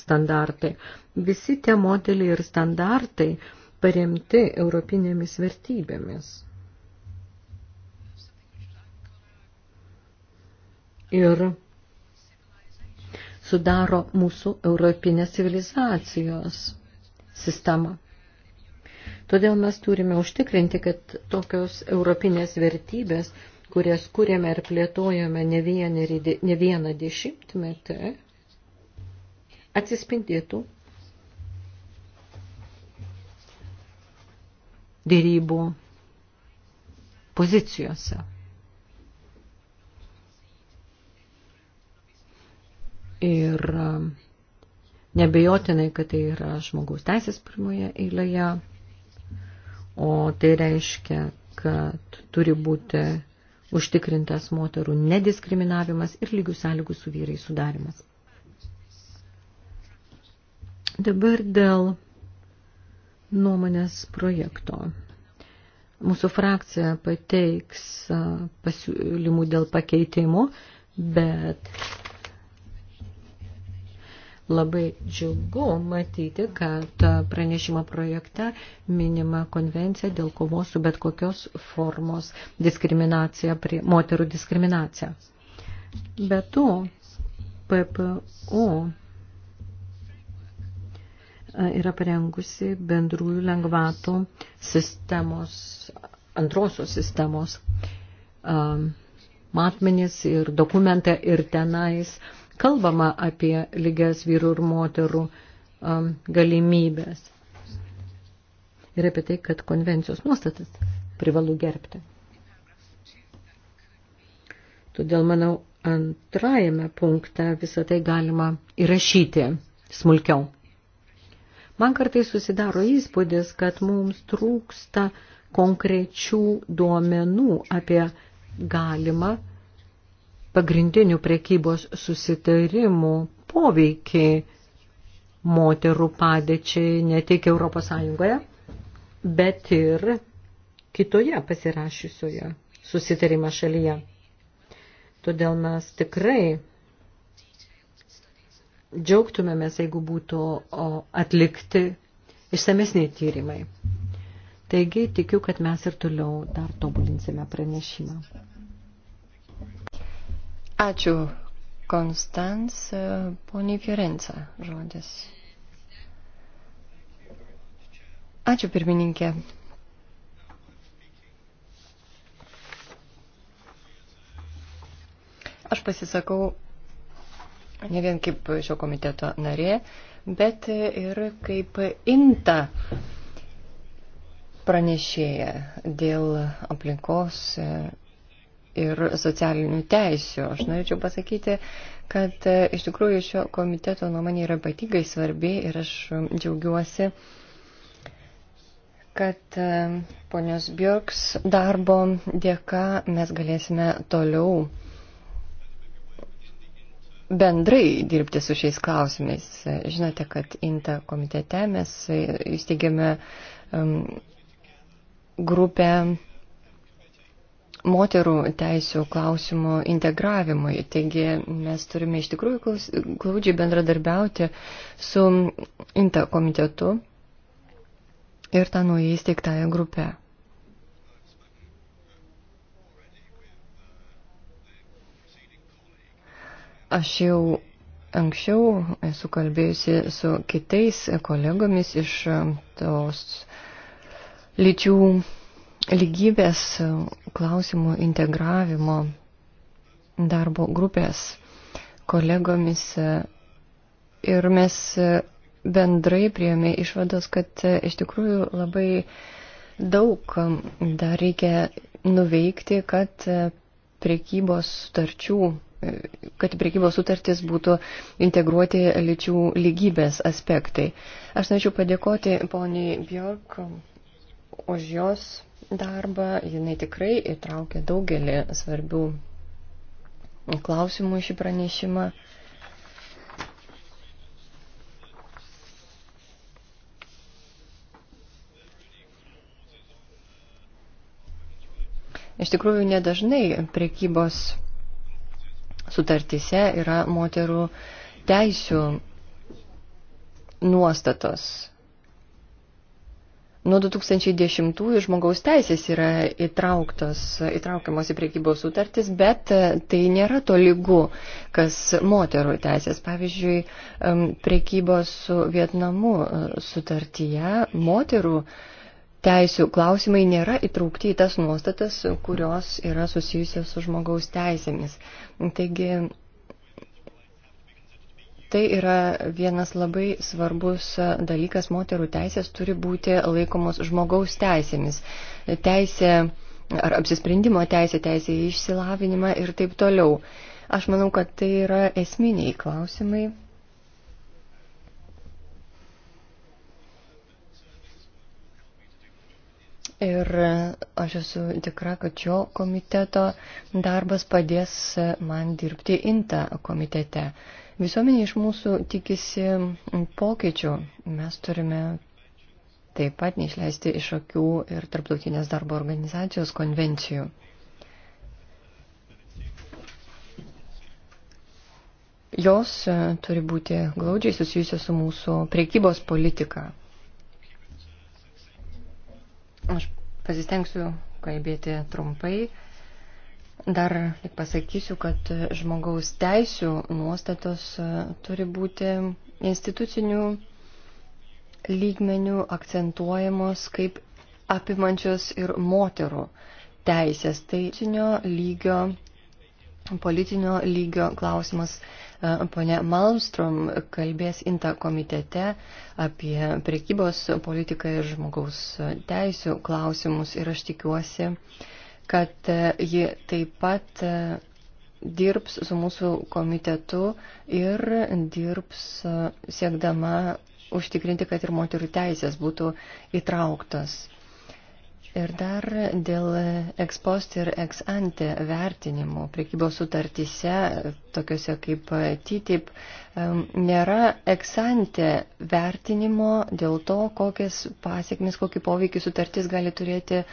standartai. Visi tie modeliai ir standartai paremti europinėmis vertybėmis. Ir sudaro mūsų europinės civilizacijos sistemą. Todėl mes turime užtikrinti, kad tokios europinės vertybės, kurias kūrėme ir plėtojame ne vieną, ne vieną dešimtmetį, atsispindėtų dėrybų pozicijose. Ir um, nebejotinai, kad tai yra žmogaus teisės pirmoje eilėje, o tai reiškia, kad turi būti užtikrintas moterų nediskriminavimas ir lygių sąlygų su vyrai sudarimas. Dabar dėl nuomonės projekto. Mūsų frakcija pateiks pasiūlymų dėl pakeitimų, bet labai džiugu matyti, kad pranešimo projekte minima konvencija dėl kovos su bet kokios formos diskriminacija, prie, moterų diskriminacija. Be to, PPO yra parengusi bendrųjų lengvatų sistemos, antrosios sistemos matmenis ir dokumentą ir tenais kalbama apie lygias vyrų ir moterų galimybės. Ir apie tai, kad konvencijos nuostatas privalu gerbti. Todėl, manau, antrajame punkte visą tai galima įrašyti smulkiau. Man kartai susidaro įspūdis, kad mums trūksta konkrečių duomenų apie galimą pagrindinių prekybos susitarimų poveikį moterų padėčiai ne tik Europos Sąjungoje, bet ir kitoje pasirašysioje susitarimą šalyje. Todėl mes tikrai džiaugtumėmės, jeigu būtų atlikti išsamesniai tyrimai. Taigi, tikiu, kad mes ir toliau dar tobulinsime pranešimą. Ačiū, Konstans, poniai Fiorenca, žodis. Ačiū, pirmininkė. Aš pasisakau ne vien kaip šio komiteto narė, bet ir kaip inta pranešėja dėl aplinkos ir socialinių teisių. Aš norėčiau pasakyti, kad e, iš tikrųjų šio komiteto nuomonė yra ypatingai svarbi ir aš džiaugiuosi, kad e, ponios Björks darbo dėka mes galėsime toliau bendrai dirbti su šiais klausimais. Žinote, kad INTA komitete mes įsteigėme um, grupę moterų teisų klausimų integravimui. Taigi mes turime iš tikrųjų glaudžiai bendradarbiauti su INTA komitetu ir tą naujai įsteigtąją grupę. Aš jau anksčiau esu kalbėjusi su kitais kolegomis iš e, tos lyčių lygybės e, klausimų integravimo darbo grupės kolegomis e, ir mes bendrai priėmė išvados, kad iš tikrųjų labai daug dar reikia nuveikti, kad priekybos starčių kad priekybos sutartis būtų integruoti lyčių lygybės aspektai. Aš norėčiau padėkoti poniai Bjork už jos darbą. Jinai tikrai įtraukė daugelį svarbių klausimų šį pranešimą. Iš tikrųjų, nedažnai priekybos sutartyse yra moterų teisių nuostatos. Nuo 2010-ųjų žmogaus teisės yra įtrauktos, įtraukiamos į priekybos sutartis, bet e, tai nėra tolygu, kas moterų teisės. Pavyzdžiui, priekybos su Vietnamu e, sutartyje moterų uh, teisų klausimai nėra įtraukti į tas nuostatas, kurios yra susijusios su žmogaus teisėmis. Taigi, tai yra vienas labai svarbus dalykas, moterų teisės turi būti laikomos žmogaus teisėmis. Teisė ar apsisprendimo teisė, teisė į išsilavinimą ir taip toliau. Aš manau, kad tai yra esminiai klausimai Ir aš esu tikra, kad šio komiteto darbas padės man dirbti INTA komitete. Visuomenė iš mūsų tikisi pokyčių. Mes turime taip pat neišleisti iš akių ir tarptautinės darbo organizacijos konvencijų. Jos turi būti glaudžiai susijusios su mūsų priekybos politika. Aš pasistengsiu kalbėti trumpai. Dar tik pasakysiu, kad žmogaus teisų nuostatos turi būti institucinių lygmenių akcentuojamos kaip apimančios ir moterų teisės. Tai lygio politinio lygio klausimas Pone Malmstrom kalbės INTA komitete apie prekybos politiką ir žmogaus teisų klausimus ir aš tikiuosi, kad ji taip pat dirbs su mūsų komitetu ir dirbs siekdama užtikrinti, kad ir moterų teisės būtų įtrauktas Ir dar dėl ekspost ir eksante vertinimų priekybos sutartyse, tokiuose kaip TTIP, nėra eksante vertinimo dėl to, kokias pasiekmes, kokį poveikį sutartis gali turėti e,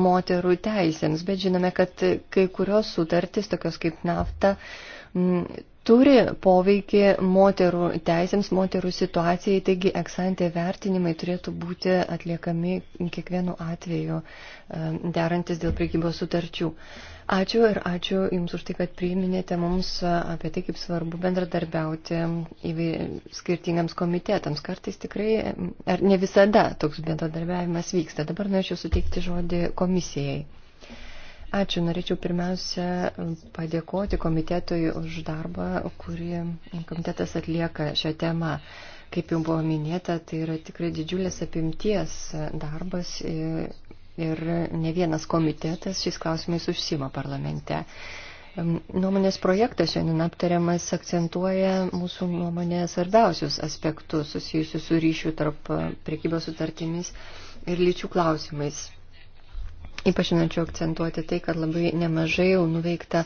moterų teisėms. Bet žinome, kad kai kurios sutartys, tokios kaip nafta, turi poveikį moterų teisėms, moterų situacijai, taigi eksantė vertinimai turėtų būti atliekami kiekvienu atveju e, derantis dėl priekybos sutarčių. Ačiū ir ačiū Jums už tai, kad priiminėte mums e, apie tai, kaip svarbu bendradarbiauti įvai, skirtingiams komitetams. Kartais tikrai, e, ar ne visada toks bendradarbiavimas vyksta. Dabar norėčiau suteikti žodį komisijai. Ačiū. Norėčiau pirmiausia padėkoti komitetui už darbą, kurį komitetas atlieka šią temą. Kaip jau buvo minėta, tai yra tikrai didžiulės apimties darbas ir ne vienas komitetas šiais klausimais užsima parlamente. Nuomonės projektas šiandien aptariamas akcentuoja mūsų nuomonė svarbiausius aspektus susijusius su ryšiu tarp priekybos sutartimis ir lyčių klausimais. Ypač norėčiau akcentuoti tai, kad labai nemažai jau nuveikta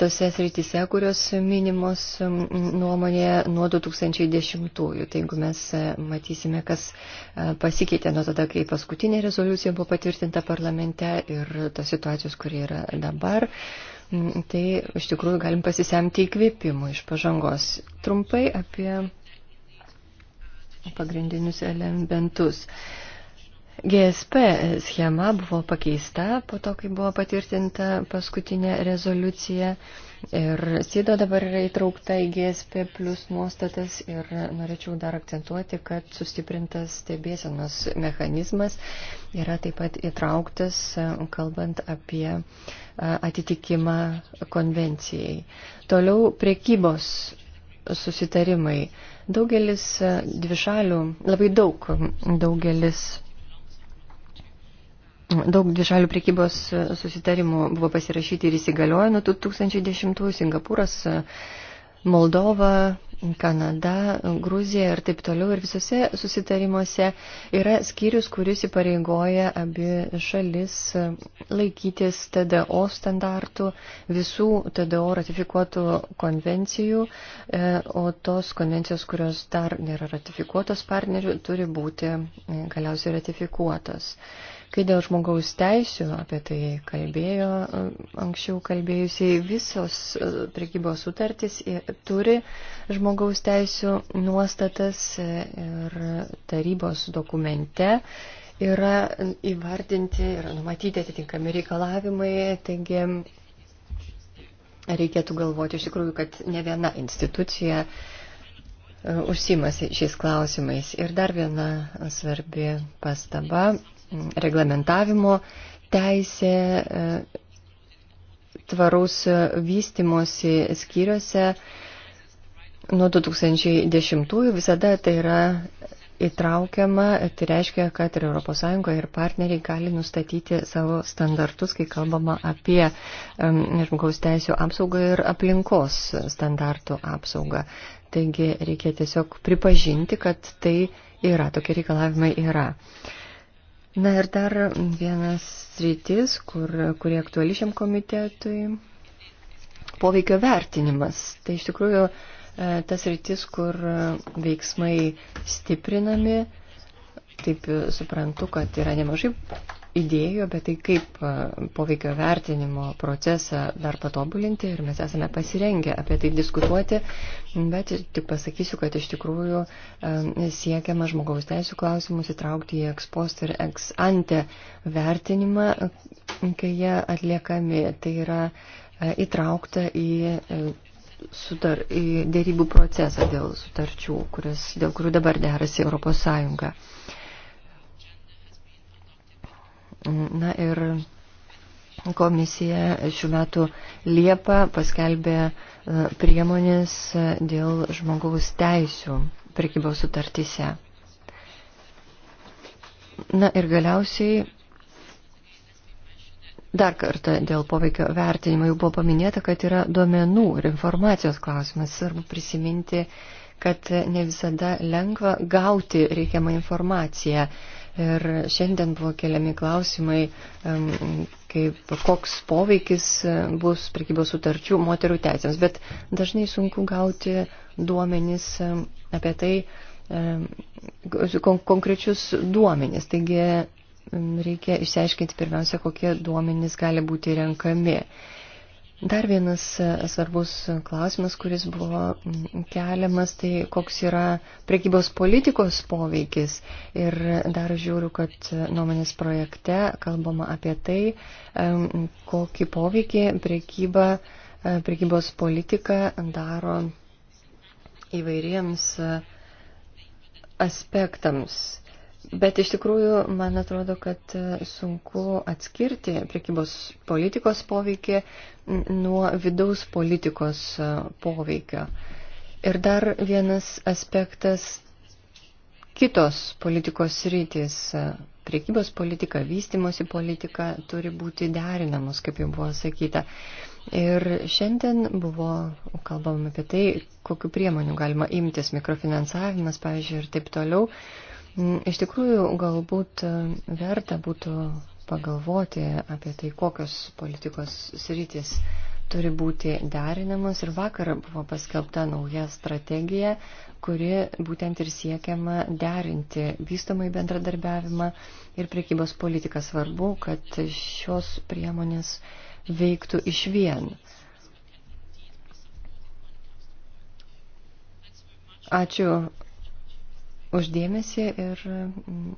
tose srityse, kurios minimos nuomonėje nuo 2010-ųjų. Tai jeigu mes e, matysime, kas e, pasikeitė nuo tada, kai paskutinė rezoliucija buvo patvirtinta parlamente ir tos situacijos, kurie yra dabar, tai iš tikrųjų galim pasisemti įkvėpimų iš pažangos. Trumpai apie pagrindinius elementus. GSP schema buvo pakeista po to, kai buvo patvirtinta paskutinė rezoliucija ir SIDO dabar yra įtraukta į GSP plus nuostatas ir norėčiau dar akcentuoti, kad sustiprintas stebėsenos mechanizmas yra taip pat įtrauktas, kalbant apie atitikimą konvencijai. Toliau priekybos susitarimai. Daugelis dvišalių, labai daug, daugelis Daug dvišalių priekybos e, susitarimų buvo pasirašyti ir įsigaliojo nuo 2010 Singapūras, e, Moldova, Kanada, Gruzija ir taip toliau. Ir visose susitarimuose yra skyrius, kuris įpareigoja abi šalis e, laikytis TDO standartų, visų TDO ratifikuotų konvencijų, o tos konvencijos, kurios dar nėra ratifikuotos partnerių, turi būti galiausiai ratifikuotos. Kai dėl žmogaus teisių apie tai kalbėjo e, anksčiau kalbėjusiai, visos e, prekybos sutartys turi žmogaus teisių nuostatas e, ir tarybos dokumente yra įvardinti ir numatyti atitinkami reikalavimai, taigi reikėtų galvoti iš tikrųjų, kad ne viena institucija užsimasi šiais klausimais. Ir dar viena svarbi pastaba reglamentavimo teisė e, tvaraus vystimosi skyriuose nuo 2010 visada tai yra įtraukiama, tai reiškia, kad ir ES ir partneriai gali nustatyti savo standartus, kai kalbama apie žmogaus teisų apsaugą ir aplinkos standartų apsaugą. Taigi reikia tiesiog pripažinti, kad tai yra, tokie reikalavimai yra. Uh, Na ir dar vienas sritis, kur, kurie aktuali šiam komitetui - poveikio vertinimas. Tai iš tikrųjų e, tas rytis, kur e, veiksmai stiprinami. Taip e, suprantu, kad yra nemažai idėjų apie tai, kaip e, poveikio vertinimo procesą dar patobulinti ir mes esame pasirengę apie tai diskutuoti, bet tik pasakysiu, kad iš tikrųjų e, siekiama žmogaus teisų klausimus įtraukti į ekspost ir ex ante vertinimą, kai jie atliekami. Tai yra e, įtraukta į sutar, dėrybų procesą dėl sutarčių, kuris, dėl kurių dabar derasi Europos Sąjunga. Na ir komisija šių metų Liepą paskelbė e, priemonės e, dėl žmogaus teisių prekybos sutartyse. Na ir galiausiai dar kartą dėl poveikio vertinimo jau buvo paminėta, kad yra duomenų ir informacijos klausimas. Svarbu prisiminti, kad ne visada lengva gauti reikiamą informaciją Ir šiandien buvo keliami klausimai, kaip koks poveikis e, bus prekybos sutarčių moterų teisėms. Bet dažnai sunku gauti duomenys apie tai, konkrečius duomenys. Taigi reikia išsiaiškinti pirmiausia, kokie duomenys gali būti renkami. Dar vienas e, svarbus klausimas, kuris buvo keliamas, tai koks yra prekybos politikos poveikis. Ir dar žiūriu, kad e, nuomonės projekte kalbama apie tai, e, kokį poveikį prekyba, prekybos politika daro įvairiems aspektams. Bet iš tikrųjų, man atrodo, kad e, sunku atskirti priekybos politikos poveikį nuo vidaus politikos e, poveikio. Ir dar vienas aspektas - kitos politikos rytis. E, priekybos politika, vystimosi politika turi būti derinamos, kaip jau buvo sakyta. Ir šiandien buvo kalbama apie tai, kokiu priemonių galima imtis, mikrofinansavimas, pavyzdžiui, ir taip toliau. Mm, iš tikrųjų, galbūt e, verta būtų pagalvoti apie tai, kokios politikos sritis turi būti derinamos. Ir vakar buvo paskelbta nauja strategija, kuri būtent ir siekiama derinti vystomai bendradarbiavimą ir priekybos politiką. Svarbu, kad šios priemonės veiktų iš vien. Ačiū uždėmesi ir mm,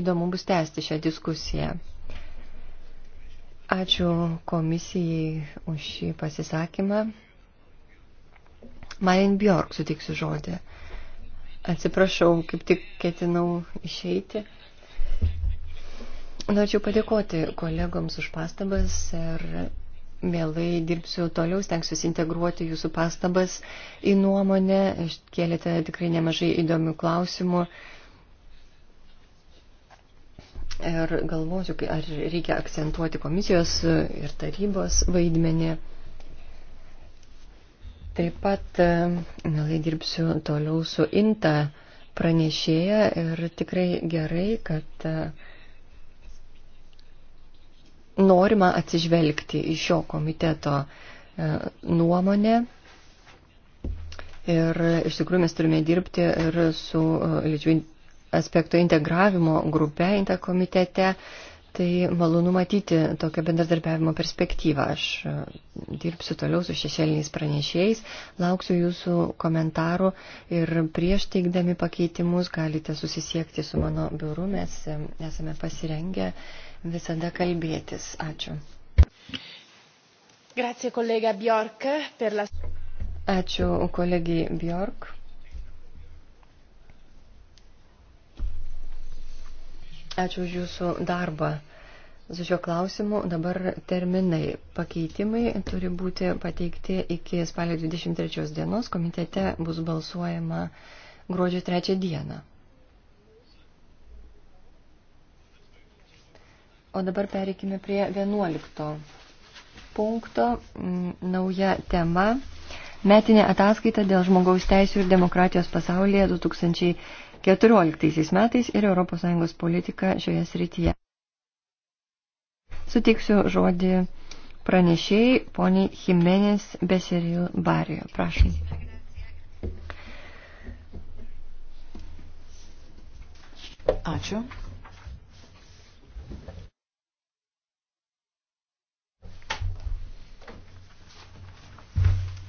įdomu bus tęsti šią diskusiją. Ačiū komisijai už šį pasisakymą. Marin Bjork sutiksiu žodį. Atsiprašau, kaip tik ketinau išeiti. Norėčiau padėkoti kolegoms už pastabas ir Mielai dirbsiu toliau, stengsiuosi integruoti jūsų pastabas į nuomonę. Kėlėte tikrai nemažai įdomių klausimų. Ir galvosiu, ar reikia akcentuoti komisijos ir tarybos vaidmenį. Taip pat, e, mielai dirbsiu toliau su INTA pranešėja ir tikrai gerai, kad uh, norima atsižvelgti į šio komiteto e, nuomonę. Ir iš tikrųjų mes turime dirbti ir su e, lyčių aspekto integravimo grupe interkomitete. Tai malonu matyti tokią bendradarbiavimo perspektyvą. Aš e, dirbsiu toliau su šešėliniais pranešėjais, lauksiu jūsų komentarų ir prieš teikdami pakeitimus galite susisiekti su mano biuru. Mes esame pasirengę uh, visada kalbėtis. Ačiū. Grazie, kolega Bjork, per la... Ačiū kolegijai Bjork. Ačiū už jūsų darbą. Su šiuo klausimu dabar terminai. Pakeitimai turi būti pateikti iki spalio 23 dienos. Komitete bus balsuojama gruodžio 3 dieną. O dabar pereikime prie 11 punkto. Nauja tema. Metinė ataskaita dėl žmogaus teisų ir demokratijos pasaulyje 2014 metais ir ES politika šioje srityje. Sutiksiu žodį pranešėjai poniai Jimenez Beseril Barijo. Prašom. Ačiū.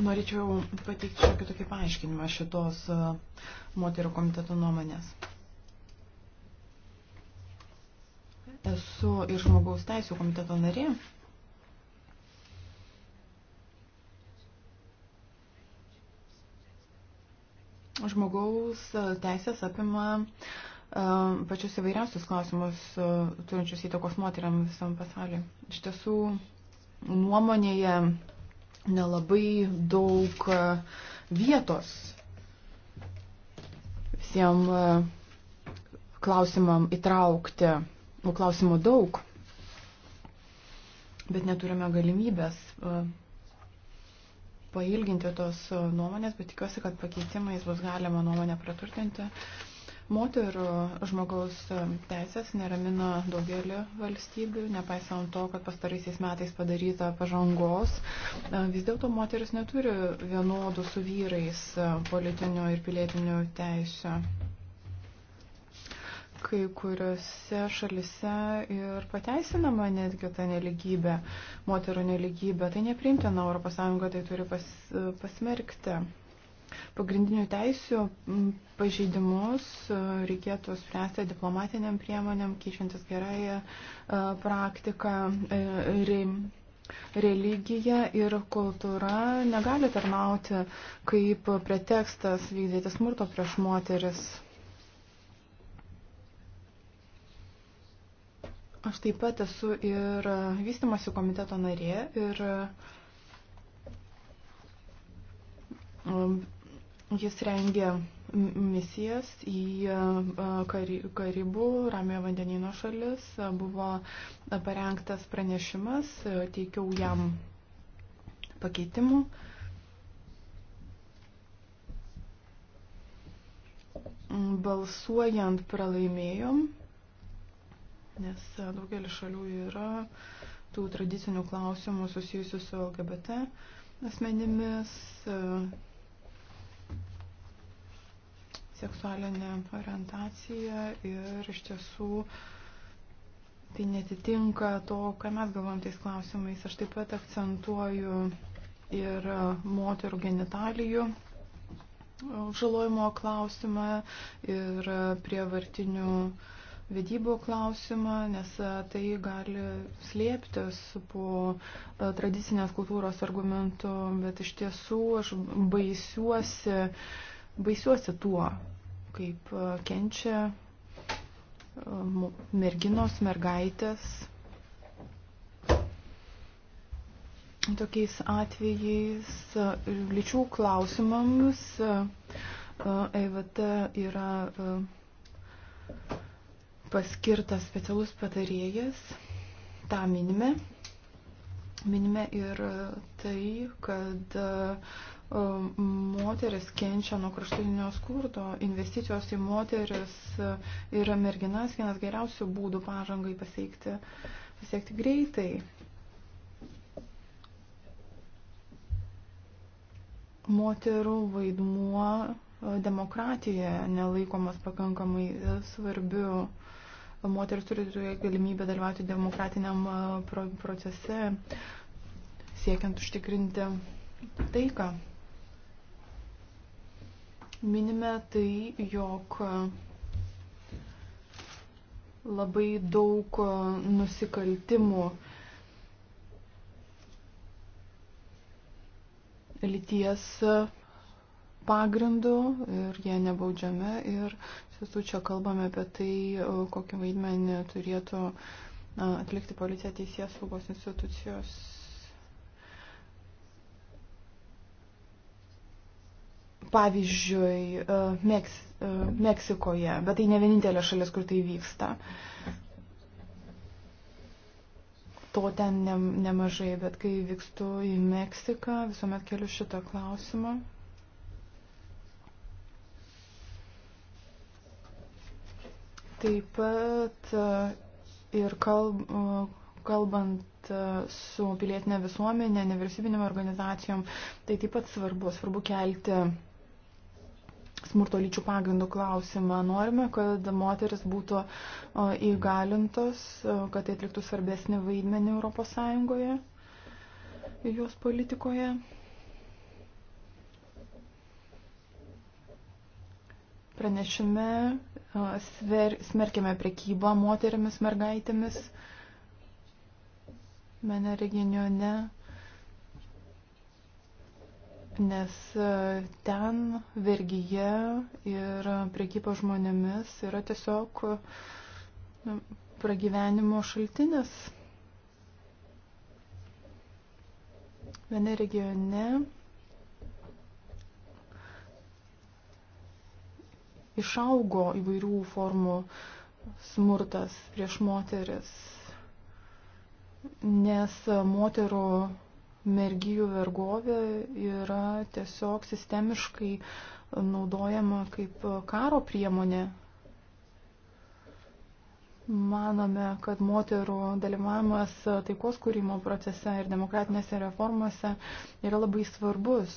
Norėčiau pateikti šiokį tokį paaiškinimą šitos e, moterų komiteto nuomonės. Esu ir žmogaus teisų komiteto narė. Žmogaus e, teisės apima e, pačius įvairiausius klausimus turinčius įtakos moteriam visam pasauliu. Iš tiesų, nuomonėje nelabai daug e, vietos visiems e, klausimam įtraukti, o klausimų daug, bet neturime galimybės e, pailginti tos nuomonės, bet tikiuosi, kad pakeitimais bus galima nuomonę praturtinti. Moterų žmogaus teisės neramina daugelį valstybių, nepaisant to, kad pastaraisiais metais padaryta pažangos. Vis dėlto moteris neturi vienodų su vyrais politinių ir pilietinių teisų. Kai kuriuose šalise ir pateisinama netgi ta neligybė, moterų neligybė, tai nepriimtina, ES tai turi pas, pasmerkti pagrindinių teisių pažeidimus e, reikėtų spręsti diplomatiniam priemonėm, keičiantis gerąją e, praktiką. E, Rim religija ir kultūra negali tarnauti kaip pretekstas vykdyti smurto prieš moteris. Aš taip pat esu ir vystimosi komiteto narė ir Jis rengia misijas į Karibų, Ramiojo vandenino šalis. Buvo parengtas pranešimas, teikiau jam pakeitimų. Balsuojant pralaimėjom, nes daugelis šalių yra tų tradicinių klausimų susijusių su LGBT asmenimis, seksualinė orientacija ir iš tiesų tai netitinka to, ką mes galvom tais klausimais. Aš taip pat akcentuoju ir moterų genitalijų žalojimo klausimą ir prievartinių vedybų klausimą, nes tai gali slėptis po tradicinės kultūros argumentu, bet iš tiesų aš baisiuosi baisiuosi tuo, kaip e, kenčia e, merginos, mergaitės. Tokiais atvejais e, lyčių klausimams EVT yra paskirtas specialus patarėjas, tą minime. Minime ir tai, kad moteris kenčia nuo kraštutinio skurdo. Investicijos į moteris e, ir merginas vienas geriausių būdų pažangai pasiekti, pasiekti greitai. Moterų vaidmuo e, demokratijoje nelaikomas pakankamai e, svarbiu moteris turi turėti galimybę dalyvauti demokratiniam procese, siekiant užtikrinti taiką minime tai, jog e, labai daug e, nusikaltimų lyties e, pagrindu ir jie nebaudžiami. Ir visų čia kalbame apie tai, kokį vaidmenį turėtų atlikti policija teisės saugos institucijos pavyzdžiui, e, Meks, e, Meksikoje, bet tai ne vienintelė šalis, kur tai vyksta. To ten ne, nemažai, bet kai vykstu į Meksiką, visuomet keliu šitą klausimą. Taip pat e, ir kalb, kalbant su pilietinė visuomenė, nevyriausybinėm organizacijom, tai taip pat svarbu, svarbu kelti smurto lyčių pagrindų klausimą. Norime, kad moteris būtų įgalintos, kad tai atliktų svarbesnį vaidmenį ES ir jos politikoje. Pranešime sver, smerkėme prekybą moterimis, mergaitėmis, mene regione nes e, ten vergyje ir priekyba žmonėmis yra tiesiog e, pragyvenimo šaltinis. Viena regione išaugo įvairių formų smurtas prieš moteris, nes moterų mergyjų vergovė yra tiesiog sistemiškai naudojama kaip karo priemonė. Manome, kad moterų dalyvavimas taikos kūrimo procese ir demokratinėse reformose yra labai svarbus.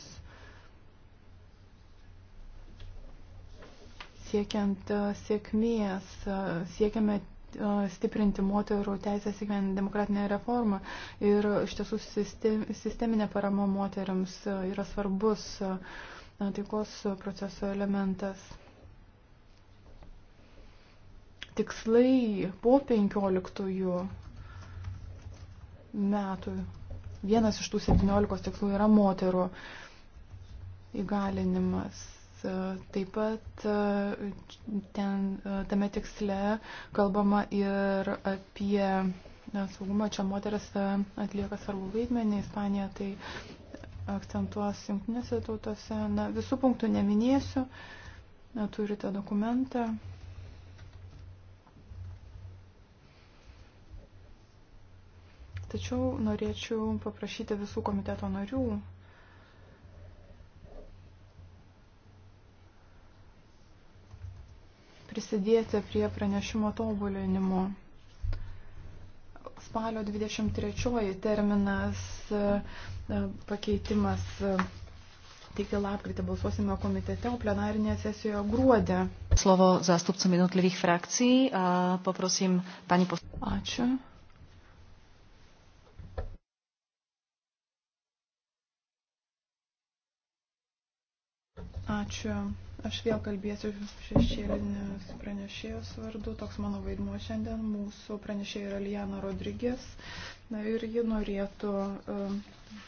Siekiant e, sėkmės, e, siekiame stiprinti moterų teisės įgyvendinti demokratinę reformą. Ir iš tiesų sisteminė parama moteriams yra svarbus taikos proceso elementas. Tikslai po 15 metų. Vienas iš tų 17 tikslų yra moterų įgalinimas. E, taip pat e, ten, e, tame tiksle kalbama ir apie saugumą. Čia moteris atlieka svarbų vaidmenį. Ispanija tai akcentuos jungtinėse tautose. Na, visų punktų neminėsiu. Na, turite dokumentą. Tačiau norėčiau paprašyti visų komiteto narių prisidėti prie pranešimo tobulinimo. Spalio 23 terminas e, pakeitimas e, teikti lapkritį balsuosime komitete, o plenarinėje sesijoje gruodė. Slovo zastupcom jednotlivých frakcijų. Poprosim, pani pos... Ačiū. Ačiū. Aš vėl kalbėsiu šešėlinius pranešėjus vardu. Toks mano vaidmuo šiandien mūsų pranešėja yra Liana Rodrygės. Na ir ji norėtų e,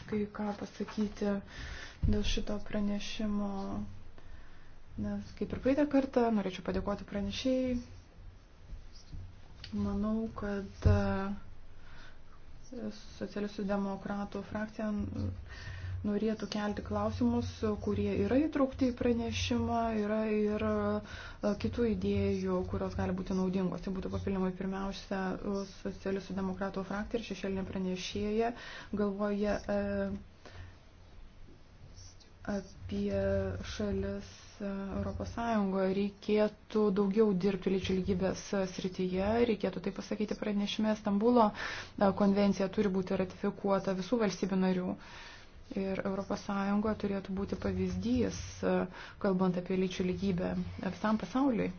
kai ką pasakyti dėl šito pranešimo. Nes kaip ir praeitą kartą, norėčiau padėkoti pranešėjai. Manau, kad e, socialistų demokratų frakcija norėtų kelti klausimus, kurie yra įtraukti į pranešimą, yra ir e, kitų idėjų, kurios gali būti naudingos. Tai būtų papildomai pirmiausia e, socialistų demokratų frakcija ir šešėlinė pranešėja galvoja e, apie šalis Europos Sąjungoje reikėtų daugiau dirbti lyčių lygybės srityje, reikėtų tai pasakyti pranešime, Stambulo konvencija turi būti ratifikuota visų valstybių narių. Uh, Ir ES turėtų būti pavyzdys, e, kalbant apie lyčių lygybę visam pasauliui.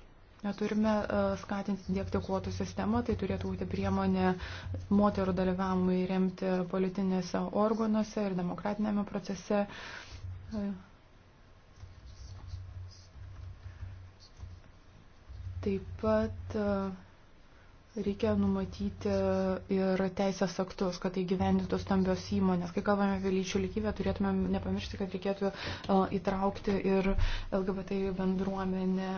E, turime e, skatinti dėkti kvotų sistemą, tai turėtų būti priemonė moterų dalyvavimui remti politinėse organuose ir demokratinėme procese. Taip pat Reikia numatyti ir teisės aktus, kad tai gyvendintų stambios įmonės. Kai kalbame apie lyčių lygybę, turėtume nepamiršti, kad reikėtų įtraukti ir LGBT bendruomenę.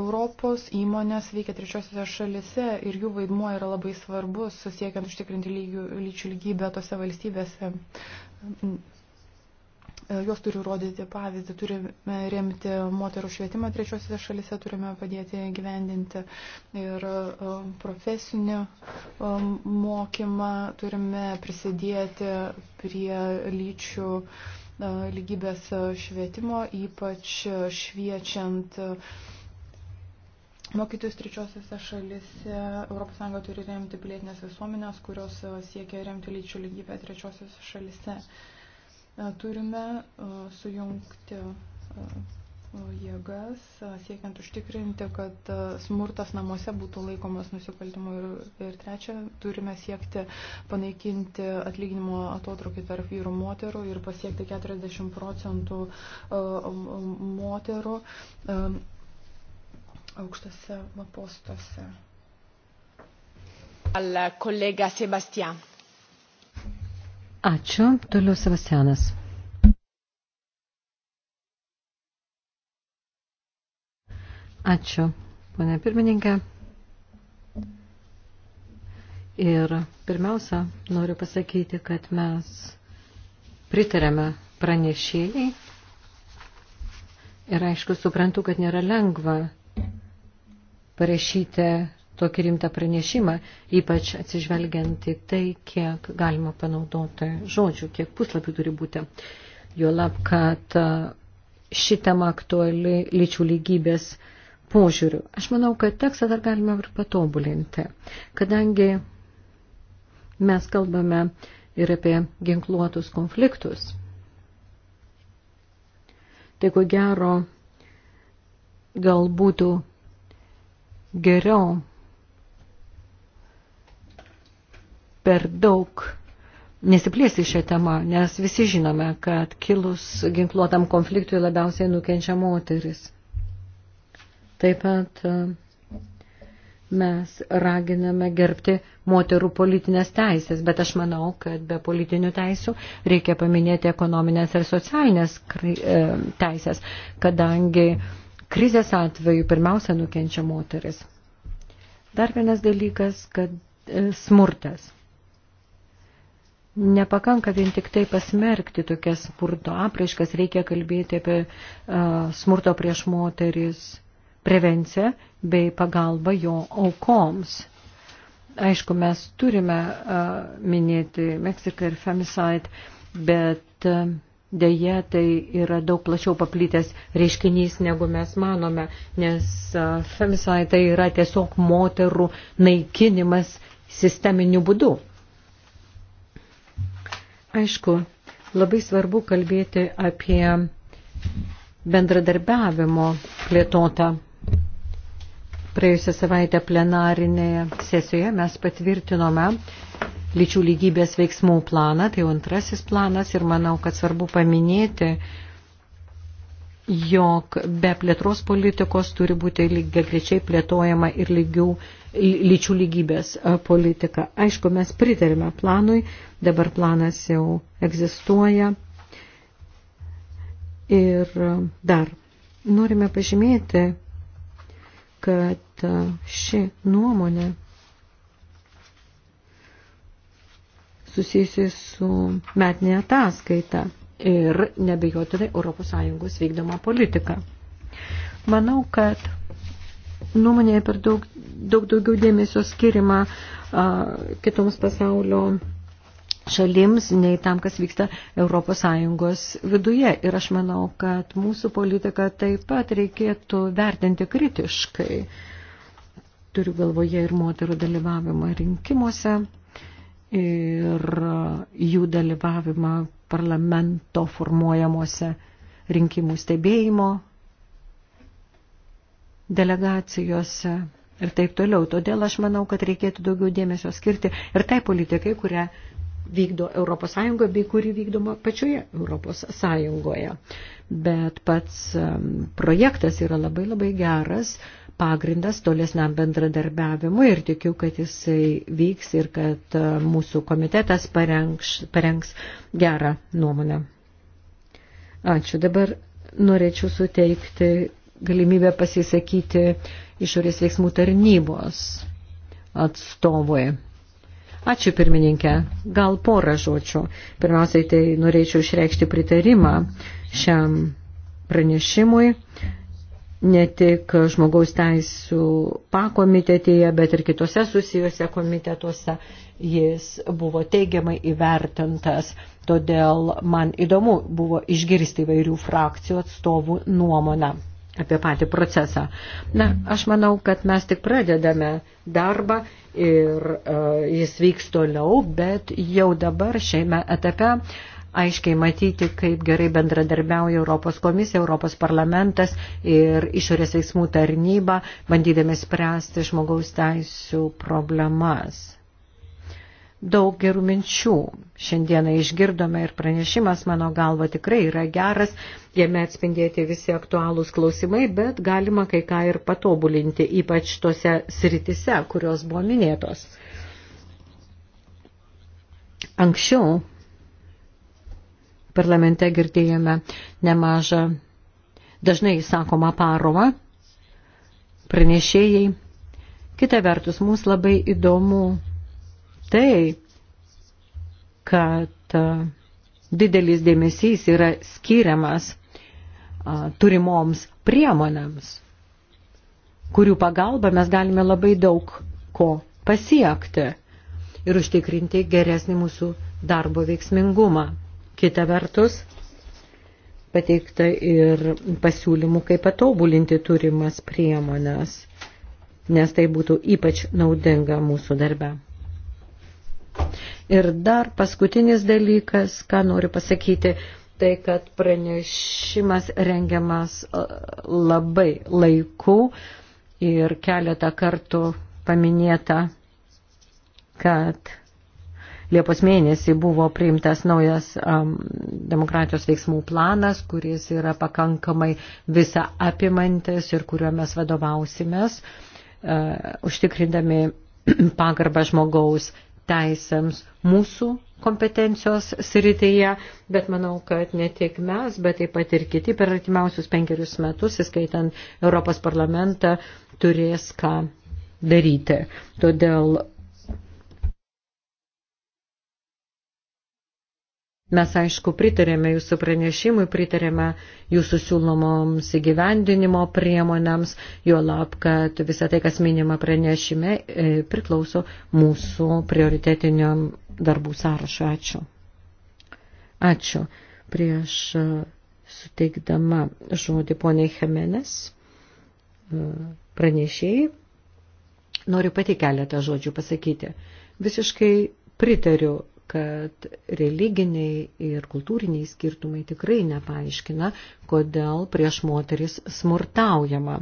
Europos įmonės veikia trečiosiuose šalise ir jų vaidmuo yra labai svarbus, siekiant užtikrinti lygių, lyčių lygybę tose valstybėse. E, jos turi rodyti pavyzdį, turime remti moterų švietimą trečiosiuose šalise, turime padėti gyvendinti ir e, profesinį e, mokymą, turime prisidėti prie lyčių lygybės švietimo, ypač šviečiant Mokytojus trečiosiuose šalise ES turi remti pilietinės visuomenės, kurios siekia remti lyčių lygybę trečiosiuose šalise. Uh, E, turime e, sujungti e, jėgas, siekiant užtikrinti, kad smurtas namuose būtų laikomas nusikaltimu. Ir, ir trečia, turime siekti panaikinti atlyginimo atotrukį tarp vyrų moterų ir pasiekti 40 procentų moterų aukštose postuose. Al kolega Sebastian. Ačiū. Toliau Sebastianas. Ačiū, ponė pirmininkė. Ir pirmiausia, noriu pasakyti, kad mes pritarėme pranešėjai. Ir aišku, suprantu, kad nėra lengva parašyti tokį rimtą pranešimą, ypač atsižvelgianti tai, kiek galima panaudoti žodžių, kiek puslapių turi būti. Juolab, kad ši tema aktuali lyčių lygybės požiūrių. Aš manau, kad tekstą dar galime ir patobulinti, kadangi mes kalbame ir apie ginkluotus konfliktus. Tai ko gero, gal būtų geriau per daug nesiplėsti šią temą, nes visi žinome, kad kilus ginkluotam konfliktui labiausiai nukenčia moteris. Taip pat e, mes raginame gerbti moterų politinės teisės, bet aš manau, kad be politinių teisų reikia paminėti ekonominės ir socialinės e, teisės, kadangi krizės atveju pirmiausia nukenčia moteris. Dar vienas dalykas, kad e, smurtas. Nepakanka vien tik tai pasmerkti tokias smurto apraiškas, reikia kalbėti apie uh, smurto prieš moteris prevenciją bei pagalbą jo aukoms. Aišku, mes turime uh, minėti Meksiką ir femicide, bet uh, dėje tai yra daug plačiau paplytęs reiškinys, negu mes manome, nes uh, femicide tai yra tiesiog moterų naikinimas sisteminiu būdu Aišku, labai svarbu kalbėti apie bendradarbiavimo plėtotą. Praėjusią savaitę plenarinėje sesijoje mes patvirtinome lyčių lygybės veiksmų planą, tai jau antrasis planas ir manau, kad svarbu paminėti, jog be plėtros politikos turi būti lygiai grečiai plėtojama ir lygių, lyčių lygybės politika. Aišku, mes pritarime planui, dabar planas jau egzistuoja. Ir dar norime pažymėti, kad ši nuomonė susijusi su metinė ataskaita ir nebejotinai ES vykdomą politiką. Manau, kad nuomonėje per daug, daug daugiau dėmesio skirima a, kitoms pasaulio šalims, nei tam, kas vyksta ES viduje. Ir aš manau, kad mūsų politiką taip pat reikėtų vertinti kritiškai. Turiu galvoje ir moterų dalyvavimą rinkimuose ir jų dalyvavimą parlamento formuojamuose rinkimų stebėjimo delegacijose ir taip toliau. Todėl aš manau, kad reikėtų daugiau dėmesio skirti ir tai politikai, kurią vykdo Europos Sąjunga, bei kuri vykdoma pačioje Europos Sąjungoje. Bet pats projektas yra labai labai geras, pagrindas tolesniam bendradarbiavimui ir tikiu, kad jisai vyks ir kad e, mūsų komitetas parengs, parengs gerą nuomonę. Ačiū. Dabar norėčiau suteikti galimybę pasisakyti išorės veiksmų tarnybos atstovui. Ačiū pirmininkė. Gal porą žodžių. Pirmiausiai tai norėčiau išreikšti pritarimą šiam pranešimui ne tik žmogaus teisų pakomitetėje, bet ir kitose susijusiuose komitetuose jis buvo teigiamai įvertintas. Todėl man įdomu buvo išgirsti įvairių frakcijų atstovų nuomonę apie patį procesą. Na, aš manau, kad mes tik pradedame darbą ir uh, jis vyks toliau, bet jau dabar šiame etape uh, aiškiai matyti, kaip gerai bendradarbiauja Europos komisija, Europos parlamentas ir išorės veiksmų tarnyba, bandydami spręsti žmogaus teisų problemas. Daug gerų minčių šiandieną išgirdome ir pranešimas mano galva tikrai yra geras, jame atspindėti visi aktualūs klausimai, bet galima kai ką ir patobulinti, ypač tose sritise, kurios buvo minėtos. Anksčiau parlamente girdėjome nemažą, dažnai sakoma parovą, pranešėjai. Kita vertus, mums labai įdomu tai, kad didelis dėmesys yra skiriamas turimoms priemonėms, kurių pagalba mes galime labai daug ko pasiekti ir užtikrinti geresnį mūsų darbo veiksmingumą. Kita vertus, pateikta ir pasiūlymų, kaip patobulinti turimas priemonės, nes tai būtų ypač naudinga mūsų darbe. Ir dar paskutinis dalykas, ką noriu pasakyti, tai kad pranešimas rengiamas e, labai laiku ir keletą kartų paminėta, kad Liepos mėnesį buvo priimtas naujas um, demokratijos veiksmų planas, kuris yra pakankamai visa apimantis ir kuriuo mes vadovausimės, uh, užtikrindami <clears throat> pagarbą žmogaus teisėms mūsų kompetencijos srityje, bet manau, kad ne tik mes, bet taip pat ir kiti per artimiausius penkerius metus, įskaitant Europos parlamentą, turės ką daryti. Todėl Mes, aišku, pritarėme jūsų pranešimui, pritarėme jūsų siūlomoms įgyvendinimo priemonėms, jo lab, kad visą tai, kas minima pranešime, e, priklauso mūsų prioritetiniam darbų sąrašui. Ačiū. Ačiū. Prieš e, suteikdama žodį poniai Hemenes e, pranešėjai, noriu pati keletą žodžių pasakyti. Visiškai pritariu kad religiniai ir kultūriniai skirtumai tikrai nepaaiškina, kodėl prieš moteris smurtaujama.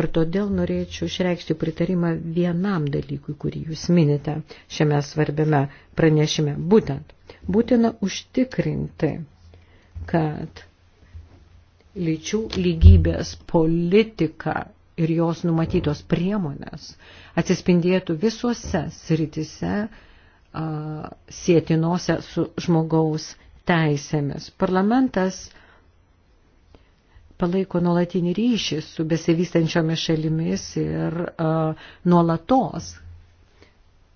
Ir todėl norėčiau išreikšti pritarimą vienam dalykui, kurį jūs minite šiame svarbiame pranešime. Būtent, būtina užtikrinti, kad lyčių lygybės politika ir jos numatytos priemonės atsispindėtų visuose sritise, sėtinose su žmogaus teisėmis. Parlamentas palaiko nuolatinį ryšį su besivystančiomis šalimis ir uh, nuolatos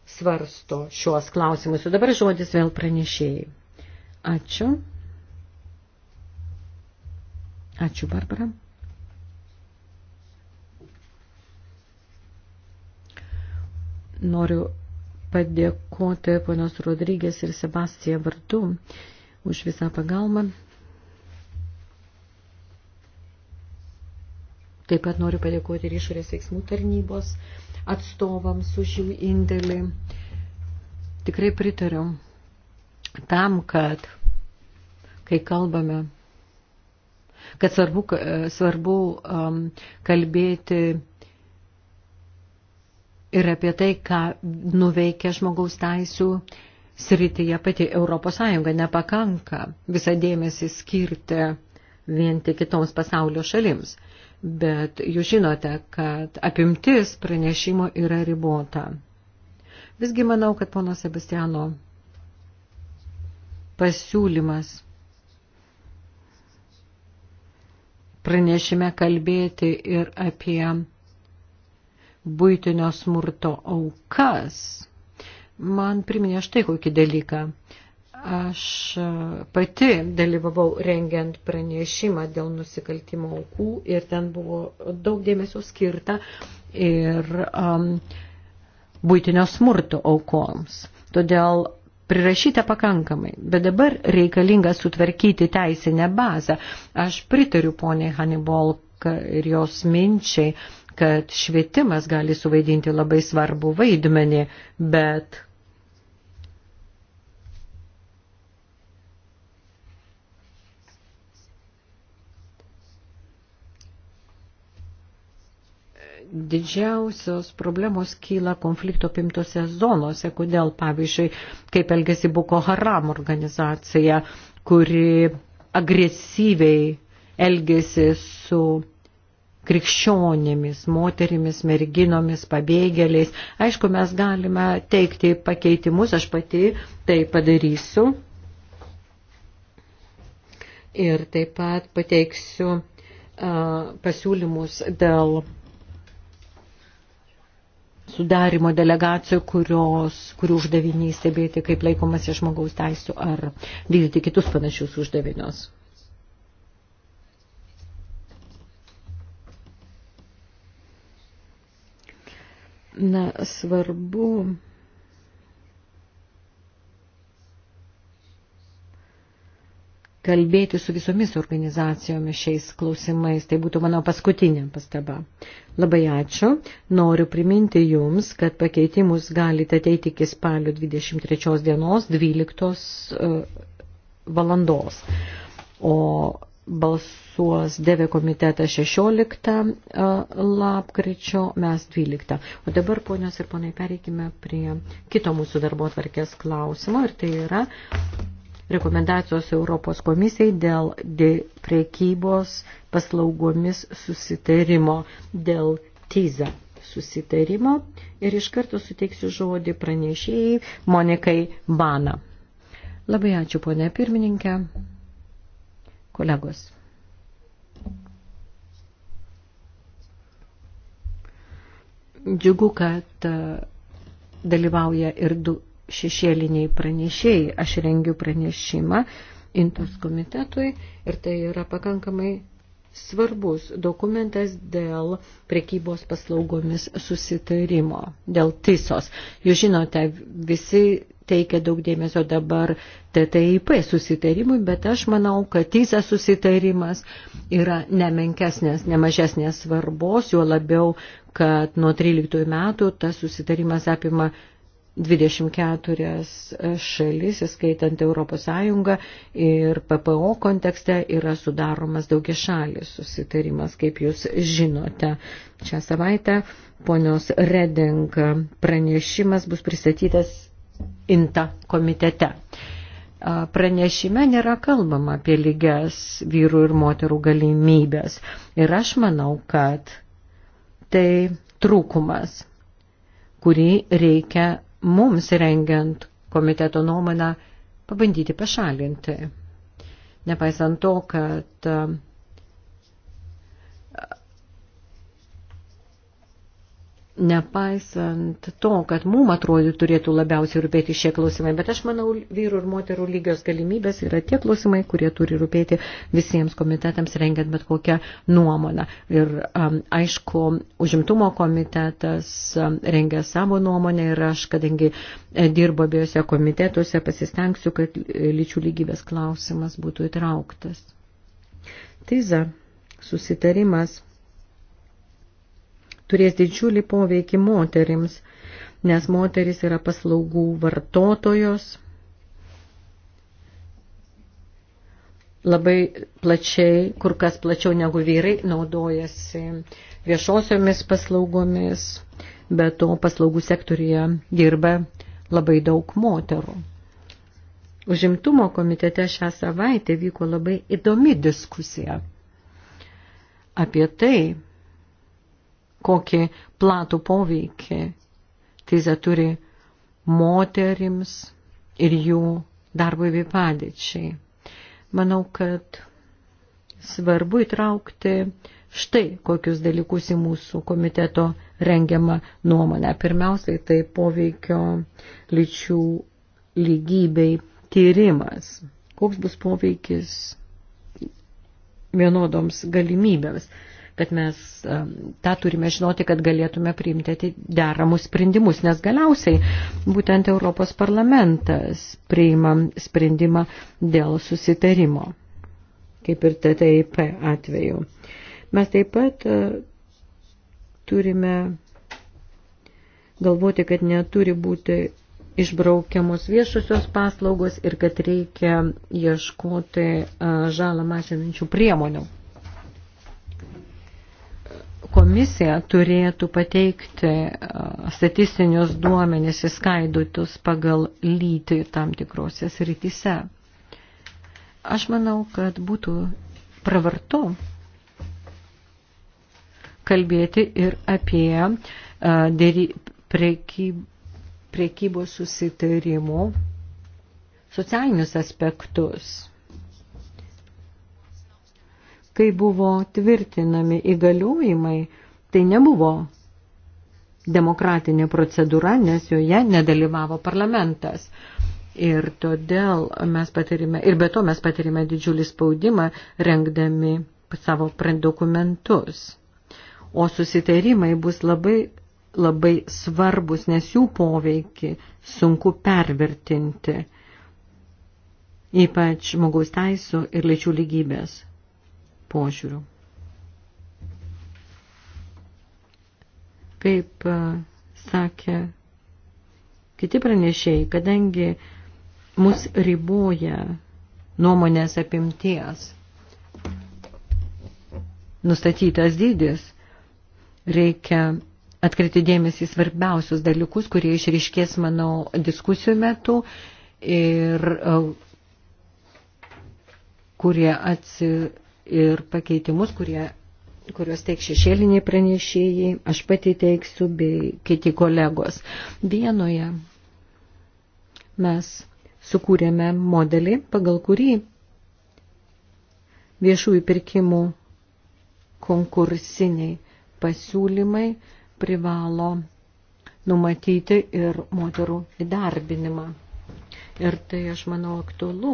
svarsto šiuos klausimus. O dabar žodis vėl pranešėjai. Ačiū. Ačiū, Barbara. Noriu padėkoti ponios Rodrygės ir Sebastiją vardu už visą pagalbą. Taip pat noriu padėkoti ir išorės veiksmų tarnybos atstovams už jų indėlį. Tikrai pritariu tam, kad kai kalbame, kad svarbu, svarbu um, kalbėti ir apie tai, ką nuveikia žmogaus teisų srityje pati Europos Sąjunga. Nepakanka visą dėmesį skirti vien tik kitoms pasaulio šalims. Bet jūs žinote, kad apimtis pranešimo yra ribota. Visgi manau, kad pono Sebastiano pasiūlymas pranešime kalbėti ir apie būtinio smurto aukas, man priminė štai kokį dalyką. Aš e, pati dalyvavau rengiant pranešimą dėl nusikaltimo aukų ir ten buvo daug dėmesio skirta ir um, būtinio smurto aukoms. Todėl prirašyta pakankamai, bet dabar reikalinga sutvarkyti teisinę bazę. Aš pritariu poniai Hannibal ir jos minčiai kad švietimas gali suvaidinti labai svarbų vaidmenį, bet didžiausios problemos kyla konflikto pimtose zonose, kodėl, pavyzdžiui, kaip elgesi Boko Haram organizacija, kuri agresyviai elgesi su krikščionėmis, moterimis, merginomis, pabėgėliais. Aišku, mes galime teikti pakeitimus, aš pati tai padarysiu. Ir taip pat pateiksiu uh, pasiūlymus dėl sudarimo delegacijų, kurios, kurių uždaviniai stebėti, kaip laikomasi žmogaus teisų ar vykdyti kitus panašius uždavinius. na, svarbu kalbėti su visomis organizacijomis šiais klausimais. Tai būtų mano paskutinė pastaba. Labai ačiū. Noriu priminti Jums, kad pakeitimus galite ateiti iki spalio 23 dienos 12 e, valandos. O balsuos Deve komitetas 16 e, lapkričio, mes 12. O dabar, ponios ir ponai, pereikime prie kito mūsų darbo atvarkės klausimo ir tai yra rekomendacijos Europos komisijai dėl prekybos paslaugomis susitarimo dėl TISA susitarimo ir iš karto suteiksiu žodį pranešėjai Monikai Bana. Labai ačiū, ponė pirmininkė. Kolegos. Džiugu, kad uh, dalyvauja ir du šešėliniai pranešėjai. Aš rengiu pranešimą Intos komitetui ir tai yra pakankamai svarbus dokumentas dėl prekybos paslaugomis susitarimo, dėl tisos. Jūs žinote, visi teikia daug dėmesio dabar TTIP susitarimui, bet aš manau, kad TISA susitarimas yra nemenkesnės, nemažesnės svarbos, juo labiau, kad nuo 13 metų tas susitarimas apima 24 šalis, įskaitant Europos Sąjungą ir PPO kontekste yra sudaromas daugia šalis susitarimas, kaip jūs žinote. Šią savaitę ponios Reding pranešimas bus pristatytas INTA komitete. Pranešime nėra kalbama apie lygias vyrų ir moterų galimybės. Ir aš manau, kad tai trūkumas kurį reikia mums rengiant komiteto nuomonę pabandyti pašalinti. Nepaisant to, kad nepaisant to, kad mum atrodo turėtų labiausiai rūpėti šie klausimai, bet aš manau, vyrų ir moterų lygios galimybės yra tie klausimai, kurie turi rūpėti visiems komitetams, rengiant bet kokią nuomonę. Ir um, aišku, užimtumo komitetas um, rengia savo nuomonę ir aš, kadangi e, dirbu abiejose komitetuose, pasistengsiu, kad lyčių lygybės klausimas būtų įtrauktas. Tiza, susitarimas turės didžiulį poveikį moterims, nes moteris yra paslaugų vartotojos, labai plačiai, kur kas plačiau negu vyrai, naudojasi viešosiomis paslaugomis, bet to paslaugų sektorija dirba labai daug moterų. Užimtumo komitete šią savaitę vyko labai įdomi diskusija apie tai, kokį platų poveikį krizė turi moterims ir jų darbo bei padėčiai. Manau, kad svarbu įtraukti štai kokius dalykus į mūsų komiteto rengiamą nuomonę. Pirmiausiai tai poveikio lyčių lygybei tyrimas. Koks bus poveikis vienodoms galimybėms bet mes tą turime žinoti, kad galėtume priimti deramus sprendimus, nes galiausiai būtent Europos parlamentas priima sprendimą dėl susitarimo, kaip ir TTIP atveju. Mes taip pat turime galvoti, kad neturi būti išbraukiamos viešusios paslaugos ir kad reikia ieškoti žalą mažinančių priemonių komisija turėtų pateikti statistinius duomenis įskaidytus pagal lytį tam tikrose srityse. Aš manau, kad būtų pravartu kalbėti ir apie dėry, prekyb, prekybos susitarimų socialinius aspektus kai buvo tvirtinami įgaliojimai, tai nebuvo demokratinė procedūra, nes joje nedalyvavo parlamentas. Ir todėl mes patirime, ir be to mes patirime didžiulį spaudimą, rengdami savo dokumentus. O susitarimai bus labai, labai svarbus, nes jų poveikį sunku pervertinti, ypač žmogaus teisų ir lyčių lygybės požiūrių. Kaip e, sakė kiti pranešėjai, kadangi mus riboja nuomonės apimties nustatytas dydis, reikia atkreipti dėmesį svarbiausius dalykus, kurie išriškės, manau, diskusijų metu ir e, kurie atsitiktų ir pakeitimus, kurie, kuriuos teiks šešėliniai pranešėjai, aš pati teiksiu bei kiti kolegos. Vienoje mes sukūrėme modelį, pagal kurį viešųjų pirkimų konkursiniai pasiūlymai privalo numatyti ir moterų įdarbinimą. Ir tai, aš manau, aktualu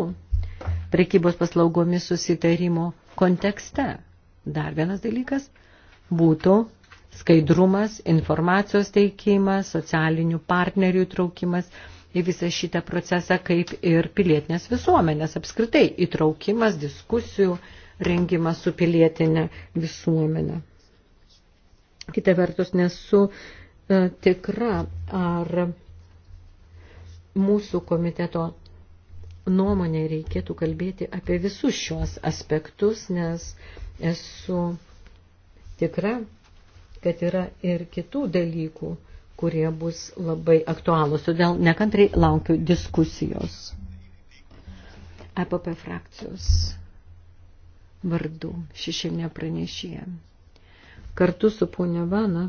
prekybos paslaugomis susitarimo kontekste. Dar vienas dalykas būtų skaidrumas, informacijos teikimas, socialinių partnerių įtraukimas į visą šitą procesą, kaip ir pilietinės visuomenės apskritai įtraukimas, diskusijų rengimas su pilietinė visuomenė. Kita vertus, nesu e, tikra, ar mūsų komiteto nuomonė reikėtų kalbėti apie visus šios aspektus, nes esu tikra, kad yra ir kitų dalykų, kurie bus labai aktualūs. Todėl nekantrai laukiu diskusijos. APP e frakcijos vardu šešėlinė pranešėja. Kartu su ponia Vana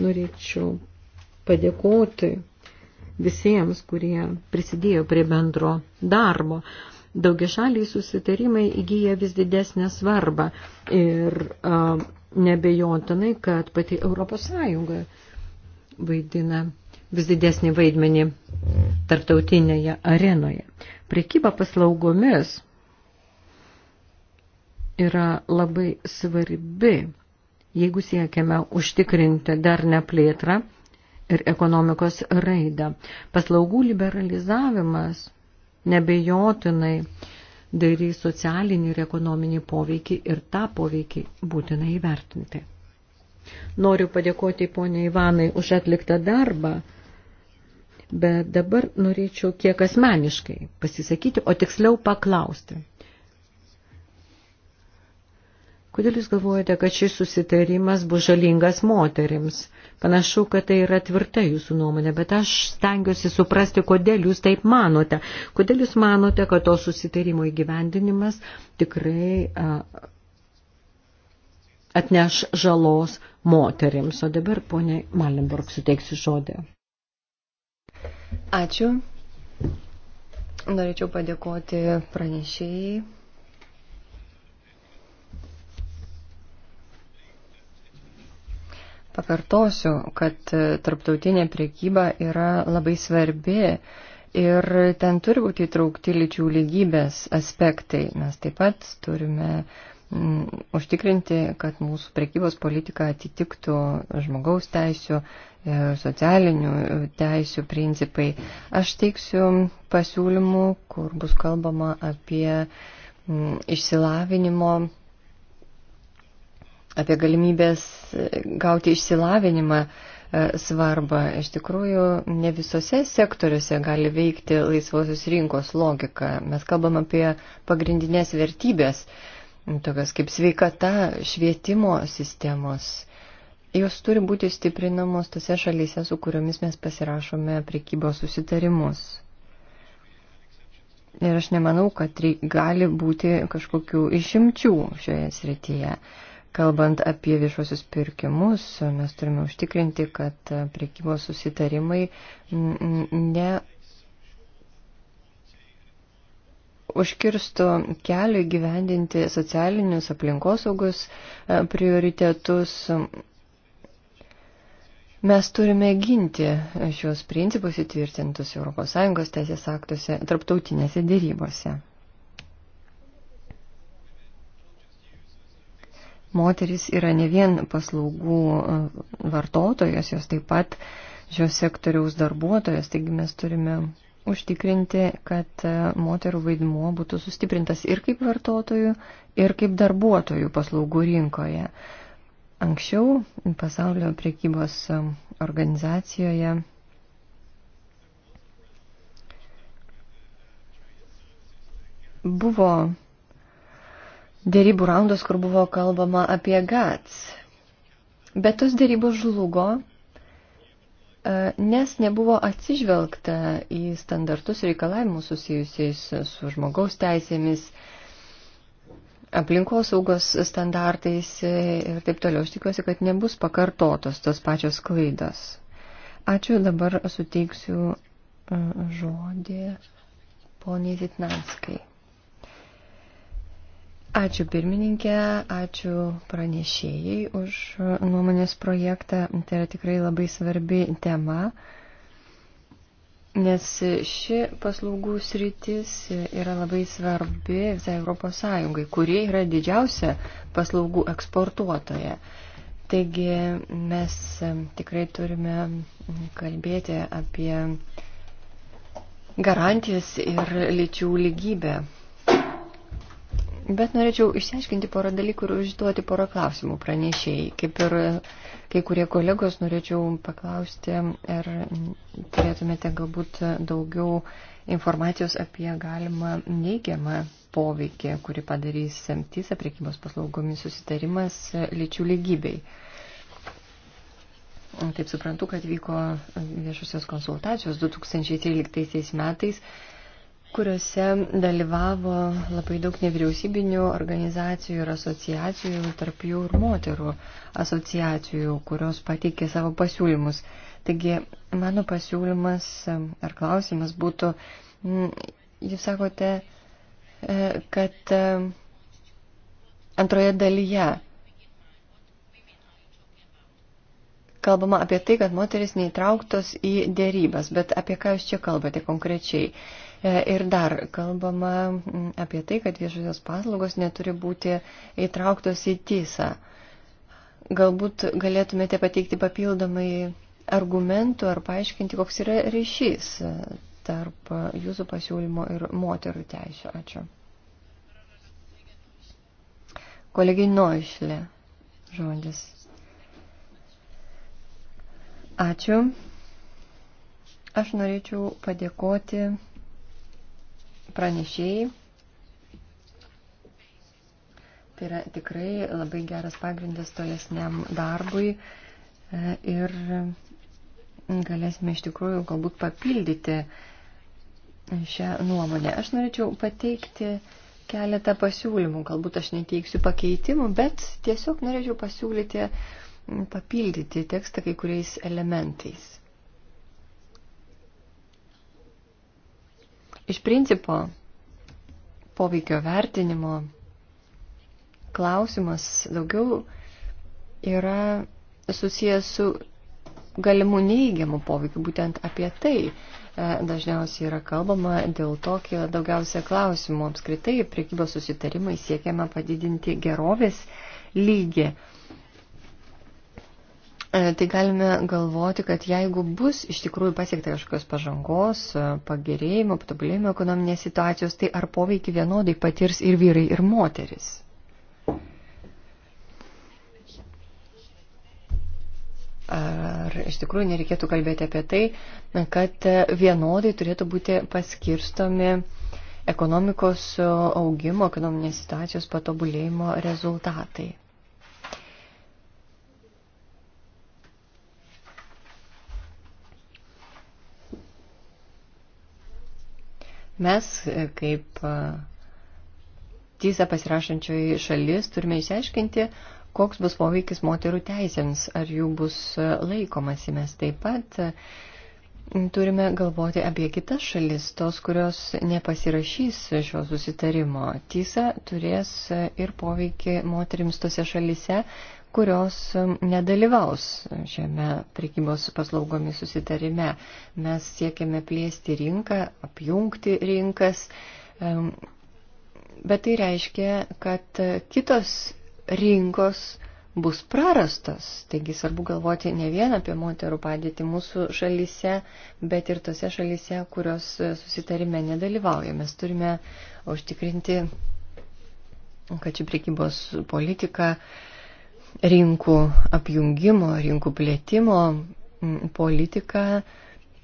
norėčiau padėkoti visiems, kurie prisidėjo prie bendro darbo. Daugiašaliai susitarimai įgyja vis didesnę svarbą ir a, nebejotinai, kad pati Europos Sąjunga vaidina vis didesnį vaidmenį tarptautinėje arenoje. Prekyba paslaugomis yra labai svarbi, jeigu siekiame užtikrinti dar neplėtrą ir ekonomikos raidą. Paslaugų liberalizavimas nebejotinai darys socialinį ir ekonominį poveikį ir tą poveikį būtina įvertinti. Noriu padėkoti poniai Ivanai už atliktą darbą, bet dabar norėčiau kiek asmeniškai pasisakyti, o tiksliau paklausti. Kodėl jūs galvojate, kad šis susitarimas bus žalingas moterims? Panašu, kad tai yra tvirta jūsų nuomonė, bet aš stengiuosi suprasti, kodėl jūs taip manote. Kodėl jūs manote, kad to susitarimo įgyvendinimas tikrai uh, atneš žalos moterims. O dabar, poniai Malenburg, suteiksiu žodį. Ačiū. Norėčiau padėkoti pranešėjai Pakartosiu, kad e, tarptautinė priekyba yra labai svarbi ir ten turi būti įtraukti lyčių lygybės aspektai. Mes taip pat turime mm, užtikrinti, kad mūsų priekybos politika atitiktų žmogaus teisų, e, socialinių teisų principai. Aš teiksiu pasiūlymų, kur bus kalbama apie mm, išsilavinimo apie galimybės e, gauti išsilavinimą e, svarbą. Iš tikrųjų, ne visose sektoriuose gali veikti laisvosios rinkos logika. Mes kalbam apie pagrindinės vertybės, tokias kaip sveikata, švietimo sistemos. Jos turi būti stiprinamos tose šalyse, su kuriomis mes pasirašome prekybos susitarimus. Ir aš nemanau, kad gali būti kažkokių išimčių šioje srityje. Kalbant apie viešuosius pirkimus, mes turime užtikrinti, kad priekybos susitarimai ne užkirstų kelių įgyvendinti socialinius aplinkosaugus e, prioritetus. Mes turime ginti šios principus įtvirtintus ES teisės aktuose, tarptautinėse dėrybose. moteris yra ne vien paslaugų e, vartotojas, jos taip pat šios sektoriaus darbuotojas, taigi mes turime užtikrinti, kad e, moterų vaidmuo būtų sustiprintas ir kaip vartotojų, ir kaip darbuotojų paslaugų rinkoje. Anksčiau pasaulio priekybos e, organizacijoje buvo dėrybų raundus, kur buvo kalbama apie GATS. Bet tos dėrybos žlugo, e, nes nebuvo atsižvelgta į standartus reikalavimus susijusiais su žmogaus teisėmis, aplinkosaugos standartais e, ir taip toliau. Aš tikiuosi, kad nebus pakartotos tos pačios klaidos. Ačiū, dabar suteiksiu e, žodį poniai Zitnanskai. Ačiū pirmininkė, ačiū pranešėjai už nuomonės projektą. Tai yra tikrai labai svarbi tema, nes ši paslaugų sritis yra labai svarbi visai Europos Sąjungai, kurie yra didžiausia paslaugų eksportuotoja. Taigi mes tikrai turime kalbėti apie garantijas ir lyčių lygybę Bet norėčiau išsiaiškinti porą dalykų ir užduoti porą klausimų pranešėjai. Kaip ir kai kurie kolegos, norėčiau paklausti, ar turėtumėte galbūt daugiau informacijos apie galimą neigiamą poveikį, kurį padarys TISA priekybos paslaugomis susitarimas lyčių lygybei. Taip suprantu, kad vyko viešusios konsultacijos 2013 metais kuriuose dalyvavo labai daug nevyriausybinių organizacijų ir asociacijų, tarp jų ir moterų asociacijų, kurios pateikė savo pasiūlymus. Taigi, mano pasiūlymas ar klausimas būtų, jūs sakote, e, kad e, antroje dalyje kalbama apie tai, kad moteris neįtrauktos į dėrybas, bet apie ką jūs čia kalbate konkrečiai? E, ir dar kalbama apie tai, kad viešosios paslaugos neturi būti įtrauktos į tysą. Galbūt galėtumėte pateikti papildomai argumentų ar paaiškinti, koks yra ryšys e, tarp jūsų pasiūlymo ir moterų teisų. Ačiū. Kolegai Noišlė žodis. Ačiū. Aš norėčiau padėkoti pranešėjai. Tai yra tikrai labai geras pagrindas tolesniam darbui e, ir galėsime iš tikrųjų galbūt papildyti šią nuomonę. Aš norėčiau pateikti keletą pasiūlymų. Galbūt aš neteiksiu pakeitimų, bet tiesiog norėčiau pasiūlyti papildyti tekstą kai kuriais elementais. Iš principo, poveikio vertinimo klausimas daugiau yra susijęs su galimų neįgiamų poveikių. Būtent apie tai e, dažniausiai yra kalbama, dėl to kyla daugiausia klausimų. Apskritai, priekybos susitarimai siekiama padidinti gerovės lygį. E, tai galime galvoti, kad jeigu bus iš tikrųjų pasiekta kažkokios pažangos, e, pagerėjimo, patobulėjimo ekonominės situacijos, tai ar poveikį vienodai patirs ir vyrai, ir moteris? Ar iš tikrųjų nereikėtų kalbėti apie tai, kad vienodai turėtų būti paskirstomi ekonomikos augimo, ekonominės situacijos patobulėjimo rezultatai? Mes, e, kaip e, tysa pasirašančioji šalis, turime išsiaiškinti, koks bus poveikis moterų teisėms, ar jų bus e, laikomasi. Mes taip pat turime galvoti apie kitas šalis, tos, kurios nepasirašys šio susitarimo. Tysa turės ir poveikį moterims tose šalise, kurios um, nedalyvaus šiame prekybos paslaugomis susitarime. Mes siekiame plėsti rinką, apjungti rinkas, um, bet tai reiškia, kad kitos rinkos bus prarastos. Taigi svarbu galvoti ne vien apie moterų padėtį mūsų šalyse, bet ir tose šalyse, kurios susitarime nedalyvauja. Mes turime užtikrinti, kad ši prekybos politika uh, rinkų apjungimo, rinkų plėtimo politika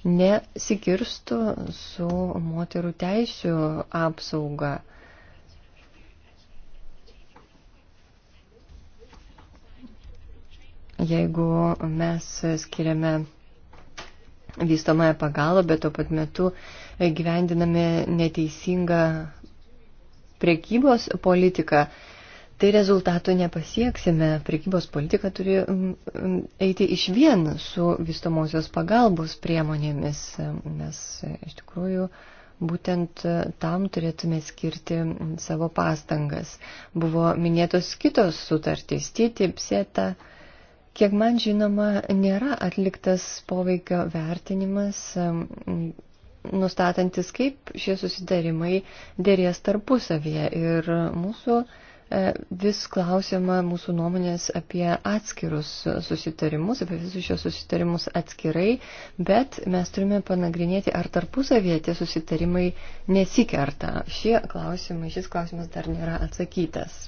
nesikirstų su moterų teisų apsauga. Jeigu mes skiriame vystamąją pagalbą, bet tuo pat metu gyvendiname neteisingą priekybos politiką, tai rezultatų nepasieksime. Prekybos politika turi mm, mm, eiti iš vien su vystomosios pagalbos priemonėmis, nes iš tikrųjų būtent tam turėtume skirti mm, savo pastangas. Buvo minėtos kitos sutartys, TTIP, SETA. Kiek man žinoma, nėra atliktas poveikio vertinimas, nustatantis, kaip šie susitarimai dėrės tarpusavyje. Ir mūsų E, vis klausima mūsų nuomonės apie atskirus susitarimus, apie visus šios susitarimus atskirai, bet mes turime panagrinėti, ar tarpusavėje tie susitarimai nesikerta. Šie klausimai, šis klausimas dar nėra atsakytas.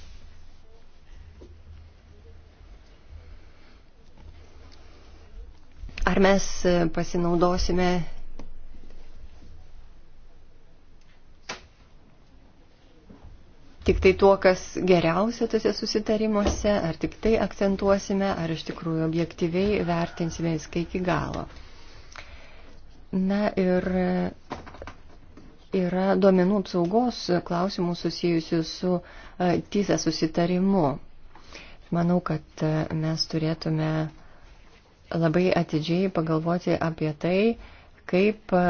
Ar mes pasinaudosime tik tai tuo, kas geriausia tose susitarimuose, ar tik tai akcentuosime, ar iš tikrųjų objektyviai vertinsime viską iki galo. Na ir yra duomenų apsaugos klausimų susijusių su e, TISA susitarimu. Manau, kad e, mes turėtume labai atidžiai pagalvoti apie tai, kaip e,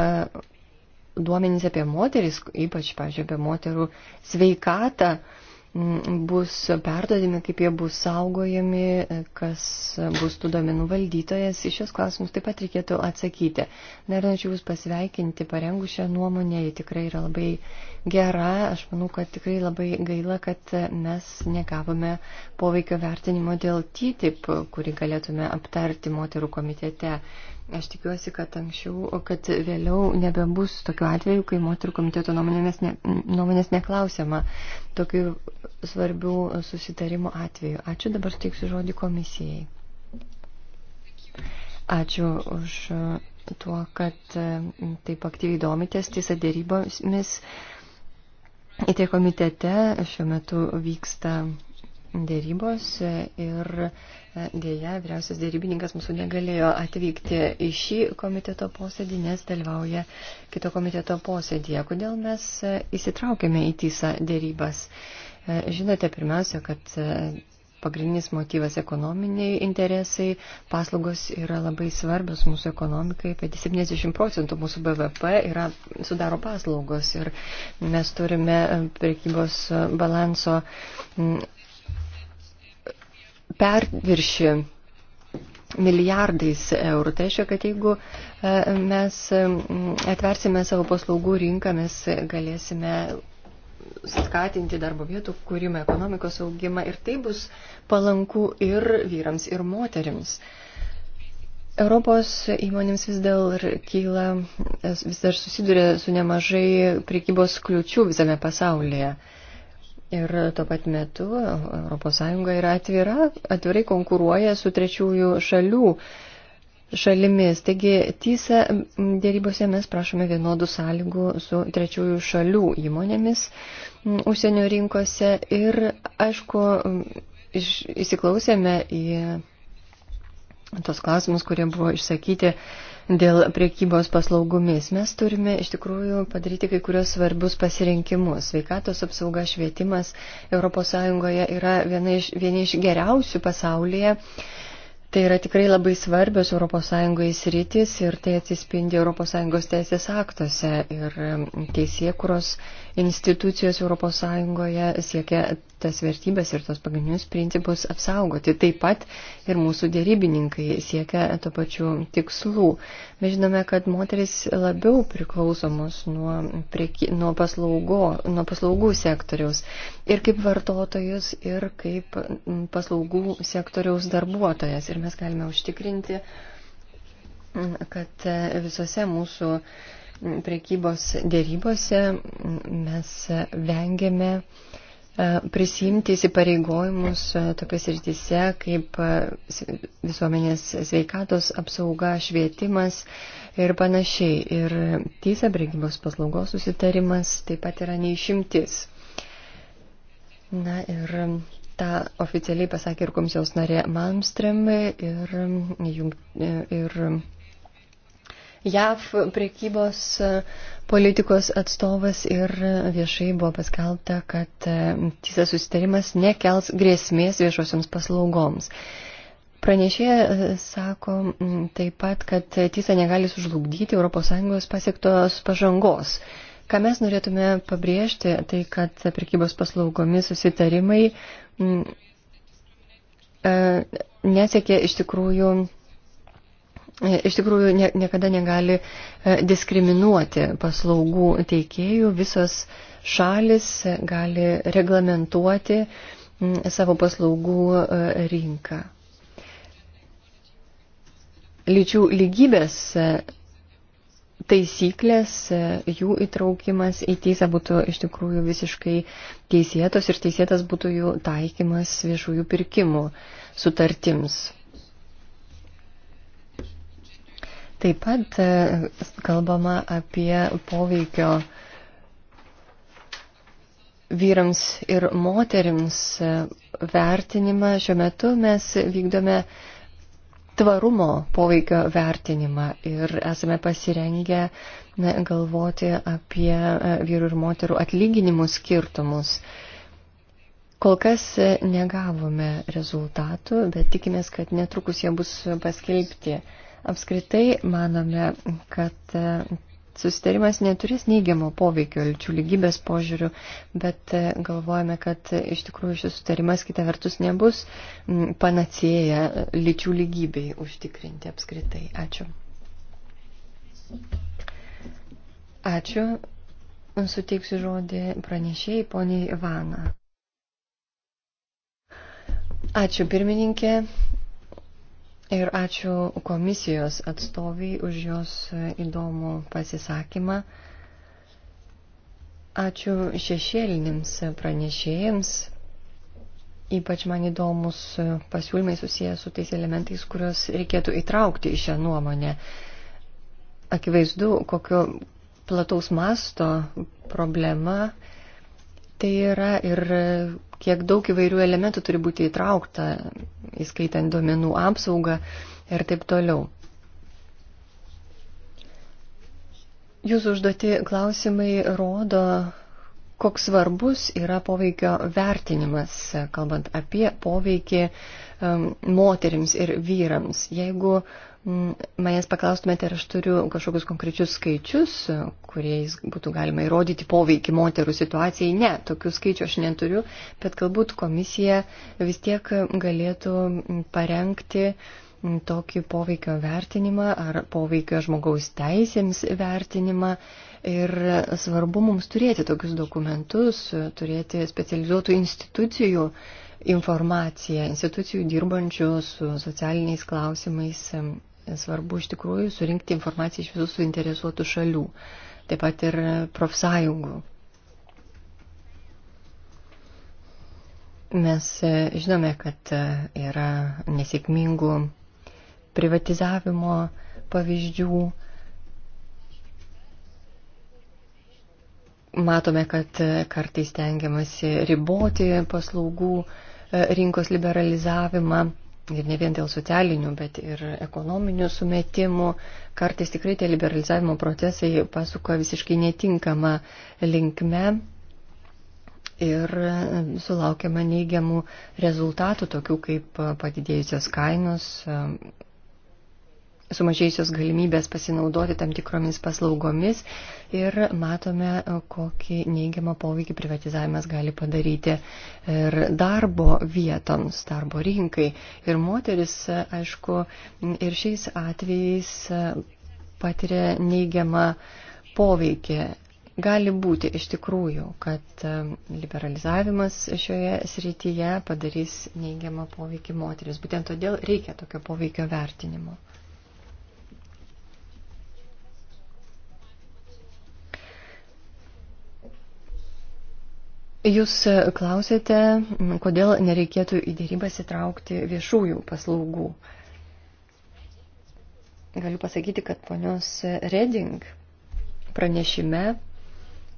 duomenys apie moteris, ypač, pažiūrėjau, apie moterų sveikatą, bus perdodami, kaip jie bus saugojami, kas bus tų domenų valdytojas. Iš šios klausimus taip pat reikėtų atsakyti. Dar norėčiau Jūs pasveikinti, parengus šią nuomonę, ji tikrai yra labai gera. Aš manau, kad tikrai labai gaila, kad mes negavome poveikio vertinimo dėl TTIP, kurį galėtume aptarti moterų komitete. Aš tikiuosi, kad anksčiau, o kad vėliau nebebus tokių atvejų, kai moterų komiteto nuomonės, ne, nuomonės neklausiama tokių svarbių susitarimų atveju. Ačiū, dabar steiksiu žodį komisijai. Ačiū už tuo, kad taip aktyviai domitės tiesa dėrybomis. Į tie komitete šiuo metu vyksta dėrybos ir e, dėja vyriausias dėrybininkas mūsų negalėjo atvykti į šį komiteto posėdį, nes dalyvauja kito komiteto posėdėje. Kodėl mes e, įsitraukėme į tysą dėrybas? E, žinote, pirmiausia, kad pagrindinis motyvas ekonominiai interesai, paslaugos yra labai svarbios mūsų ekonomikai, apie 70 procentų mūsų BVP yra, sudaro paslaugos ir mes turime prekybos balanso perviršį milijardais eurų. Tai reiškia, kad jeigu e, mes mm, atversime savo paslaugų rinką, mes galėsime skatinti darbo vietų kūrimą, ekonomikos augimą ir tai bus palanku ir vyrams, ir moterims. Europos įmonėms vis dėl ir kyla, vis dar susiduria su nemažai priekybos kliučių visame pasaulyje. Ir tuo pat metu ES yra atvira, atvirai konkuruoja su trečiųjų šalių šalimis. Taigi, tysa dėrybose mes prašome vienodų sąlygų su trečiųjų šalių įmonėmis užsienio rinkose. Ir, aišku, iš, įsiklausėme į tos klausimus, kurie buvo išsakyti dėl priekybos paslaugomis. Mes turime iš tikrųjų padaryti kai kurios svarbius pasirinkimus. Sveikatos apsauga, švietimas ES yra viena iš, vieni iš geriausių pasaulyje. Tai yra tikrai labai svarbios ES rytis ir tai atsispindi ES teisės aktuose ir teisėkuros institucijos ES siekia tas vertybės ir tos pagrindinius principus apsaugoti. Taip pat ir mūsų dėrybininkai siekia to pačių tikslų. Mes žinome, kad moteris labiau priklausomos nuo, prieki, nuo, paslaugo, nuo paslaugų sektoriaus ir kaip vartotojus, ir kaip paslaugų sektoriaus darbuotojas. Ir mes galime užtikrinti, kad visose mūsų priekybos dėrybose mes vengiame uh, E, prisimti įsipareigojimus e, tokias rytise kaip e, visuomenės sveikatos apsauga, švietimas ir panašiai. Ir teisė prekybos paslaugos susitarimas taip pat yra neišimtis. Na ir tą oficialiai pasakė ir komisijos narė Malmström ir, ir JAV priekybos e, politikos atstovas ir viešai buvo paskelbta, kad šis e, susitarimas nekels grėsmės viešosioms paslaugoms. Pranešėja e, sako taip pat, kad TISA negali sužlugdyti ES pasiektos pažangos. Ką mes norėtume pabrėžti, tai kad prekybos paslaugomis susitarimai nesiekė iš tikrųjų iš tikrųjų ne, niekada negali e, diskriminuoti paslaugų teikėjų. Visos šalis gali reglamentuoti savo paslaugų e, rinką. Lyčių lygybės e, taisyklės, jų įtraukimas į teisę būtų iš tikrųjų visiškai teisėtos ir teisėtas būtų jų taikymas viešųjų pirkimų sutartims. Taip pat e, kalbama apie poveikio vyrams ir moterims e, vertinimą. Šiuo metu mes vykdome tvarumo poveikio vertinimą ir esame pasirengę na, galvoti apie e, vyrų ir moterų atlyginimų skirtumus. Kol kas negavome rezultatų, bet tikimės, kad netrukus jie bus paskelbti. Apskritai manome, kad e, susitarimas neturės neigiamo poveikio lyčių lygybės požiūrių, bet e, galvojame, kad e, iš tikrųjų šis susitarimas kita vertus nebus panacėja lyčių lygybei užtikrinti apskritai. Ačiū. Ačiū. Suteiksiu žodį pranešėjai poniai Ivana. Ačiū pirmininkė. Ir ačiū komisijos atstoviai už jos įdomų pasisakymą. Ačiū šešėlinėms pranešėjams. Ypač man įdomus pasiūlymai susijęs su tais elementais, kuriuos reikėtų įtraukti į šią nuomonę. Akivaizdu, kokio plataus masto problema tai yra ir kiek daug įvairių elementų turi būti įtraukta, įskaitant duomenų apsaugą ir taip toliau. Jūsų užduoti klausimai rodo, koks svarbus yra poveikio vertinimas, kalbant apie poveikį um, moterims ir vyrams. Jeigu uh, Mm, manęs paklaustumėte, ar aš turiu kažkokius konkrečius skaičius, kuriais būtų galima įrodyti poveikį moterų situacijai. Ne, tokių skaičių aš neturiu, bet galbūt komisija vis tiek galėtų parengti tokį poveikio vertinimą ar poveikio žmogaus teisėms vertinimą. Ir svarbu mums turėti tokius dokumentus, turėti specializuotų institucijų informaciją, institucijų dirbančių su socialiniais klausimais Svarbu iš tikrųjų surinkti informaciją iš visų suinteresuotų šalių, taip pat ir profsąjungų. Mes e, žinome, kad e, yra nesėkmingų privatizavimo pavyzdžių. Matome, kad e, kartais tengiamasi riboti paslaugų rinkos liberalizavimą ir ne vien dėl socialinių, bet ir ekonominių sumetimų, kartais tikrai tie liberalizavimo procesai pasuka visiškai netinkama linkme ir sulaukiama neigiamų rezultatų, tokių kaip padidėjusios kainos, sumažėjusios galimybės pasinaudoti tam tikromis paslaugomis ir matome, kokį neigiamą poveikį privatizavimas gali padaryti ir darbo vietoms, darbo rinkai. Ir moteris, aišku, ir šiais atvejais patiria neigiamą poveikį gali būti iš tikrųjų, kad liberalizavimas šioje srityje padarys neigiamą poveikį moteris. Būtent todėl reikia tokio poveikio vertinimo. Jūs e, klausėte, kodėl nereikėtų į dėrybas įtraukti viešųjų paslaugų. Galiu pasakyti, kad ponios Reding pranešime,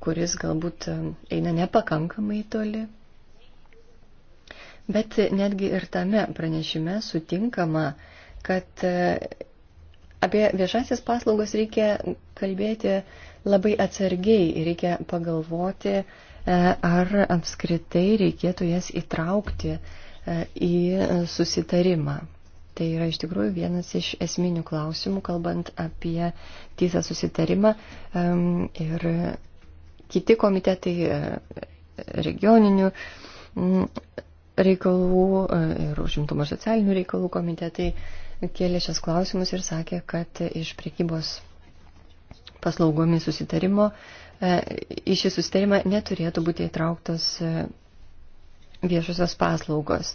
kuris galbūt e, eina nepakankamai toli, bet netgi ir tame pranešime sutinkama, kad e, apie viešasias paslaugas reikia kalbėti labai atsargiai ir reikia pagalvoti, E, ar apskritai reikėtų jas įtraukti e, į susitarimą. Tai yra iš tikrųjų vienas iš esminių klausimų, kalbant apie teisą susitarimą. Ir kiti komitetai e, regioninių reikalų ir užimtumo socialinių reikalų komitetai kėlė šias klausimus ir sakė, kad iš priekybos paslaugomis susitarimo E, į šį sustarimą neturėtų būti įtrauktos e, viešosios paslaugos.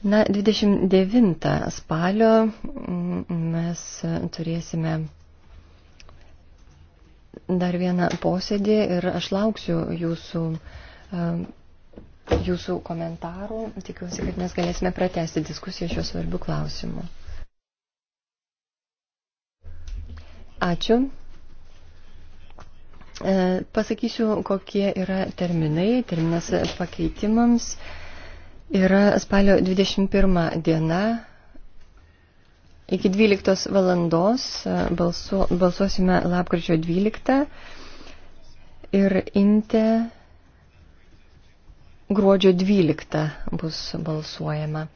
Na, 29 spalio mes turėsime dar vieną posėdį ir aš lauksiu jūsų, e, jūsų komentarų. Tikiuosi, kad mes galėsime pratesti diskusiją šiuo svarbiu klausimu. Ačiū. E, pasakysiu, kokie yra terminai. Terminas pakeitimams yra spalio 21 diena. Iki 12 valandos e, balsu, balsuosime lapkričio 12 ir inte gruodžio 12 bus balsuojama.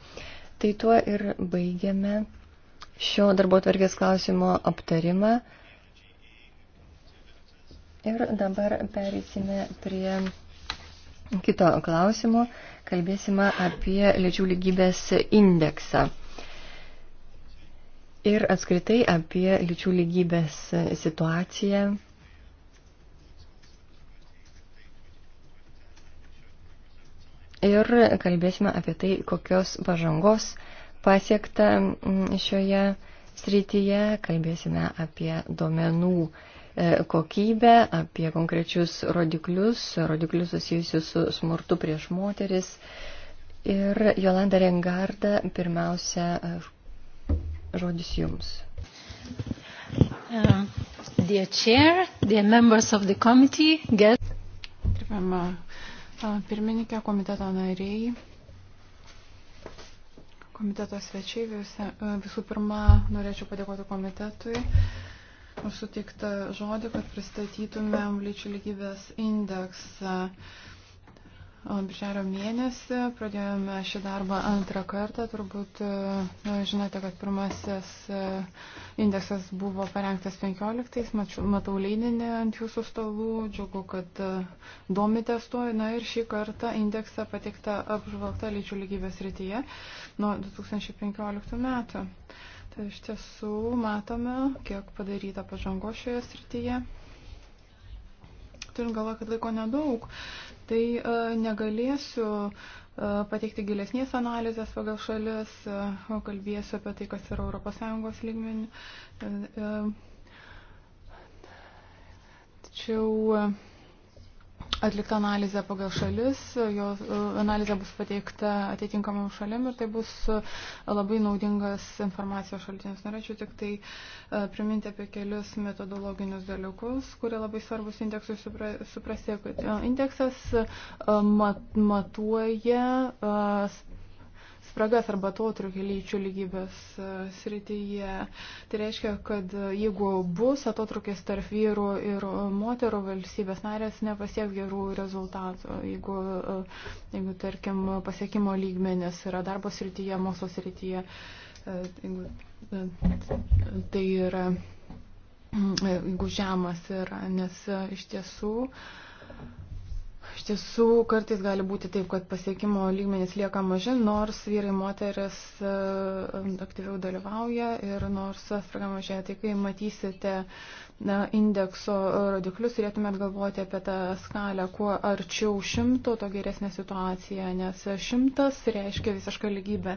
Tai tuo ir baigiame šio darbo tvarkės klausimo aptarimą. Ir dabar pereisime prie kito klausimo. Kalbėsime apie lyčių lygybės indeksą. Ir apskritai apie lyčių lygybės situaciją. Ir kalbėsime apie tai, kokios pažangos pasiekta šioje srityje. Kalbėsime apie domenų E, kokybę, apie konkrečius rodiklius, rodiklius susijusius su smurtu prieš moteris. Ir Jolanda Rengarda, pirmiausia, e, žodis jums. Uh, dear chair, dear members of the committee, guest. Gerbiama pirmininkė, komiteto nariai, komiteto svečiai, visų pirma, norėčiau padėkoti komitetui. Uh, suteiktą žodį, kad pristatytumėm lyčių lygybės indeksą. Birželio mėnesį pradėjome šį darbą antrą kartą. Turbūt na, žinote, kad pirmasis e, indeksas buvo parengtas 15-ais. Matau leidinį ant jūsų stalų. Džiugu, kad e, domitės tuo. Na ir šį kartą indeksą patikta apžvalgta lyčių lygybės rytyje nuo 2015 metų. Tai iš tiesų matome, kiek padaryta pažango šioje srityje. Turim galvą, kad laiko nedaug. Tai e, negalėsiu e, pateikti gilesnės analizės pagal šalis, e, o kalbėsiu apie tai, kas yra ES lygmenį. E, e, tačiau. E, atlikta analizė pagal šalis, jo e, analizė bus pateikta atitinkamam šalim ir tai bus e, labai naudingas informacijos šaltinis. Norėčiau tik tai e, priminti apie kelius metodologinius dalykus, kurie labai svarbus indeksui suprasti. Indeksas matuoja spragas arba atotrukį lyčių lygybės e, srityje. Tai reiškia, kad jeigu bus atotrukis tarp vyrų ir moterų valstybės narės nepasieks gerų rezultatų, jeigu, e, jeigu tarkim, pasiekimo lygmenis yra darbo srityje, mokslo srityje, e, jeigu, tai yra, jeigu žemas yra, nes iš tiesų uh, Iš tiesų, kartais gali būti taip, kad pasiekimo lygmenys lieka maži, nors vyrai moteris e, aktyviau dalyvauja ir nors Afrika mažėja. Tai kai matysite na, indekso rodiklius, turėtumėt galvoti apie tą skalę, kuo arčiau šimto, to geresnė situacija, nes šimtas reiškia visišką lygybę.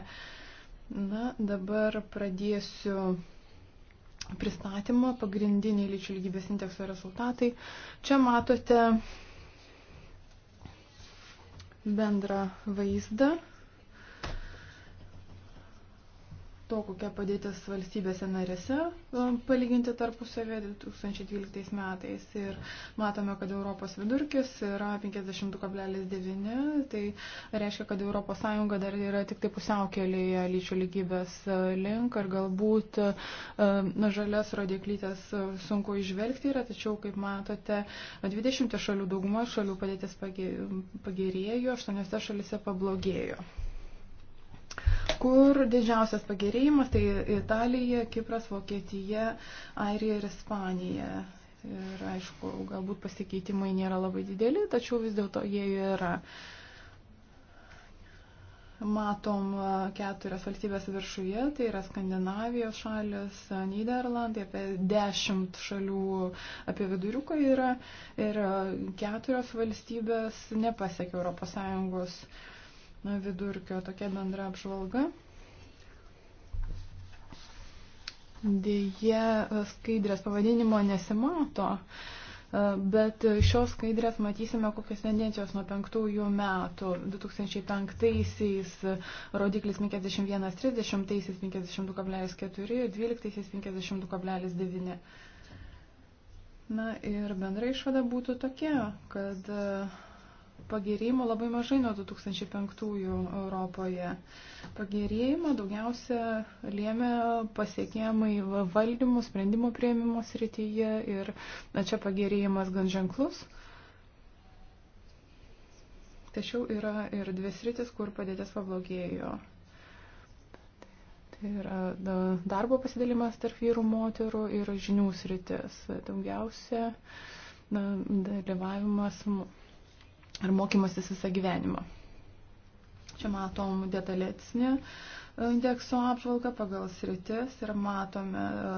Na, dabar pradėsiu pristatymą, pagrindiniai lyčių lygybės indekso rezultatai. Čia matote bendrą vaizdą to, kokia padėtis valstybėse narėse e, palyginti tarpusavė 2012 metais. Ir matome, kad Europos vidurkis yra 52,9, tai reiškia, kad ES dar yra tik tai pusiaukelėje lyčių lygybės e, link ir galbūt e, na, žalias rodiklytės sunku išvelgti yra, tačiau, kaip matote, 20 šalių dauguma šalių padėtis pagerėjo, 8 šalise pablogėjo kur didžiausias pagerėjimas, tai Italija, Kipras, Vokietija, Airija ir Ispanija. Ir aišku, galbūt pasikeitimai nėra labai dideli, tačiau vis dėlto jie yra. Matom keturias valstybės viršuje, tai yra Skandinavijos šalis, Niderlandai, apie dešimt šalių apie viduriuką yra ir keturios valstybės nepasiekia ES vidurkio. Tokia bendra apžvalga. Dėje skaidrės pavadinimo nesimato, e, bet šios skaidrės matysime, kokios tendencijos nuo penktųjų metų. 2005-aisiais rodiklis 51, 30-aisiais 52,4 ir 12-aisiais 52,9. Na ir bendra išvada būtų tokia, kad uh, pagėrėjimo labai mažai nuo 2005-ųjų Europoje. Pagėrėjimą daugiausia lėmė pasiekėjimai valdymų, sprendimų prieimimo srityje ir na, čia pagėrėjimas gan ženklus. Tačiau yra ir dvi sritis, kur padėtis pablogėjo. Tai yra darbo pasidalimas tarp vyrų moterų ir žinių sritis. Daugiausia na, dalyvavimas ar mokymasis visą gyvenimą. Čia matom detalėtsnį e, indekso apžvalgą pagal sritis ir matome e,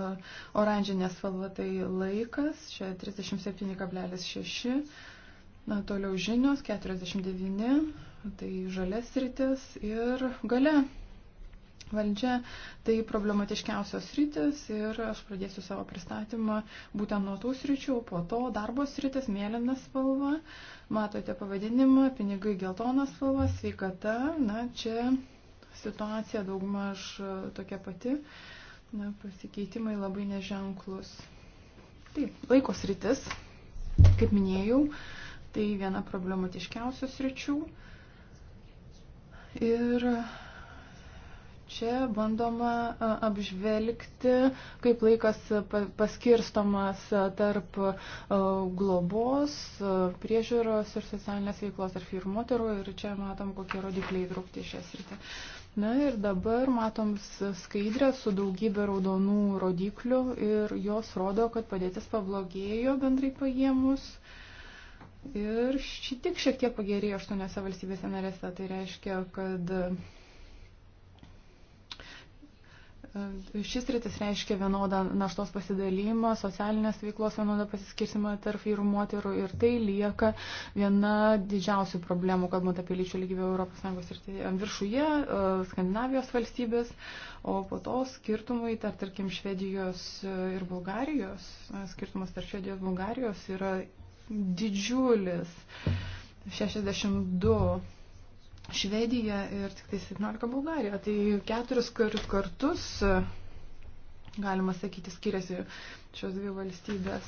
oranžinė spalva tai laikas, čia 37,6, toliau žinios 49, tai žalias sritis ir gale valdžia, tai problematiškiausios rytis ir aš pradėsiu savo pristatymą būtent nuo tų sričių, po to darbo sritis mėlyna spalva, matote pavadinimą, pinigai geltona spalva, sveikata, na čia situacija daugmaž e, tokia pati, na, pasikeitimai labai neženklus. Taip, laikos rytis, kaip minėjau, tai viena problematiškiausių sričių. Ir Čia bandoma apžvelgti, kaip laikas paskirstomas tarp globos, priežiūros ir socialinės veiklos tarp vyrų moterų ir čia matom, kokie rodikliai įtraukti šią sritį. Na ir dabar matom skaidrę su daugybė raudonų rodiklių ir jos rodo, kad padėtis pablogėjo bendrai paėmus. Ir ši tik šiek tiek pagerėjo aštuoniuose valstybėse narėse. Tai reiškia, kad Ehm, šis rytis reiškia vienodą naštos pasidalymą, socialinės veiklos vienodą pasiskirsimą tarp vyrų moterų ir tai lieka viena didžiausių problemų, kalbant apie lyčių lygybę ES ir viršuje e, Skandinavijos valstybės, o po to skirtumai tarp, tarkim, Švedijos ir Bulgarijos, e, skirtumas tarp Švedijos ir Bulgarijos yra didžiulis. 62 Švedija ir tik tai 17 Bulgarija. Tai keturis kartus, galima sakyti, skiriasi šios dvi valstybės.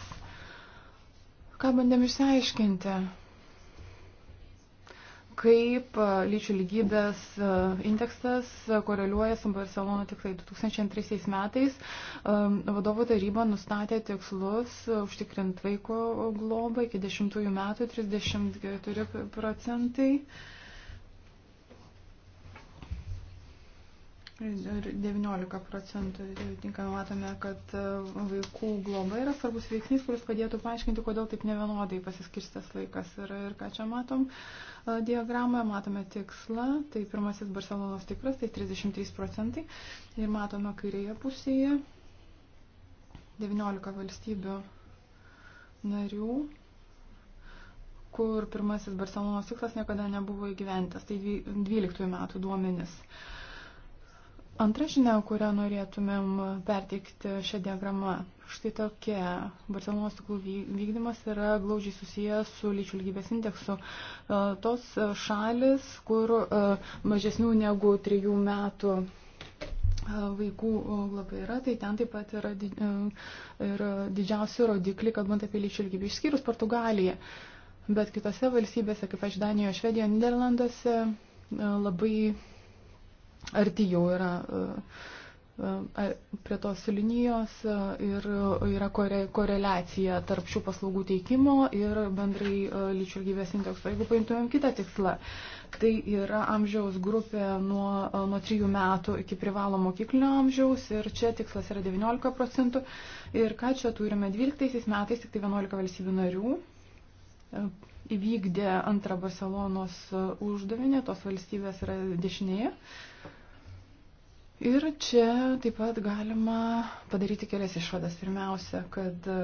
Ką bandėm išsiaiškinti? Kaip lyčių lygybės indeksas koreliuoja su Barcelona tik tai 2002 metais. Vadovo taryba nustatė tikslus užtikrint vaiko globą iki 10 metų 34 procentai. 19 procentų. Tinkamai matome, kad e, vaikų globa yra svarbus veiksnys, kuris padėtų paaiškinti, kodėl taip nevienodai pasiskirstęs laikas yra. Ir ką čia matom e, diagramoje, matome tikslą, tai pirmasis Barcelonos tikras, tai 33 procentai. Ir matome kairėje pusėje 19 valstybių narių kur pirmasis Barcelonos tikslas niekada nebuvo įgyventas, tai 12 metų duomenis. Uh, Antra žinia, kurią norėtumėm perteikti šią diagramą, štai tokia. Barcelonos tiklų vykdymas yra glaudžiai susijęs su lyčių lygybės indeksu. E, tos šalis, kur e, mažesnių negu trijų metų e, vaikų labai yra, tai ten taip pat yra, yra didžiausi rodikliai, kalbant apie lyčių lygybę, išskyrus Portugaliją. Bet kitose valstybėse, kaip aš Danijoje, Švedijoje, Niderlanduose, labai arti jau yra e, e, prie tos linijos e, ir yra kore, koreliacija tarp šių paslaugų teikimo ir bendrai lyčių gyvės indekso. Jeigu paimtumėm kitą tikslą, tai yra amžiaus grupė nuo, nuo 3 metų iki privalo mokyklinio amžiaus ir čia tikslas yra 19 procentų. Ir ką čia turime 12 metais, tik tai 11 valstybių narių įvykdė antrą Barcelonos uždavinį, tos valstybės yra dešinėje. Ir čia taip pat galima padaryti kelias išvadas. Pirmiausia, kad e,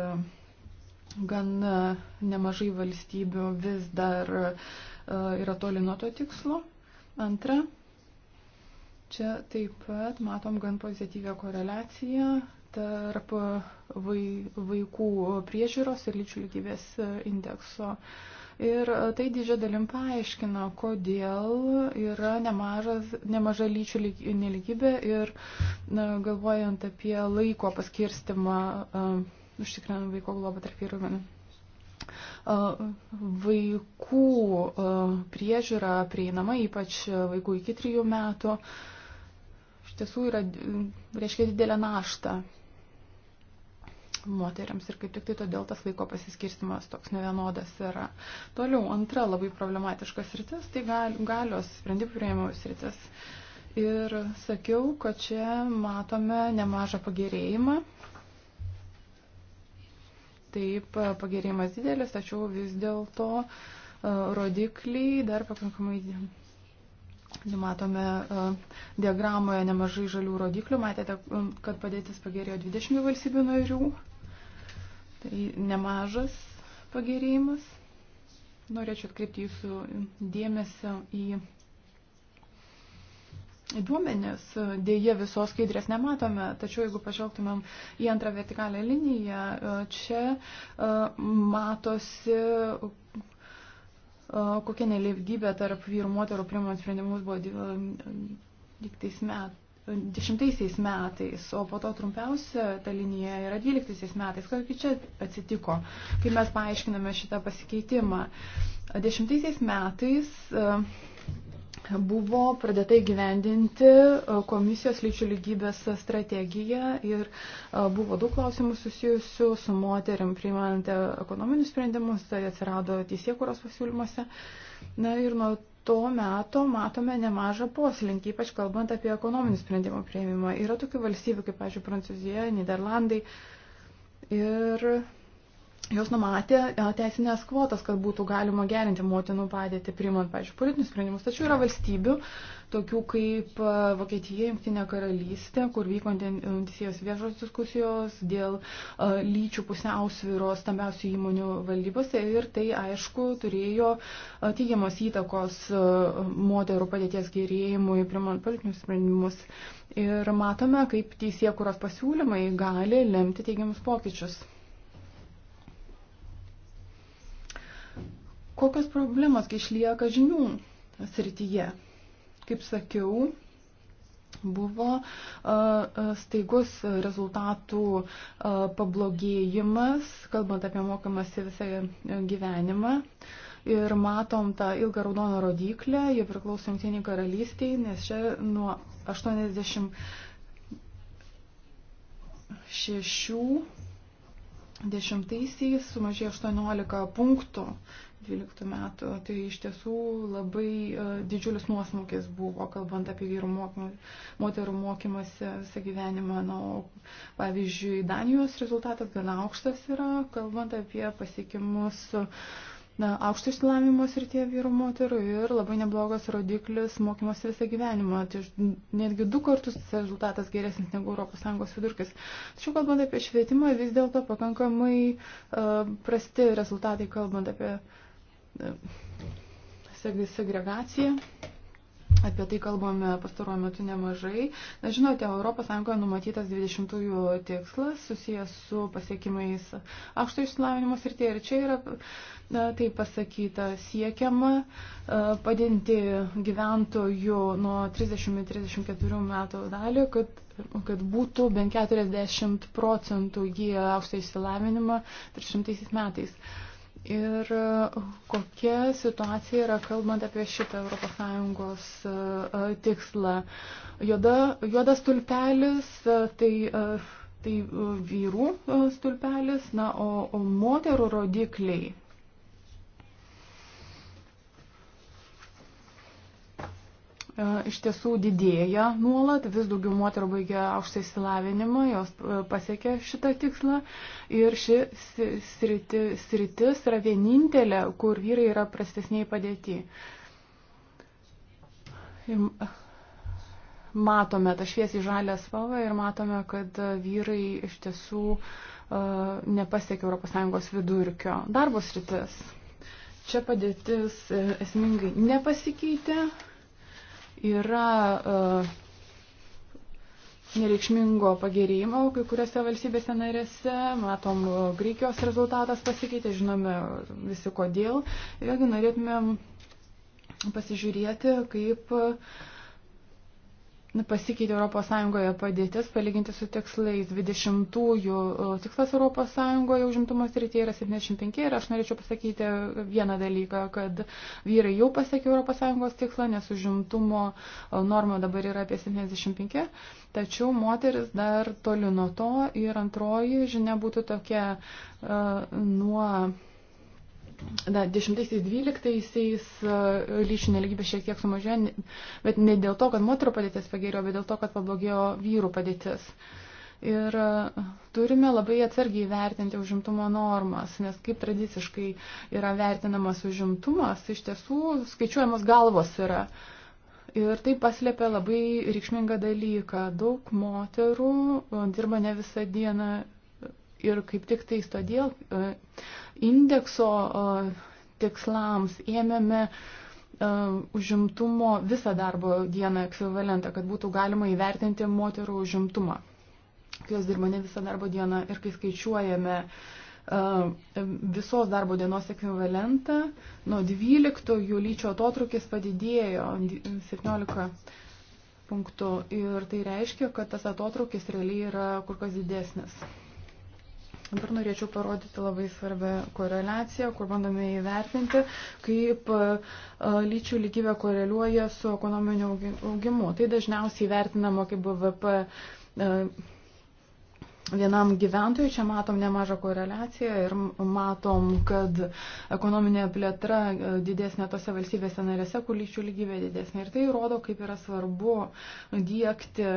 gan e, nemažai valstybių vis dar e, yra toli nuo to tikslo. Antra, čia taip pat matom gan pozityvę koreliaciją tarp vaikų priežiūros ir lyčių lygybės indekso uh, Ir e, tai didžia dalim paaiškina, kodėl yra nemažas, nemaža lyčių neligybė ir na, galvojant apie laiko paskirstimą, uh, užtikrinant vaiko globą tarp vyrų ir menų e, vaikų priežiūra prieinama, ypač vaikų iki trijų metų, iš tiesų yra, reiškia didelę naštą moteriams ir kaip tik tai todėl tas laiko pasiskirstimas toks nevienodas yra. Toliau, antra labai problematiška sritis, tai galios sprendimų prieimimo sritis. Ir sakiau, kad čia matome nemažą pagerėjimą. Taip, pagerėjimas didelis, tačiau vis dėlto e, rodikliai dar pakankamai Matome e, diagramoje nemažai žalių rodiklių, matėte, kad padėtis pagerėjo 20 valstybių narių. Tai nemažas pagerėjimas. Norėčiau atkreipti jūsų dėmesio į duomenis. Dėje visos skaidrės nematome, tačiau jeigu pažvelgtumėm į antrą vertikalę liniją, čia e, matosi e, kokia nelygybė tarp vyrų moterų priimant sprendimus buvo tik e, tais metų 2010 metais, o po to trumpiausia ta linija yra 12 metais. Kokį čia atsitiko, kai mes paaiškiname šitą pasikeitimą? 10 metais e, buvo pradėta įgyvendinti e, komisijos lyčių lygybės strategija ir e, buvo daug klausimų susijusių su moteriam priimant ekonominius sprendimus, tai atsirado teisėkuros pasiūlymuose. Na ir nuo to meto matome nemažą poslinkį, ypač kalbant apie ekonominį sprendimų prieimimą. Yra tokių valstybių kaip, pažiūrėjau, Prancūzija, Niderlandai ir jos numatė e, teisinės kvotas, kad būtų galima gerinti motinų padėtį, priimant, pažiūrėjau, politinius sprendimus. Tačiau yra valstybių, tokių kaip e, Vokietija, Junktinė karalystė, kur vyko intensyvios viešos diskusijos dėl e, lyčių pusiausvyros stambiausių įmonių valdybose ir tai, aišku, turėjo teigiamos įtakos moterų padėties gerėjimui, priimant politinius sprendimus. Ir matome, kaip teisėkuros pasiūlymai gali lemti teigiamus pokyčius. kokios problemos išlieka žinių srityje. Kaip sakiau, buvo staigus rezultatų pablogėjimas, kalbant apie mokamasi visą gyvenimą. Ir matom tą ilgą raudoną rodiklę, jie priklauso Junktiniai karalystiai, nes čia nuo 86 dešimtaisiais sumažėjo 18 punktų 2012 metų. Tai iš tiesų labai e, didžiulis nuosmukis buvo, kalbant apie vyrų mokymą, moterų mokymąsi visą gyvenimą. Na, o, pavyzdžiui, Danijos rezultatas gana aukštas yra, kalbant apie pasiekimus na, aukšto išsilavinimo srityje vyrų moterų ir labai neblogas rodiklis mokymosi visą gyvenimą. Tai netgi du kartus rezultatas geresnis negu ES vidurkis. Tačiau kalbant apie švietimą, vis dėlto pakankamai uh, prasti rezultatai kalbant apie uh, segregaciją. Apie tai kalbame pastaruoju metu nemažai. Na, žinote, ES numatytas 20-ųjų tikslas susijęs su pasiekimais aukšto išsilavinimo srityje. Ir čia yra, na, tai pasakyta, siekiama e, padinti gyventojų nuo 30-34 metų dalį, kad, kad būtų bent 40 procentų įgyję aukštą išsilavinimą 300 metais. Uh, Ir e, kokia situacija yra, kalbant apie šitą ES e, e, tikslą? Juoda, juodas tulpelis, tai, tai vyrų stulpelis, na, o, o moterų rodikliai E, iš tiesų didėja nuolat, vis daugiau moterų baigia aukštą įsilavinimą, jos e, pasiekia šitą tikslą ir ši sriti, sritis yra vienintelė, kur vyrai yra prastesniai padėti. Matome tą šviesį žalę spalvą ir matome, kad vyrai iš tiesų e, nepasiekia ES vidurkio. Darbo sritis. Čia padėtis esmingai nepasikeitė yra e, nereikšmingo pagerėjimo kai kuriuose valstybėse narėse, matom, e, Graikijos rezultatas pasikeitė, žinome visi kodėl. Vėlgi norėtumėm pasižiūrėti, kaip uh, Nu, pasikeitė ES padėtis palyginti su tikslais. 20-ųjų tikslas ES užimtumo srityje yra 75 ir aš norėčiau pasakyti vieną dalyką, kad vyrai jau pasiekė ES tikslą, nes užimtumo norma dabar yra apie 75, tačiau moteris dar toli nuo to ir antroji žinia būtų tokia nuo 10-12 lyčių neligybė šiek tiek sumažėjo, bet ne dėl to, kad moterų padėtis pagerėjo, bet dėl to, kad pablogėjo vyrų padėtis. Ir e, turime labai atsargiai vertinti užimtumo normas, nes kaip tradiciškai yra vertinamas užimtumas, iš tiesų skaičiuojamos galvos yra. Ir tai paslėpia labai reikšmingą dalyką. Daug moterų e, dirba ne visą dieną ir kaip tik tais todėl e, indekso e, tikslams ėmėme e, užimtumo visą darbo dieną ekvivalentą, kad būtų galima įvertinti moterų užimtumą, kai jos dirba ne visą darbo dieną ir kai skaičiuojame visos darbo dienos ekvivalentą, nuo 12 jų lyčio atotrukis padidėjo 17 punktų ir tai reiškia, kad tas atotrukis realiai yra kur kas didesnis. Dabar norėčiau parodyti labai svarbę koreliaciją, kur bandome įvertinti, kaip e, e, lyčių lygybė koreliuoja su ekonominiu augimu. Tai dažniausiai vertinama kaip BVP e, vienam gyventojui. Čia matom nemažą koreliaciją ir matom, kad ekonominė plėtra e, didesnė tose valstybėse narėse, kur lyčių lygybė didesnė. Ir tai rodo, kaip yra svarbu dėkti e,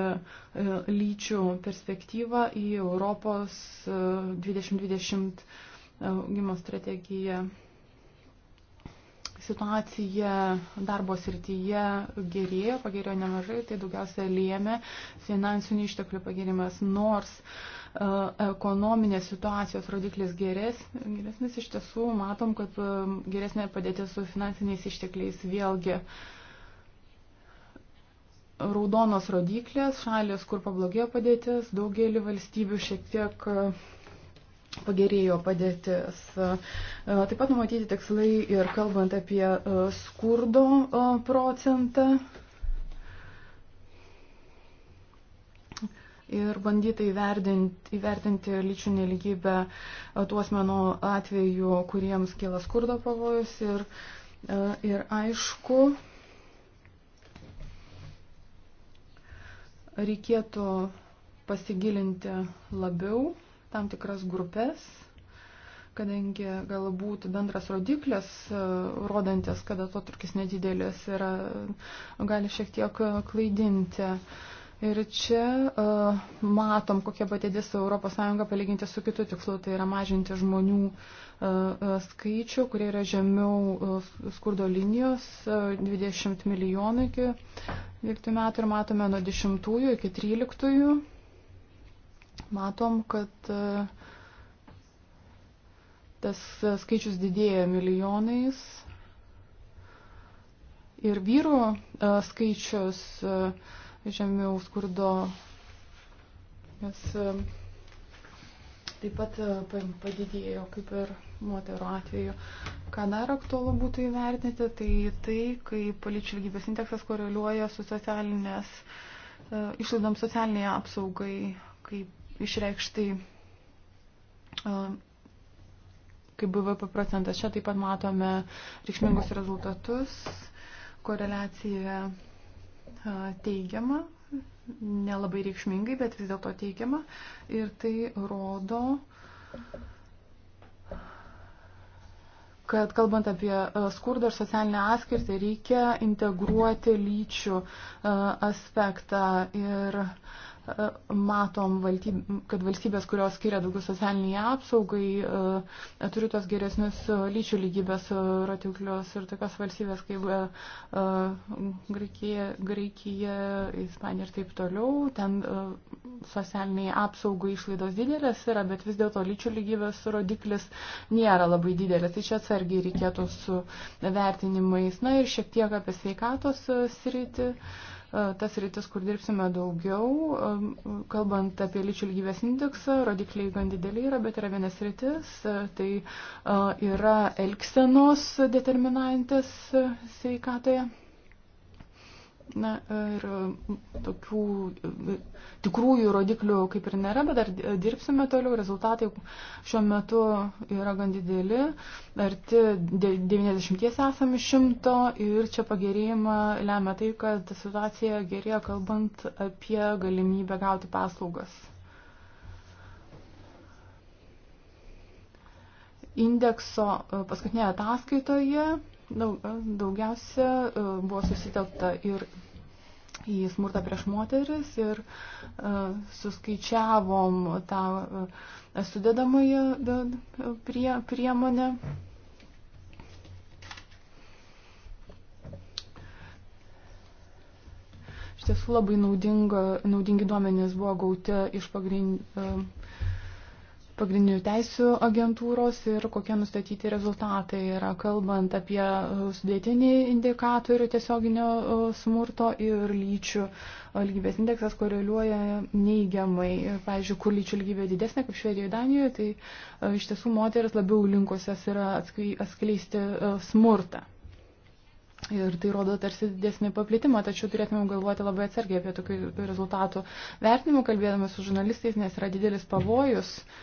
lyčių perspektyvą į Europos 2020 e, augimo strategiją. Situacija darbo srityje gerėjo, pagerėjo nemažai, tai daugiausia lėmė finansinių išteklių pagėrimas, nors uh, E, ekonominės situacijos rodiklis geres, geresnis, iš tiesų matom, kad e, geresnė padėtis su finansiniais ištekliais vėlgi raudonos rodiklės, šalis, kur pablogėjo padėtis, daugelį valstybių šiek tiek e, pagerėjo padėtis. Taip pat numatyti tikslai ir kalbant apie skurdo procentą ir bandyta įvertinti, įvertinti lyčių neligybę tuos menų atveju, kuriems kyla skurdo pavojus. Ir, e, ir aišku, reikėtų pasigilinti labiau tam tikras grupės kadangi galbūt bendras rodiklis, e, rodantis, kada to turkis nedidelis, yra, gali šiek tiek klaidinti. Uh, Ir čia uh, matom, kokia patėdis ES palyginti su kitu tikslu, tai yra mažinti žmonių uh, skaičių, kurie yra žemiau uh, skurdo linijos, uh, 20 milijonų iki 12 metų ir matome nuo 10 iki 13. Matom, kad uh, tas skaičius didėja milijonais. Ir vyrų uh, skaičius. Uh, žemiau skurdo. Nes taip pat e, padidėjo kaip ir moterų atveju. Ką dar aktualu būtų įvertinti, tai tai, kaip lyčių lygybės indeksas koreliuoja su socialinės, e, išlaidom socialiniai apsaugai, kaip išreikštai, e, kaip BVP procentas. Čia taip pat matome reikšmingus rezultatus, koreliaciją teigiama, nelabai reikšmingai, bet vis dėlto teigiama. Ir tai rodo, kad kalbant apie skurdą ir socialinę atskirtį, reikia integruoti lyčių aspektą. Ir uh, matom, kad valstybės, kurios skiria daugiau socialiniai apsaugai, e, turi tos geresnius e, lyčių lygybės e, ratiklius ir tokios valstybės kaip Graikija, Graikija Ispanija ir taip toliau. Ten socialiniai apsaugai išlaidos didelės yra, bet vis dėlto lyčių lygybės rodiklis nėra labai didelis. Tai čia atsargiai reikėtų su vertinimais. Na ir šiek tiek apie sveikatos sritį. Uh, tas rytis, kur dirbsime daugiau. Um, kalbant apie lyčių lygybės indeksą, rodikliai gan dideliai yra, bet yra vienas rytis, e, tai e, yra elksenos determinantis e, sveikatoje. Na ir tokių e, tikrųjų rodiklių kaip ir nėra, bet dar dirbsime toliau. Rezultatai šiuo metu yra gan dideli. Arti 90 esame 100 ir čia pagerėjimą lemia tai, kad situacija gerėja kalbant apie galimybę gauti paslaugas. Indekso e, paskutinėje ataskaitoje Daugiausia e, buvo susitelkta ir į smurtą prieš moteris ir uh, suskaičiavom tą uh, sudedamąją prie, priemonę. Iš tiesų labai naudinga, naudingi duomenys buvo gauti iš pagrindų. Uh, pagrindinių teisų agentūros ir kokie nustatyti rezultatai yra, kalbant apie uh, sudėtinį indikatorių tiesioginio uh, smurto ir lyčių uh, lygybės indeksas koreliuoja neigiamai. Ir, pavyzdžiui, kur lyčių lygybė didesnė, kaip Švedijoje, Danijoje, tai iš tiesų moteris labiau linkusios yra atskleisti smurtą. Ir tai rodo tarsi didesnį paplitimą, tačiau turėtumėm galvoti labai atsargiai apie tokių rezultatų vertinimų, kalbėdami su žurnalistais, nes yra didelis pavojus uh,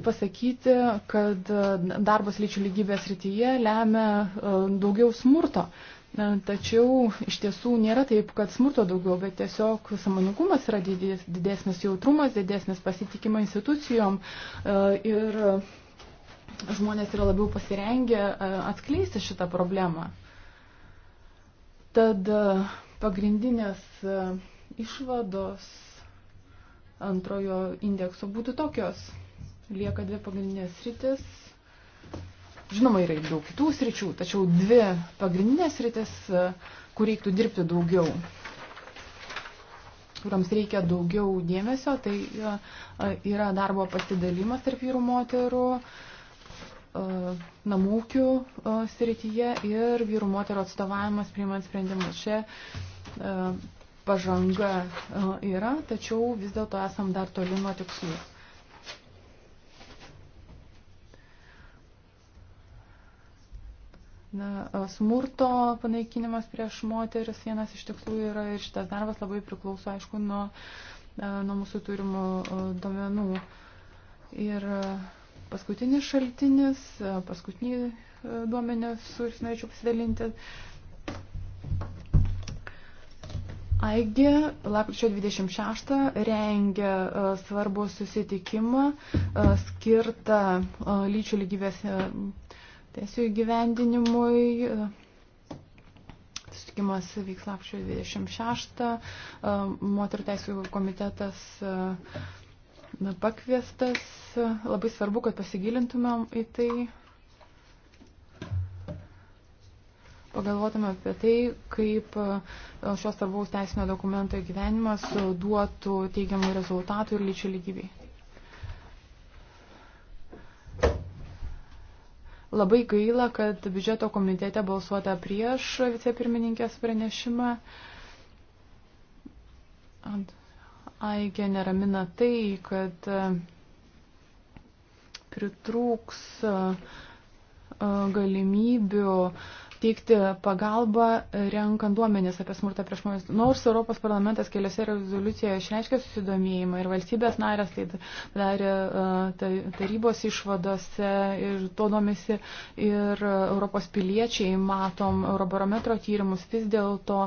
pasakyti, kad e, darbas lyčių lygybės rytyje lemia e, daugiau smurto. E, tačiau iš tiesų nėra taip, kad smurto daugiau, bet tiesiog samoningumas yra didesnis jautrumas, didesnis pasitikimo institucijom ir žmonės yra labiau pasirengę atskleisti šitą problemą. Tad pagrindinės išvados antrojo indekso būtų tokios lieka dvi pagrindinės rytis. Žinoma, yra ir daug kitų sričių, tačiau dvi pagrindinės rytis, kur reiktų dirbti daugiau, kuriams reikia daugiau dėmesio, tai e, yra darbo pasidalimas tarp vyrų moterų, e, namūkių e, srityje ir vyrų moterų atstovavimas priimant sprendimus. Čia pažanga yra, tačiau vis dėlto esam dar toli nuo tikslų. Na, smurto panaikinimas prieš moteris vienas iš tikslų yra ir šitas darbas labai priklauso, aišku, nuo, nuo mūsų turimų domenų. Ir paskutinis šaltinis, paskutiniai duomenės, kuris norėčiau pasidalinti. Aigi lapkričio 26 rengia svarbų susitikimą skirtą lyčių lygybės teisų įgyvendinimui. E, Sustikimas vyks lapščio 26. E, moterų teisų komitetas e, pakviestas. Labai svarbu, kad pasigilintumėm į tai. Pagalvotume apie tai, kaip šios tarbaus teisinio dokumento įgyvenimas duotų teigiamų rezultatų ir lyčių lygybei. Labai gaila, kad biudžeto komitete balsuota prieš vicepirmininkės pranešimą. Aigė neramina tai, kad e, pritrūks e, e, galimybių teikti pagalbą renkant duomenis apie smurtą prieš žmonės. Nors Europos parlamentas keliose rezoliucijoje išreiškė susidomėjimą ir valstybės narės tai darė e, tarybos išvadose ir to domisi ir Europos piliečiai, matom Eurobarometro tyrimus, vis dėlto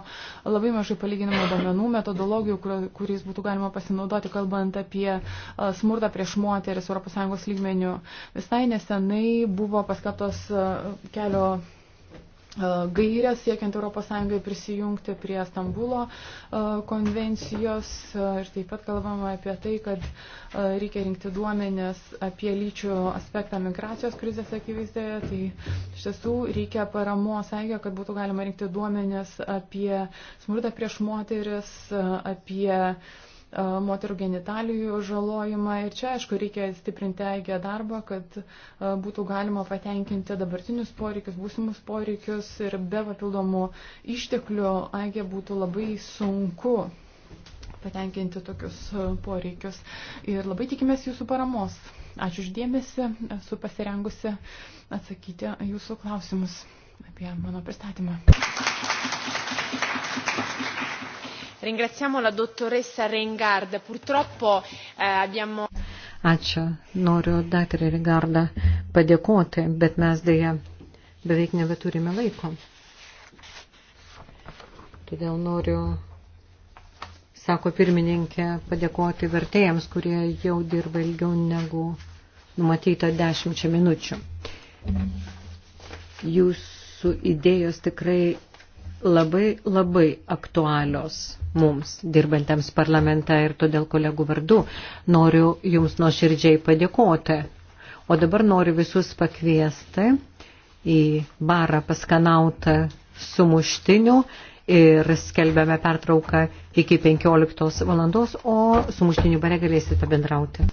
labai mažai palyginimo duomenų, metodologijų, kuriais būtų galima pasinaudoti, kalbant apie e, smurtą prieš moteris ES lygmenių. Visai nesenai buvo paskatos e, kelio E, gairias siekiant ES prisijungti prie Stambulo e, konvencijos e, ir taip pat kalbama apie tai, kad reikia rinkti duomenės apie lyčių aspektą migracijos krizės akivaizdoje. Tai iš tiesų reikia paramos, sakė, kad būtų galima rinkti duomenės apie smurtą prieš moteris, apie uh, moterų genitalijų žalojimą. Ir čia, aišku, reikia stiprinti eigę darbą, kad būtų galima patenkinti dabartinius poreikius, būsimus poreikius ir be papildomų išteklių eigė būtų labai sunku patenkinti tokius poreikius. Ir labai tikimės jūsų paramos. Ačiū uždėmesi, esu pasirengusi atsakyti jūsų klausimus apie mano pristatymą. Thank you. Ringraziamo la dottoressa Reingard. Purtroppo eh, abbiamo. Ačiū. Noriu daktarė Regardą padėkoti, bet mes dėja beveik nebeturime laiko. Todėl noriu, sako pirmininkė, padėkoti vertėjams, kurie jau dirba ilgiau negu numatyta dešimčia minučių. Jūsų idėjos tikrai labai labai aktualios mums, dirbantiems parlamente ir todėl kolegų vardu noriu Jums nuoširdžiai padėkoti. O dabar noriu visus pakviesti į barą paskanautą sumuštinių ir skelbiame pertrauką iki 15 valandos, o sumuštinių bare galėsite bendrauti.